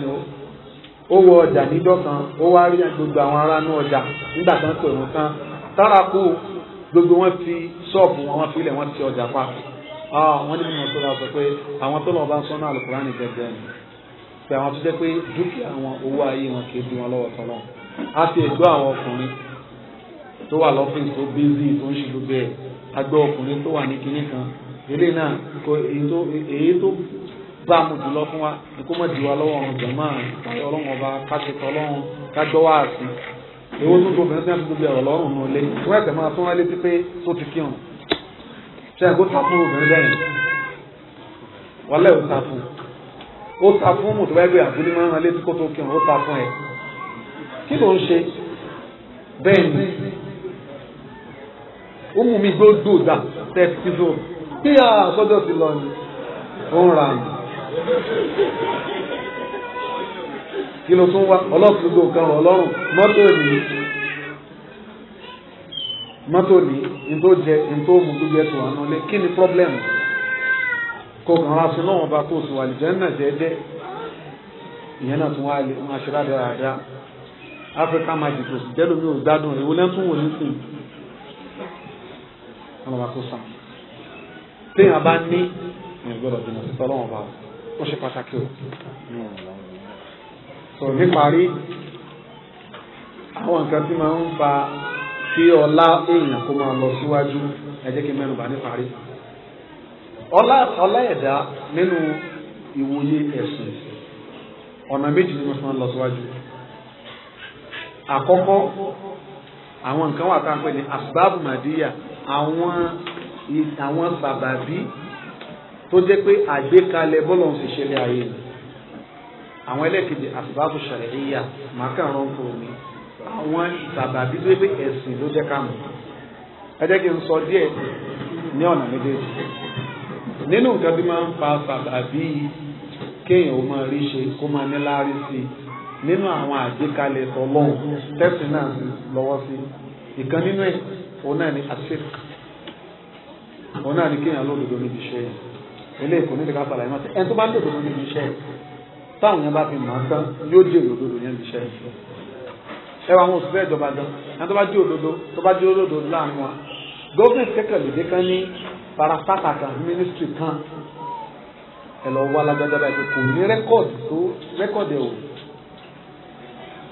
ní ó wọ ọjà ó wá rí gbogbo àwọn ọjà nígbà gbogbo wọn fi ṣọ́ọ̀bù wọn wọn filẹ̀ wọn ti ọjà pa ah, wọn ní mímọ tó ra sọ pé àwọn tó lọ bá ń sọ náà alukóra ní gẹ́gẹ́ ni pé àwọn tó jẹ́ pé dúkìá wọn owó ayé wọn kì í di wọn lọ́wọ́ tọ́lọ́ a ti gbọ́ àwọn ọkùnrin tó wà lọ́fíìsì tó bízì tó ń ṣe gbogbo ẹ̀ agbẹ́ ọkùnrin tó wà ní kinní kan eré náà kò èyí tó bá mu jùlọ fún wa kó má di lọ́wọ́ ọ̀run jọ̀mọ́ àti ọlọ́run ọba ká ṣe tọ́lọ́run ká gbọ́ wá sí i èwo tó tó obìnrin tí wọ́n ti gbogbo ẹ̀rọ lọ́rùn nù lé wọ́n ẹ̀sẹ̀ máa tún wọ́n létí tó ti kírun ṣe é kó ta fún obìnrin lẹ́yìn wọ́n lẹ́ ò ta fún ó ta fún mùtò bá gbé àbúlé máa ń ran létí kó tó kírun ó ta fún ẹ kí ló ń ṣe bẹ́ẹ̀ ni ó mú mi gbódò dà tẹ́tí tó kí àkọ́jọ́ ti lọ ni ó ń ra àmì kí ló tún wá ọlọ́ọ̀túgbò kan rọ̀ lọ́rùn mọ́tò ní mọ́tò ní nítorí jẹ nítorí mú tó jẹ tó àná lé kí ni pọ́blẹ́mù kò kàn án aṣọ náà bá kó o sì wà lìjẹ́ náà jẹ́ẹ́dẹ́ ìyẹn náà tún wá lè máa dáadáa Africa magic kò sì jẹ́lómi ò gbádùn ìwé lẹ́tún wò ní sìn ọlọ́wà kó sàn téèyàn bá ní ìgbọ́dọ̀ jìnnà sí tọ́lọ́wọ́n bá ó ṣe pàtàkì o sọ̀rọ̀ níparí àwọn nǹkan tí máa ń fa kí ọlá èèyàn kó máa lọ síwájú ẹ jẹ́ kí mẹ́nu bà níparí ọlá ọlá ẹ̀dá nínú ìwòye ẹ̀sìn ọ̀nà méjì ni wọ́n máa ń lọ síwájú àkọ́kọ́ àwọn nǹkan wà tá à ń pè ní asbáàbù màdíyà àwọn àwọn bàbàbí tó jẹ́ pé àgbékalẹ̀ bọ́lọ̀ ń ṣiṣẹ́ lé ayé ni àwọn ẹlẹ́kejì àsìbáàbù ṣàlẹ̀yà màkàrún fún omi àwọn ìsàbàbí tó pé ẹ̀sìn ló jẹ́ káàmù ẹ jẹ́ kí n sọ díẹ̀ ní ọ̀nà méjèèjì nínú nǹkan tí máa ń fa sàbàbí kéèyàn ó máa rí ṣe kó máa ní láárí sí nínú àwọn àgbékalẹ̀ tọ́lọ́hún tẹ́sí náà lọ́wọ́ sí ìkan nínú ẹ̀ òun náà ni àṣírk òun náà ni kéèyàn lódodo níbi iṣẹ́ yẹn eléyìí kò ní ti ká sàlàyé máa ṣe táwọn yẹn bá fi mọ̀ ọ́n tán yóò dé òdodo yẹn ti ṣe ẹ wà wọn ò sí bẹ́ẹ̀ jọba jọ ẹni tó bá dé òdodo tó bá dé òdodo láàrin wa gómìnà kékeré kan ní parapata kan mínísítì kan ẹ lọ wá lágbájá báyìí kò ní rẹ́kọ̀dì tó rẹ́kọ̀dì ẹ̀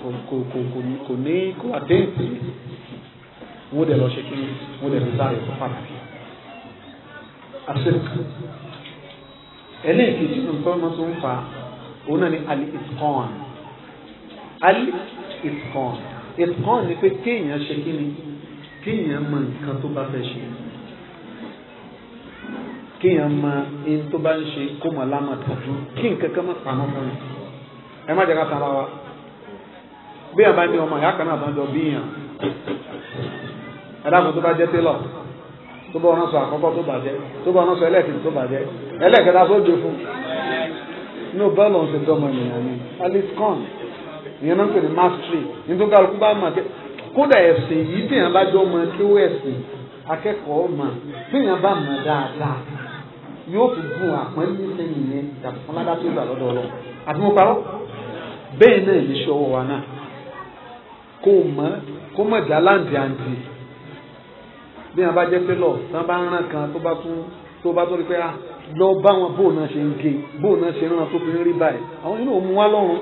o kò kò kò kò ní kò àdéhùn wọ́n dẹ̀ lọ ṣe kí wọ́n dẹ̀ lọ sáré fún pàtàkì àṣẹ ẹlẹ́ẹ̀kejì nǹkan ọmọ tó ń fa òun náà ni ali itqan al-itqan itqan ni pé kéèyàn ṣe kí ni kéèyàn mọ nǹkan tó bá fẹ́ ṣe kéèyàn mọ ẹni tó bá ń ṣe kó mọ lámàdájú kí nǹkan kan mọ̀ pamọ́ fún mi ẹ má jẹ́ ká tara wa bí yàn bá ní ọmọ ìyá kan náà tó ń jọ bí yàn ẹ dákun tó bá jẹ́ télọ̀ tó bá ọ̀nà sọ àkọ́kọ́ tó bàjẹ́ tó bá ọ̀nà sọ ẹlẹ́ẹ̀kejì tó bàjẹ́ ẹlẹ́ẹ̀kẹta tó jẹ fún ní bọ́ọ̀lù ọ̀sẹ̀ dọ́mọ I mean, at least come. náà ń pè the mastery nítorí kálukú bá mà kódà ẹ̀sìn yìí tèèyàn bá jọ mọ kí ó ẹ̀sìn akẹ́kọ̀ọ́ mà tèèyàn bá mọ̀ dáadáa yóò fi gun àpọ́n nílẹ̀ nìyẹn tàbí fún ládàá tó gbà lọ́dọ̀ ọlọ́ àti mo parọ́ bẹ́ẹ̀ náà ní ṣe ọwọ́ wa náà kó mọ̀ kó mọ̀ dá láǹdì àǹdì bí wọn bá jẹ́ pé lọ tán bá ń rán kan tó bá tún tó bá tún rí pé ah lọ bá wọn bóun náà ṣe ń gé bóun náà ṣe ń tó fi ń rí báyìí àwọn inú òun wá lọ́rùn.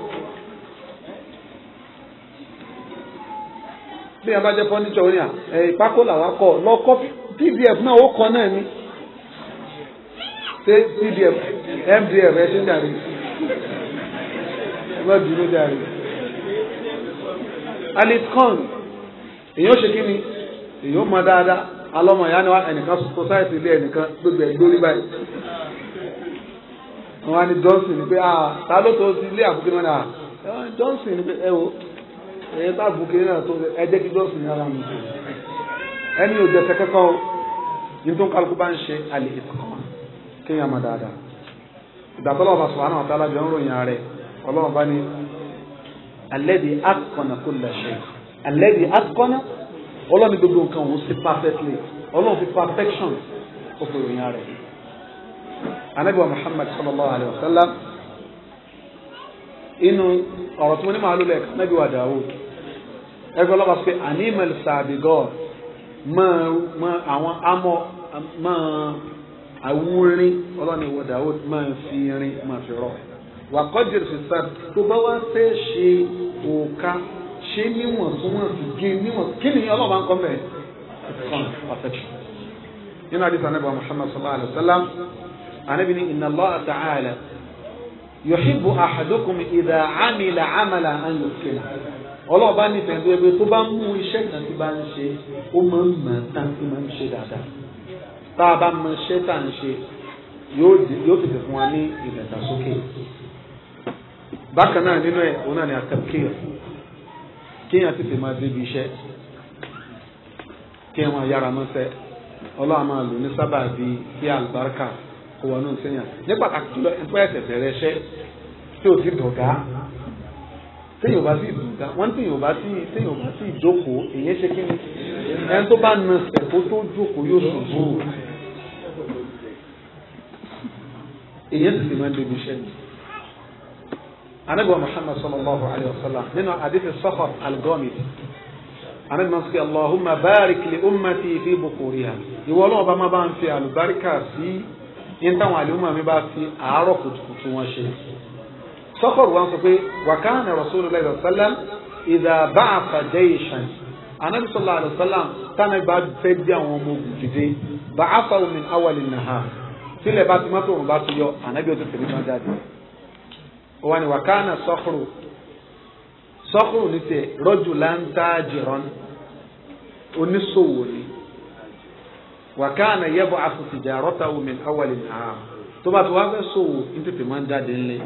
bí a bá orin kọ pdf náà ó kọ náà ni ṣé pdf mdf ẹ ṣe ń dàrí ẹ má bínú dàrí. alitcon èyí ó ṣe kí ni èyí alọ́mọ ya ni wa ẹnìkan sọ́sáìtì ilé ẹnìkan gbogbo ẹ̀ lórí báyìí wọn á Johnson ni pé ah ta ló tó sí ilé àbúké náà ah. Johnson ni pé ẹ wo ẹ bá àbúké náà tó ẹ jẹ́ kí Johnson ní ara mi tó ẹni ò dẹ̀sẹ̀ kẹ́kọ̀ọ́ yìí tó ń kálukú bá ń ṣe àlè ìtàkùnmá kéèyàn má dáadáa ìgbà tó lọ́wọ́ bá sọ̀rọ̀ àwọn àtàlà jọ ń ròyìn ààrẹ ọlọ́wọ́ bá ní alladhi atqana kulla shay alladhi atqana ọlọ́ni gbogbo nǹkan òun sí perfectly ọlọ́run fi perfection ó fi ròyìn rẹ̀ anabi wa muhammad sallallahu alayhi wa sallam inú ọ̀rọ̀ tí wọ́n ní màálù lẹ́ẹ̀kan anabi wa dawud ẹgbẹ́ ọlọ́ba pé animal sabigor máa máa àwọn amọ̀ máa awúrin ọlọ́ni wa dawud máa fi rin máa fi rọ̀ wàkọ́jì fi sáà tó bá wá fẹ́ ṣe òòka ṣe níwọ̀ntúnwọ̀nsì gé níwọ̀n kí ni ọlọ́run bá ń kọ́ mẹ́ẹ̀ perfection nínú àdìsá anábì muhammad sallallahu alayhi wa sallam anábì ní inna allaha ta'ala yuhibbu ahadukum idha amila amala an yuskina ọlọ́run bá nífẹ̀ẹ́ tó ẹgbẹ́ tó bá mú iṣẹ́ kan tí bá ń ṣe ó máa ń mọ̀ tán tí máa ń ṣe dáadáa tá a bá mọ iṣẹ́ tá à ń ṣe yóò tètè fún wa ní ìdàgbàsókè bákan náà nínú ẹ̀ òun náà ni àtẹ̀kẹ́ kéèyàn tètè máa débi iṣẹ́ kéèyàn máa yára mọ́ṣẹ́ ọlọ́run máa lò ní sábà bíi kí àlùbáríkà kó wọnú sẹ́yìn ní pàtàkì jùlọ ẹ̀pẹ́ ẹ̀sẹ̀ bẹ̀rẹ̀ iṣẹ́ tí ò sí dọ̀gá téèyàn bá sì dọ̀gá wọ́n téèyàn bá sì téèyàn bá sì jókòó èyí ṣe kí ni ẹni tó bá na sẹ̀kó tó jókòó yóò ṣubú èyí tètè máa débi iṣẹ́ nìyí anabiwa muhammad sallallahu alayhi wa sallam nínú àdìsí sọkọ algomit anabi ma sọ allahumma barik li ummati fi bukuriha ìwọ náà bá má bá ń fi àlùbáríkà sí ní táwọn àlùmọ̀ mi bá fi àárọ̀ kùtùkùtù wọn ṣe sọkọrù wọn sọ pé wakana rasulillah sallam idha ba'atha jayshan anabi sallallahu alayhi wa sallam tánà bá fẹ́ bí àwọn ọmọ ogun dìde ba'athahu min awwalin nahar sílẹ̀ bá ti mọ́tò òun bá ti yọ anabi ó ti tẹ̀lé náà jáde wọ́n ní wàkánà sọ́kùrù sọ́kùrù ní tiẹ̀ rọ́jù láńtàjìrán oníṣòwò ni wàkánà yẹ́bọ̀ àfùfìjà rọ́tà omi awàlì náà tó bá ti wá fẹ́ ṣòwò ní tètè máa ń jáde ńlẹ̀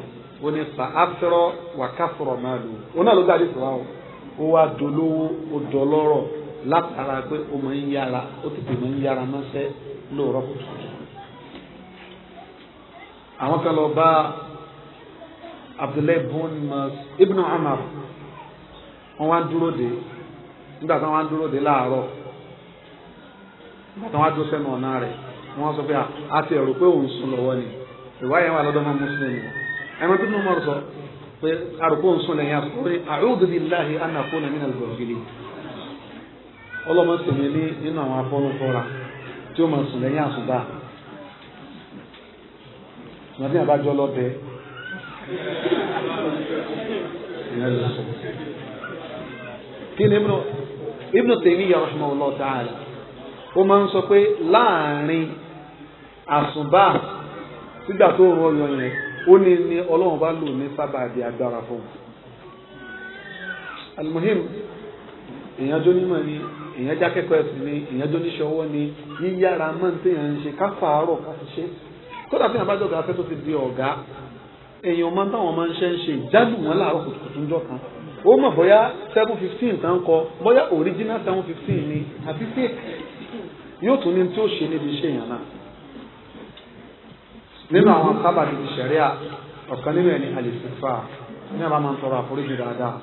ó ní fa afẹ́rọ́ wàkásọ̀rọ̀ máa lò ó náà ló gbàdí fún wa o ó wá dolówó ó dọlọ́rọ̀ látara pé ó máa ń yára ó tètè máa ń yára mọ́ṣẹ́ lóòrọ̀ kùtùkùtù àwọn kan lọ bá abdullahi bun mas ibnu umar wọn wá ń dúró de nígbà tí wọn wá ń dúró de láàárọ̀ nígbà tí wọn wá dúró sẹ́nu ọ̀nà rẹ̀ wọn sọ pé a ti ẹ̀rù pé òun sùn lọ́wọ́ ni ìwáyà wà lọ́dọ̀ máa mùsùlùmí ẹ̀rọ tí mo mọ̀ sọ pé àrùkò òun sùn lẹ́yìn àkókò pé a'udhu billahi an akuna min al-ghafilin ọlọ́mọ tèmi ní nínú àwọn afọ́nufọ́ra tí ó máa sùn lẹ́yìn àsùnbà ìgbà tí àbájọ lọ́bẹ̀ẹ́ kíni ibnu ibnu tèmíyà rahimahullah ta'ala ó máa ń sọ pé láàrin àsùnbà sígbà tó rọ ọyọ yẹn ó ní ní ọlọ́run bá lò ní sábàbí agbára fún un almuhim èèyàn jó nímọ̀ ni èèyàn jákẹ́kọ̀ọ́ ẹ̀sìn ni èèyàn jó ni yíyára mọ́ ní téèyàn ń ṣe ká fàárọ̀ ká fi ṣe kódà tí àbájọ afẹ́ tó ti di ọ̀gá èèyàn mọ táwọn máa ń ṣe ń ṣe ìjádù wọn láàárọ̀ kùtùkùtù ńjọ́ kan ó mọ̀ bóyá seven fifteen tán kọ bóyá original seven fifteen ni àbí fake yóò tún ní tí ó ṣe níbi iṣẹ́ èèyàn náà nínú àwọn sábàbí ti ṣẹ̀ríà ọ̀kan nínú ẹni àlèsìfà ní àbá máa ń tọrọ àforíjì dáadáa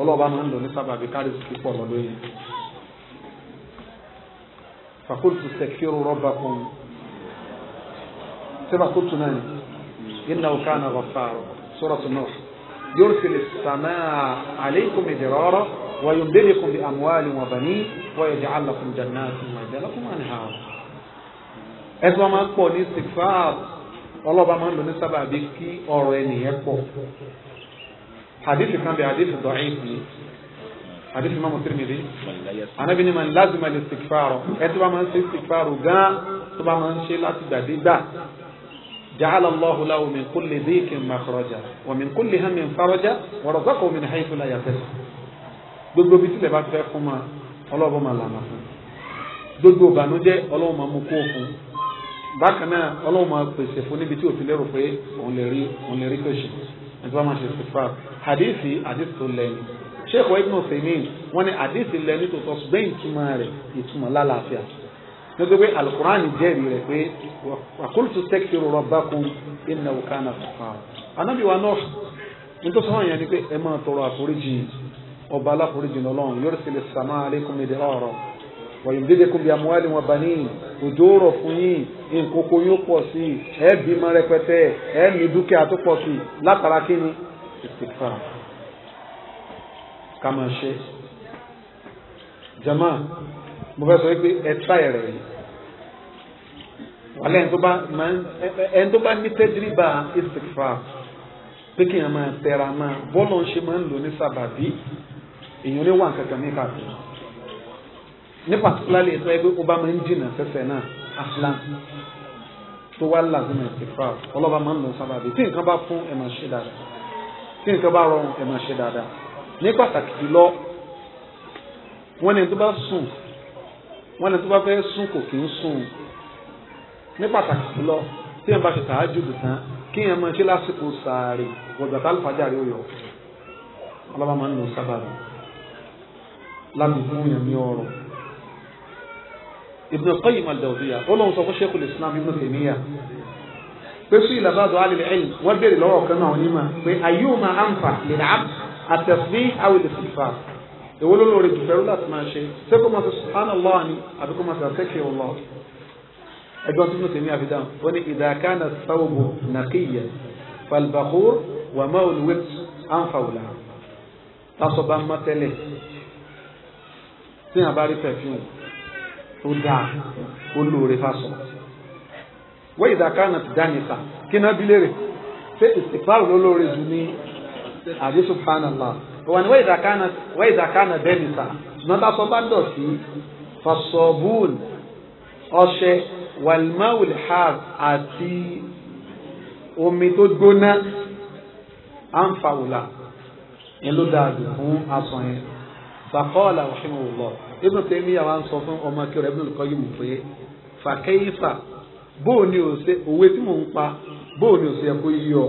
ọlọ́ọ̀bá máa ń lò ní sábàbí kárí sí pọ̀ lọ́dọ̀ yẹn. fakultu sẹkírù rabbakum sẹ́fàkútù náà ni. إنه كان غفارا سورة النوح يرسل السماء عليكم مدرارا ويمددكم بأموال وبنين ويجعل لكم جنات ويجعل لكم أنهارا ẹsùn ọmọ pọ̀ ní sifar ọlọ́ba máa ń lò ní sábà bí kí ọ̀rọ̀ ẹnìyẹn pọ̀ hadith kan bẹ hadith dọ̀ọ́yìn ni hadith imam tirimidi anabi ni ma lazima lè sifar ẹ tó máa ń ṣe sifar gan tó bá máa ń ṣe láti gbàdégbà جعل الله له من كل ضيق مخرجا ومن كل هم فرجا ورزقه من حيث لا يحتسب gbogbo bí tilẹ̀ bá fẹ́ fún ma ọlọ́wọ́ máa lànà fún gbogbo ìbànújẹ́ ọlọ́wọ́ máa mú kó fún bákan náà ọlọ́wọ́ máa pèsè fún níbi tí òfin lérò pé òun lè rí òun lè rí kòṣì nípa wọn máa ṣe fífa hadithi hadithi tó lẹ́yìn sheikh ibn Uthaymeen wọn ni hadithi lẹ́yìn tó sọ ṣùgbọ́n ìtumọ̀ rẹ̀ ìtumọ̀ lálàáfíà lọ́sọ̀ pé alukur'an jẹ́rìí rẹ̀ pé wàkúrútù sẹ́kì rọ̀rọ̀ bá kú iná òkà náà tó pa anábì wa náà nítorí sọ́wọ́n yẹn ni pé ẹ máa tọrọ àforíjì ọba aláforíjì lọ́lọ́run yóò sì lè sàmà alaykum ní ọ̀rọ̀ wàyí dídé kó bí amúhálì wọn bá ní òjò rọ̀ fún yín nkókó yóò pọ̀ sí i ẹ bímọ rẹpẹtẹ ẹ ní dúkìá tó pọ̀ sí i látara kí ni ìsìkfà ká máa ṣe jama mo fẹ́ sọ pé ẹ tá ẹ̀rẹ̀ yìí wàlẹ́ ẹni tó bá ní tẹ́jìrìbà ìsìkfà pé kí èèyàn máa tẹra máa bọ́ọ̀lù ń ṣe máa ń lò ní sábàbí èèyàn lè wà kankan ní káàkiri ní pàtíkúlálì ètò ẹgbẹ́ ó bá máa ń jìnà sẹ́sẹ̀ náà àfúlà tó wá làzìmọ̀ ìsìkfà ọlọ́ba máa ń lò sábàbí tí nǹkan bá fún ẹ̀ ṣe dáadáa tí nǹkan bá rọrùn ẹ̀ ṣe dáadáa ní pàtàkì jùlọ wọ́n ní tó bá sùn wọ́n ní tó bá fẹ́ sùn kò kì í sùn ní pàtàkì jùlọ tí yẹn bá ṣe tààjú dùtàn kí yẹn máa ṣe lásìkò sàárè ọ̀gbà tálùfájà rí òyò ọlọ́ba máa ń lò sábàbí lábùkún yẹn ní ọrọ̀ Ibn Qayyim al-Jawziyya ó lóun sọ fún Sheikhul Islam Ibn Taymiyyah pé sí ìlàbàdàn alẹ́ ẹ̀yìn wọ́n béèrè lọ́wọ́ kan náà onímọ̀ pé ayéhùn máa ń fà lè rà àtẹ̀sí àwọn ìlẹ̀sìfà èwo ló lóore jù láti máa ṣe ṣé kó máa ṣe subhanallah ni àbí kó máa ṣe àtẹ́kẹ̀ẹ́ Allah ẹgbẹ́ tó tún tèmi àfidàn ó ní ìdàkánà sáwòbù nàkìyẹ falbakur wà máwùl wíp ànfàwùlà lásọ bá mọ́ tẹ́lẹ̀ tí yàn bá rí pẹ̀fíùn tó dáa ó lóore fásọ. wọ́n ìdàkánà ti dánìta kí náà bí léèrè ṣé ìsìkpárò ló jù ní àbí subhanallah wọ́n wọ́n ìdàkánà wọ́n ìdàkánà ṣùgbọ́n lásọ bá dọ̀ sí fasọ̀bùn ọṣẹ walmawul har àti omi tó gbóná anfawula yẹn ló dáa jù fún aṣọ yẹn fàkọọlà rahimahullah ibùdó tẹ ní àwọn sọ fún ọmọ akérò ẹbí olùkọ́ yìí mú pé fàkẹyìfà bóò ni ò ṣe òwe tí mò ń pa bóò ni ò ẹkọ yìí ọ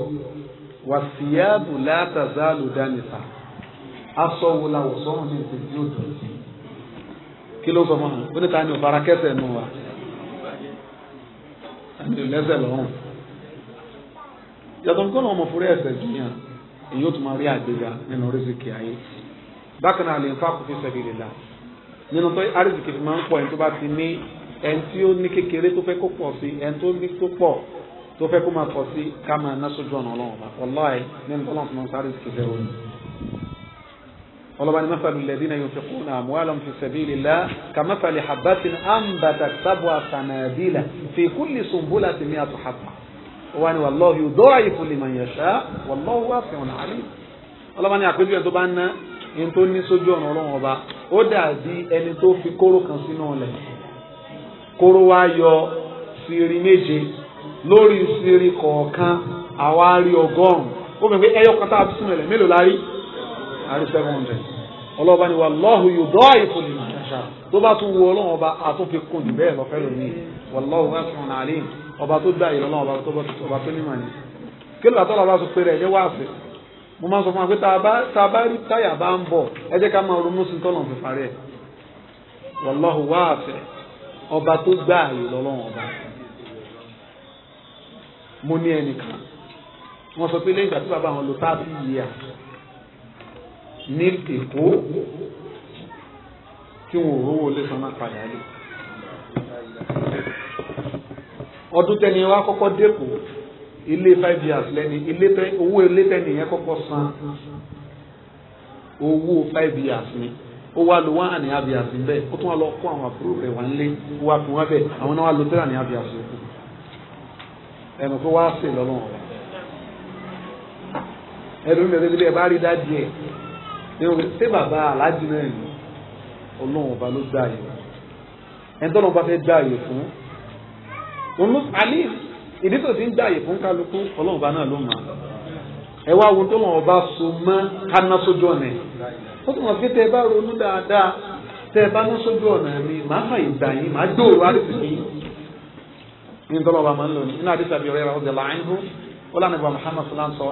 wàsíyáàbù látàzálù dánìta aṣọ wo la ní ìpè tí dùn sí kí ló sọ fún mi ó ní ta ni ò kẹsẹ̀ nù wa ẹni lẹ́sẹ̀ lọ́rùn yàtọ̀ nǹkan náà ọmọ fúri ẹ̀sẹ̀ jìyàn èyí ó tún máa rí àgbéga nínú rìsíkì ayé bákan náà lè ń fáàkù fi sabilillah nínú tó àrísìkì fi máa ń pọ̀ ẹni tó bá ti ní ẹni tí ó ní kékeré tó fẹ́ kó pọ̀ sí ẹni tó ní tó pọ̀ tó fẹ́ kó máa pọ̀ sí ká máa ná sójú ọ̀nà ọlọ́run ọba nínú tó lọ́n fún ọ sáré àrísìkì fẹ́ ronú ọlọ́ba ní masalu lẹ́dínà yunfiquna amwalahum fi sabilillah ka masali habbatin ambatat sab'a sanabila fi kulli sunbulatin mi'atu habba wọ́n ní wallahu yudha'ifu liman yasha wallahu wasi'un 'alim ọlọ́ba ní àpéjú ẹ̀ tó bá ń ná ẹni tó ní sójú ọ̀nà ọlọ́run ọba ó dàbí ẹni tó fi kóró kan sínú ọ̀lẹ̀ kóró wa yọ sírí méje lórí sírí kọ̀ọ̀kan àwa rí ọgọ́rùn-ún ó bẹ̀ pé ẹyọ kan tá a fi sínú ọ̀lẹ̀ mélòó la rí? I seven hundred ọlọ́ba ni wàlọ́hù yóò dọ́ ìfòlì nàṣà tó bá tún wo ọlọ́run ọba àtúnfi kùn jù bẹ́ẹ̀ lọ́fẹ́ lómi wàlọ́hù wá sùn nàlẹ́ ọba tó dá ìlú ọlọ́run ọba tó ní màní. kí ló àtọ́lọ́ bá sọ pé rẹ̀ ẹ̀ jẹ́ wá àfẹ́ mo máa sọ fún wa pé tá a bá rí táyà bá ń bọ̀ ẹ jẹ́ ká máa ronú sí tọ́lọ̀ fífa rẹ̀ wàlọ́hù wá àfẹ́ ọba tó gbá àyè ọba mo ní ẹnìkan wọ́n sọ pé lẹ́yìn ìgbà tí bàbá àwọn lò tá a ti yí à ní Èkó tí wọn ò rówó lé sanná padà lé ọdún tẹni wa kọ́kọ́ dẹkọ ilé five years lẹni ilé tẹ owó ilé tẹni yẹn kọ́kọ́ san owó five years ni ó wá lo one and a half years bẹ́ẹ̀ ó tún wá lọ kó àwọn àbúrò rẹ̀ wá nílé ó wá fi wọ́n bẹ̀ àwọn náà wá lo three and a half years yòókù ẹnu tó wá sè lọ́lọ́wọ́ ẹnu mi ò lè bí bá rí dájú ẹ ṣé bàbá aláàjì náà ni ọlọ́run ọba ló gbà yìí ẹni tọ́lọ́run bá fẹ́ gbà yìí fún òun àní ìdí tó ti ń gbà yìí fún kálukú ọlọ́run ọba náà ló mọ̀ ẹ wá wo tọ́lọ́run ọba so mọ́ káná sójú ọ̀nà ẹ̀ ó sì mọ̀ pé tẹ́ ẹ bá ronú dáadáa tẹ́ ẹ bá ná sójú ọ̀nà mi màá fà ìgbà yín màá gbòòrò àrètí yín ní tọ́lọ́run ọba máa ń lò ní inú àdìsàbí ọ̀rẹ́ rà ó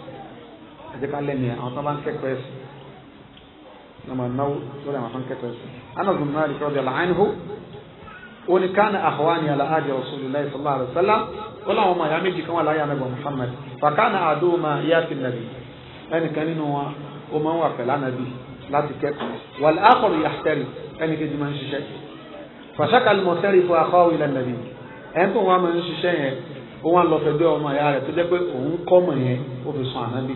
àjẹká lẹ́nu yẹn àwọn tó bá ń kẹ́kọ̀ọ́ ẹ̀sìn ní ọmọ náwó lórí àwọn tó ń kẹ́kọ̀ọ́ ẹ̀sìn Anas bin Malik radiyallahu anhu ó ní kánà àhọ́wání aláàdì Rasulullahi sallallahu alaihi wasallam ó láwọn ọmọ ìyá méjì kan wà láyé àmẹ́gbọ̀n Muhammad fàkánà àdóhùnmá yáàfin nàbì ẹnìkan nínú wọn ó máa ń wà pẹ̀lú ànàbì láti kẹ́kọ̀ọ́ wal akhar yahtari ẹni kejì máa ń ṣiṣẹ́ fàṣàkà lùmọ̀tẹ́rì fún akhawu ila nàbì lọ fẹ́ ọmọ ìyá rẹ̀ tó jẹ́ pé òun kọ́ mọ̀ yẹn ó fi sùn ànàbì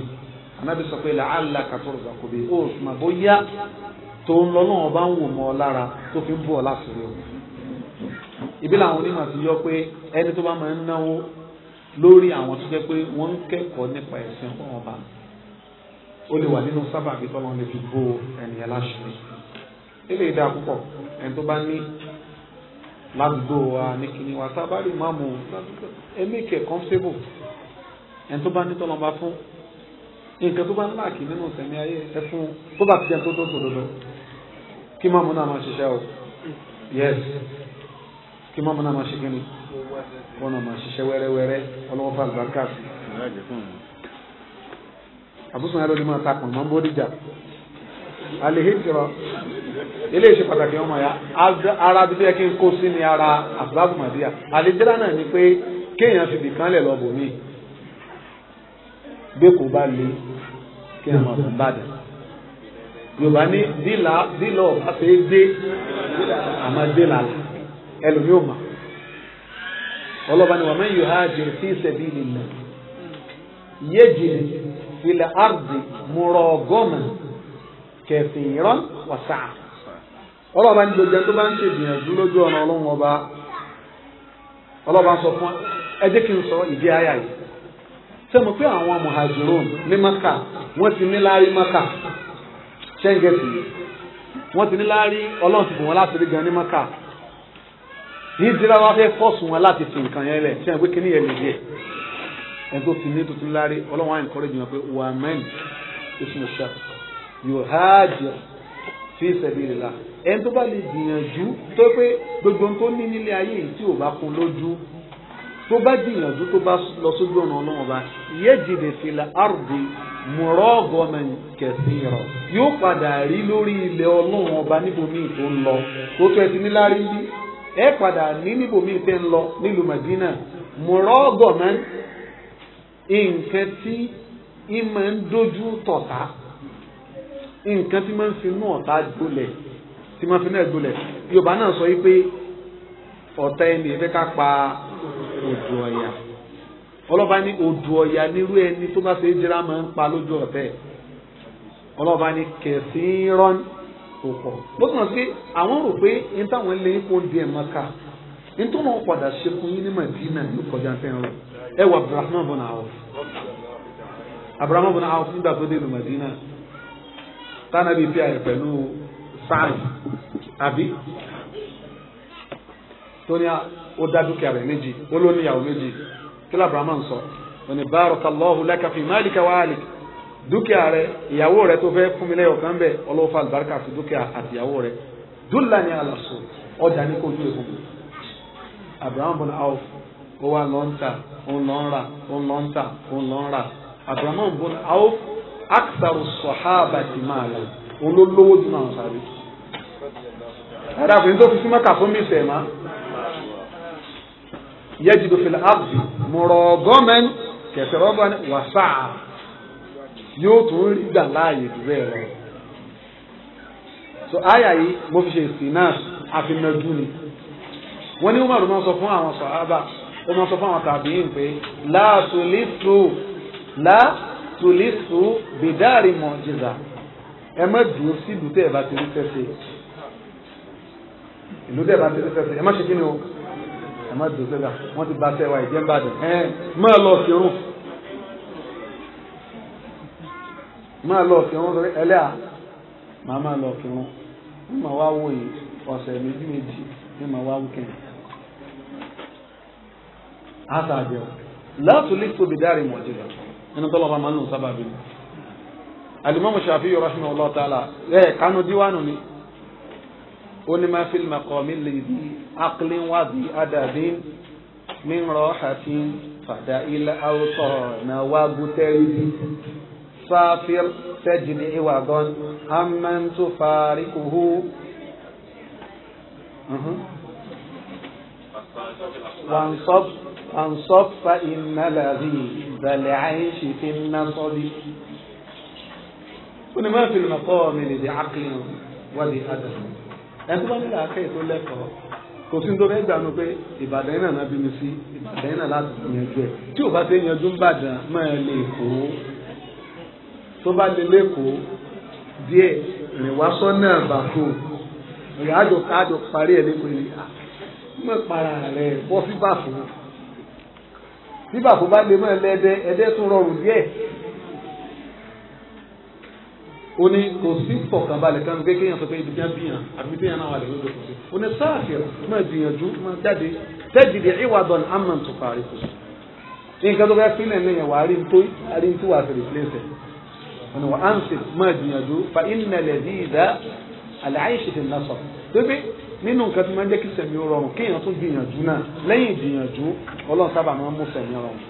anabi sọ pé làálà kàtúrò zàkóbi ó sùnmà bóyá tó ń lọ náà bá ń wò mọ́ ọ lára tó fi ń bọ̀ láṣìírí o ibi làwọn onímọ̀ ti yọ pé ẹni tó bá máa ń náwó lórí àwọn tó jẹ́ pé wọ́n ń kẹ́kọ̀ọ́ nípa ẹ̀sìn ọ̀hún ọba ó lè wà nínú sábà bí tọ́lọ́ lè fi bó ẹnìyẹn láṣìírí ilé ìdá púpọ̀ ẹni tó bá ní ládùúgbò wa ní kíní wa tá máàmù ẹmí kẹ̀ comfortable ẹni tó bá ní tọ́lọ́ bá fún nǹkan tó bá ń láàkì nínú sẹ̀mí ayé ẹ fún tó bá ti jẹun tó tó tòdodo kí mọ́mú náà máa ṣiṣẹ́ o yes kí mọ́mú náà máa ṣe kí ni wọn náà máa ṣiṣẹ́ wẹ́rẹ́wẹ́rẹ́ ọlọ́wọ́ fà lùbáríkà sí. àbúsùn ayé ló ní máa takùn máa ń bó dìjà alehejira eléyìí ṣe pàtàkì ọmọ ya ara bí bẹ́ẹ̀ kí n kó sí ni ara àbúrò àbùmọ̀díyà àlejò náà ni pé kéèyàn fi bìkan lẹ̀ lọ bò míì gbé kó bá lé kí ẹ máa bá dà yorùbá ní dílà dílà ọba dé àmàdé làlà ẹlòmíì ọlọ́ba ni wàá mẹ́yìn yóò hájì sí ìṣẹ̀bí nìlẹ̀ yéjì ilẹ̀ ardi mùrọ̀gọ́mà kẹfìrán wàsà ọlọ́ba ní gbogbo ẹni tó bá ń ṣe ìgbìyànjú lójú ọ̀nà ọba ọlọ́ba sọ fún ẹ jẹ́ kí n sẹ́mu pé àwọn muhajirun ní maka wọ́n ti ní láárí maka ṣẹ́ngẹ́tì wọ́n ti ní láárí ọlọ́run ti bò wọ́n láti rí gan ní maka ní ìdílé wa fẹ́ fọ́ọ̀sùn wọn láti fi nǹkan yẹn lẹ̀ sẹ́mu pé kíní yẹn lè díẹ̀ ẹ̀ tó ti ní tuntun láárí ọlọ́run wa encourage wọn pé wà mẹ́rin ismu shaf yóò háàjì fi sabilillah ẹni tó bá lè gbìyànjú tó pé gbogbo tó ní nílé ayé yìí tí ò bá kún lójú tó bá gbìyànjú tó bá lọ sójú ọ̀nà ọlọ́run ọba yẹ́jìdè fìlà àrùbí mùrọ́gọ́mẹ̀n kẹsìrọ̀ yóò padà rí lórí ilẹ̀ ọlọ́run ọba níbòmíì tó ń lọ tó tó ẹtì níláárí bí ẹ padà ní níbòmíì tẹ́ ń lọ nílùú Madina mùrọ́gọ́mẹ̀n nǹkan tí ń máa ń dojú tọ̀tá nǹkan tí máa ń finú ọ̀tá gbolẹ̀ tí máa finú ẹ̀ gbolẹ̀ Yorùbá náà sọ yìí pé ọ̀tá ẹni ìfẹ́ odò ọ̀yà ọlọ́ba ní odò ọ̀yà nírú ẹni tó bá ṣe é jẹ́ra máa ń pa lójú ọ̀tẹ̀ ọlọ́ba ní kẹ̀sìn rán òpọ̀ ló túnmọ̀ sí àwọn rò pé ní táwọn ilé ipò di ẹ̀ mọ́ka ní tó náà padà ṣe yín ní Madina ní kọjá fẹ́ràn ẹ wà Abdulrahman náà Abdulrahman náà nígbà tó dé Madina tó ní ó dá dúkìá rẹ̀ méjì ó ló níyàwó méjì kí labrahama ń sọ òní barakallahu laka fi malika wa alik dúkìá rẹ̀ ìyàwó rẹ̀ tó fẹ́ fún mi lẹ́yọ̀ kan bẹ̀ ọlọ́fà àlùbáríkà sí dúkìá àti ìyàwó rẹ̀ dúlà ní alàṣọ ọjà ní kó ojú èkó abraham bọ́n auf ó wá lọ́ ó ń ó ń ó ń abraham bọ́n auf aksaru sọ̀hábà ti máa lọ olólówó jù náà sáré. ẹ̀dá kò ní tó fi sí mẹ́kà fún mi sẹ̀ máa yajidu fil ardi muragaman kẹsìrọ́gbọ́n wàsáà yóò tún rí gbà láàyè jù bẹ́ẹ̀ lọ. so àyà yìí mo fi ṣe ìsìn náà àfimẹ́dú ni wọ́n ní Umaru máa sọ fún àwọn sàhábà ó máa sọ fún àwọn tàbíyìn pé láàtúlísù láàtúlísù bìdáàrí mọ̀jìzà ẹ má dùn sílùú tẹ́ ẹ bá ti rí fẹ́ ṣe ìlú tẹ́ bá ti rí fẹ́ ṣe ẹ má ṣe kí ni o ẹ má dùn sẹ́gà wọ́n ti ba sẹ́wà ìjẹ́ ń bàdàn ẹ máa lọ kírun máa lọ kírun lórí ẹlẹ́à máa máa lọ kírun ní màá wá wò yìí ọ̀sẹ̀ méjì méjì ní màá wá wíkẹ́ǹd àtàjẹ́ o láti lè tóbi dáre mọ̀jẹ́ lọ nínú tọ́lọ́ bá máa ń lò sábàbí alimami Shafi'i rahimahullah ta'ala ẹ̀ kánú díwánu ni ó ní máa fi màkàn mi lè di akílín wá bí adàbí mi rọ àti fàdà ilẹ̀ àwùsọ̀ náà wá gútẹ́rì bí sáfìr tẹ́jìlì ìwà gan amẹ́ntò fàríkùhù. وانصب انصب فإن الذي ذا العيش في النصب ولما في المقام لذي عقل وذي أدب ẹtú bá nílò akẹ́yìn tó lẹ́kọ̀ọ́ kò sí nítorí ẹgbàánu pé ìbàdàn náà náà bí mi sí ìbàdàn náà láti yanjú ẹ tí ò bá ti yanjú ń bàdàn máa lè kó tó bá lè lẹ́kọ̀ọ́ díẹ̀ rìn wá sọ́nà àbàkù rìn àjò kájò parí ẹ̀ lẹ́kọ̀ọ́ yìí mọ̀ para rẹ̀ bọ́ fíbàfọ́ fíbàfọ́ bá lè mọ̀ ẹlẹ́dẹ́ ẹdẹ́ tún rọrùn díẹ̀ ó ní kò sí fọkànbalẹ̀ kan gbé kéèyàn sọ pé ibi jẹ́ bíyàn àbí téèyàn náà wà lè lóde kò sí ó ní sáàfìrà máa gbìyànjú máa jáde tẹ́jìdì ìwàdàn amman tó parí kò sí. nǹkan tó fẹ́ sílẹ̀ lẹ́yìn wà á rí nítorí a rí nítorí wà á fi rìpléṣẹ̀ ọ̀nà wà á ń sè máa gbìyànjú fa ìnàlẹ̀ bí ìdá àlàáyèsè ti nà sọ pépé nínú nǹkan tó máa ń jẹ́ kí sẹ̀mí rọrùn kéèyàn tún gbìyànjú náà lẹ́yìn ìgbìyànjú ọlọ́run sábà máa ń mú sẹ̀mí rọrùn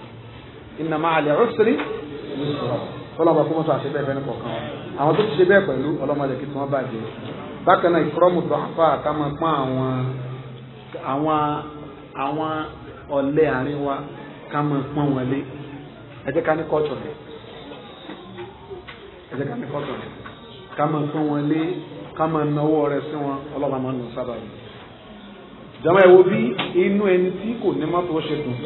ìnàmà àlẹ́ ọ̀sẹ̀rẹ̀ yóò sọ̀rọ̀ kọ́lọ́mọ kó mọ́tò àṣẹ bẹ́ẹ̀ bẹ́ẹ̀ kọ̀ọ̀kan àwọn tó ti ṣe bẹ́ẹ̀ pẹ̀lú ọlọ́mọdé kí tí wọ́n bàjẹ́ bákan náà ìkọ́rọ́mù tó àfà ká máa pọ́n àwọn àwọn àwọn ọ̀lẹ àárín wa ká máa pọ́n wọn lé ẹ jẹ́ ká ní kọ́ọ̀tọ̀ rẹ̀ ẹ jẹ́ ká ní kọ́ọ̀tọ̀ rẹ̀ ká máa pọ́n wọn lé ká máa náwó rẹ̀ sí wọn ọlọ́ba nù sábà yìí jọmọ ẹ wo bí inú ẹni tí kò ní mọ́tò ṣe dùn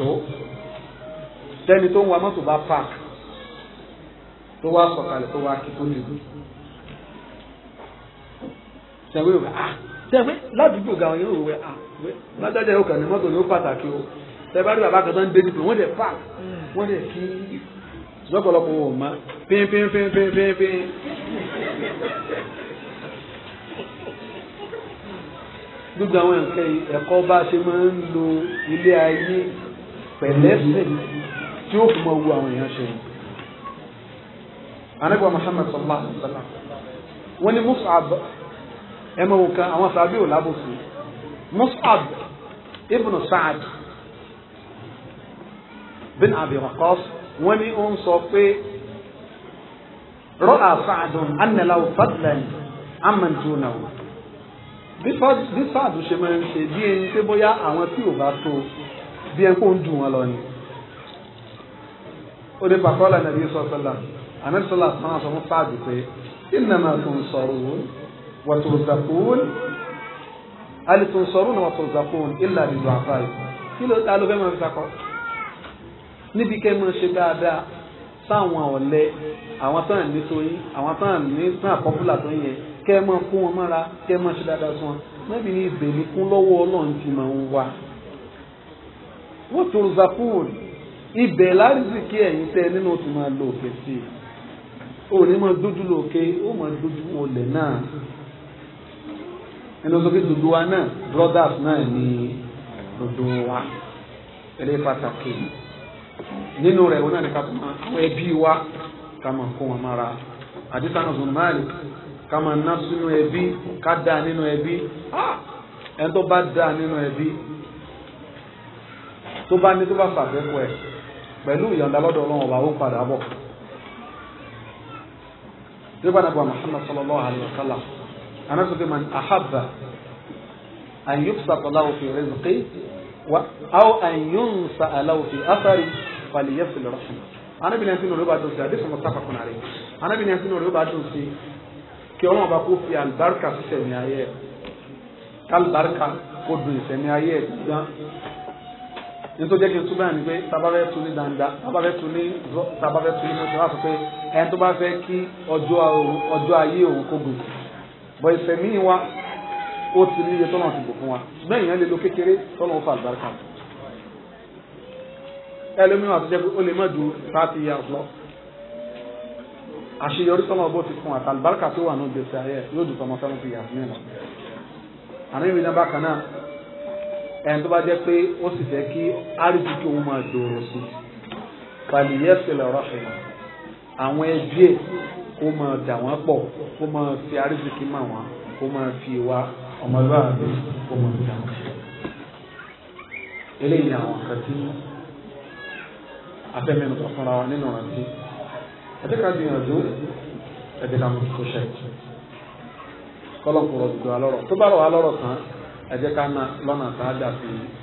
tẹ́ni tó ń wa mọ́tò bá páàkì tó wá sọ̀kalẹ̀ tó wá kí fún ìlú. sẹ̀wé òwe ah sẹ̀wé ládùúgbò gan yóò òwe ah lájájá yóò kàn ní mọ́tò yóò pàtàkì o sẹ̀bá rí bàbá kan tó ń dé nípò wọ́n dẹ̀ pa wọ́n dẹ̀ kí lọ́pọ̀lọpọ̀ wọ̀ ma pínpínpínpínpín. gbogbo àwọn nǹkan ẹ̀kọ́ bá ṣe máa ń lo ilé ayé pẹ̀lẹ́sìn tí ó fi mọ wu àwọn èèyàn ṣe yìí anagba muhammad sallallahu alaihi wa sallam wọ́n ní mus'ab ẹ máa wò kan àwọn sàbí ò lábòsí mus'ab ibn sa'ad bin abi waqas wọ́n ní ó ń sọ pé rọ́à sa'adun annalahu fadlan amman dunahu bí sáàdù ṣe máa ń ṣe bí ẹni pé bóyá àwọn tí ò bá tó bí ẹni kó ń dùn wọn lọ ni. ó ní bàtọ́lá nàbí sọ́sọ́lá anabisala sanna sọ fún sáàdù pé innama tunsarun wa turzaqun hal tunsarun wa turzaqun illa bi du'afai kí ló dá ló fẹ́ máa fi sakọ níbi kẹ́ máa ṣe dáadáa sáwọn ọ̀lẹ àwọn tán ní tóyín àwọn tán ní tán àpọ́pùlà tó yẹn kẹ́ máa kó wọn mọ́ra kẹ́ máa ṣe dáadáa sí wọn níbi ní ìbèlè kún lọ́wọ́ ọlọ́run ti máa ń wá wọ́n tó zakúùn ibẹ̀ lárísìkí ẹ̀yìn tẹ́ nínú tó máa lo òkè sí i o ní mọ dúdú lòkè o mọ dúdú olè náà ẹni wọn sọ pé dúdú wa náà brothers náà ní dúdú wa ẹlẹ́ pàtàkì nínú rẹ̀ wọn náà ní ká tó máa àwọn ẹbí wa ká máa kó wọn mára àdìsá náà sọ̀rọ̀ máàlì ká máa ná sínú ẹbí ká dáa nínú ẹbí ah! ẹni tó bá dáa nínú ẹbí tó bá ní tó bá fàfẹ́ kọ ẹ pẹ̀lú ìyọ̀ǹda lọ́dọ̀ ọlọ́run ọba ó padà bọ̀ tí bá nàbọ̀ Muhammad sallallahu alayhi wa sallam anásùkè man ahabba an yubsata lahu fi rizqi wa aw an yunsa'a lahu fi athari falyasil rahim anabi ní ẹsìn olóba dùn sí adé sọmọ sáfà kùnà rẹ anabi ní ẹsìn olóba dùn sí kí ọlọ́run bá fi àlùbáríkà sísẹ̀ ní ayé ẹ̀ kálùbáríkà kó dùn ìsẹ̀ ní ayé ẹ̀ gbọ́n nítorí jẹ́ kí n túbọ̀ ní pé tábà fẹ́ tún ní dandan tábà fẹ́ tún ní tábà fẹ́ tún ní mọ́tò wá sọ pé ẹni tó bá fẹ́ kí ọjọ́ ayé òun kó gùn bọ́ ìsẹ̀mí wa ó ti ní iye tọ́nà ti bò fún wa ṣùgbọ́n èèyàn lè lo kékeré tọ́nà ó fa àlùbáríkà ẹlòmíràn àti jẹ́ pé ó lè má ju thirty years lọ àṣeyọrí tọ́nà ọgbọ́n ti fún àtàlùbáríkà tó wà ní ìgbésí ayé yóò ju tọmọ seventy years mìíràn àníbi náà ẹni tó bá jẹ́ pé ó sì fẹ́ kí áríjì kí òun máa dòrò sí pàlìyẹ́sì lọ́rọ̀ ṣe àwọn ẹbí ẹ̀ kó máa dà wọ́n pọ̀ kó máa fi áríjì kí mà wọ́n kó máa fi wá ọmọlúwàbí kó máa dà wọ́n. eléyìí ni àwọn kan tí afẹ́mẹ́nu kan fúnra wa nínú ìrántí ẹ̀jẹ̀ ká gbìyànjú ẹ̀jẹ̀ ká mú kó ṣe kọ́lọ́kùnrin ọ̀dùnkún alọ́rọ̀ tó bá rọ̀ alọ́rọ̀ tán. أجتمع لنا ká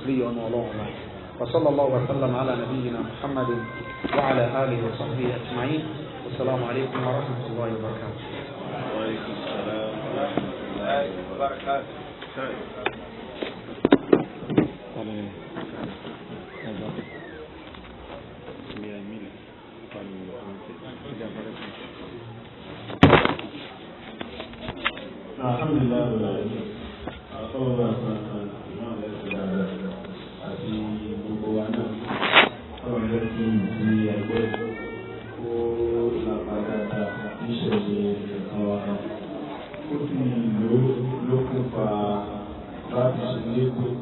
في lọ́nà tá a وصلى الله وسلم على نبينا محمد وعلى آله وصحبه أجمعين والسلام عليكم ورحمة الله وبركاته وعليكم السلام ورحمة الله وبركاته الحمد لله رب العالمين sọ́wọ́ àtàkùn náà lẹ́sẹ̀ dáadáa àti gbogbo wa náà sọ́wọ́ lẹ́sẹ̀ ní ẹgbẹ́ ó làbàdàdà ìṣẹ̀lẹ̀ ẹ̀kan wa náà ó sì lò ó lókùnfà láti ṣe lébùn.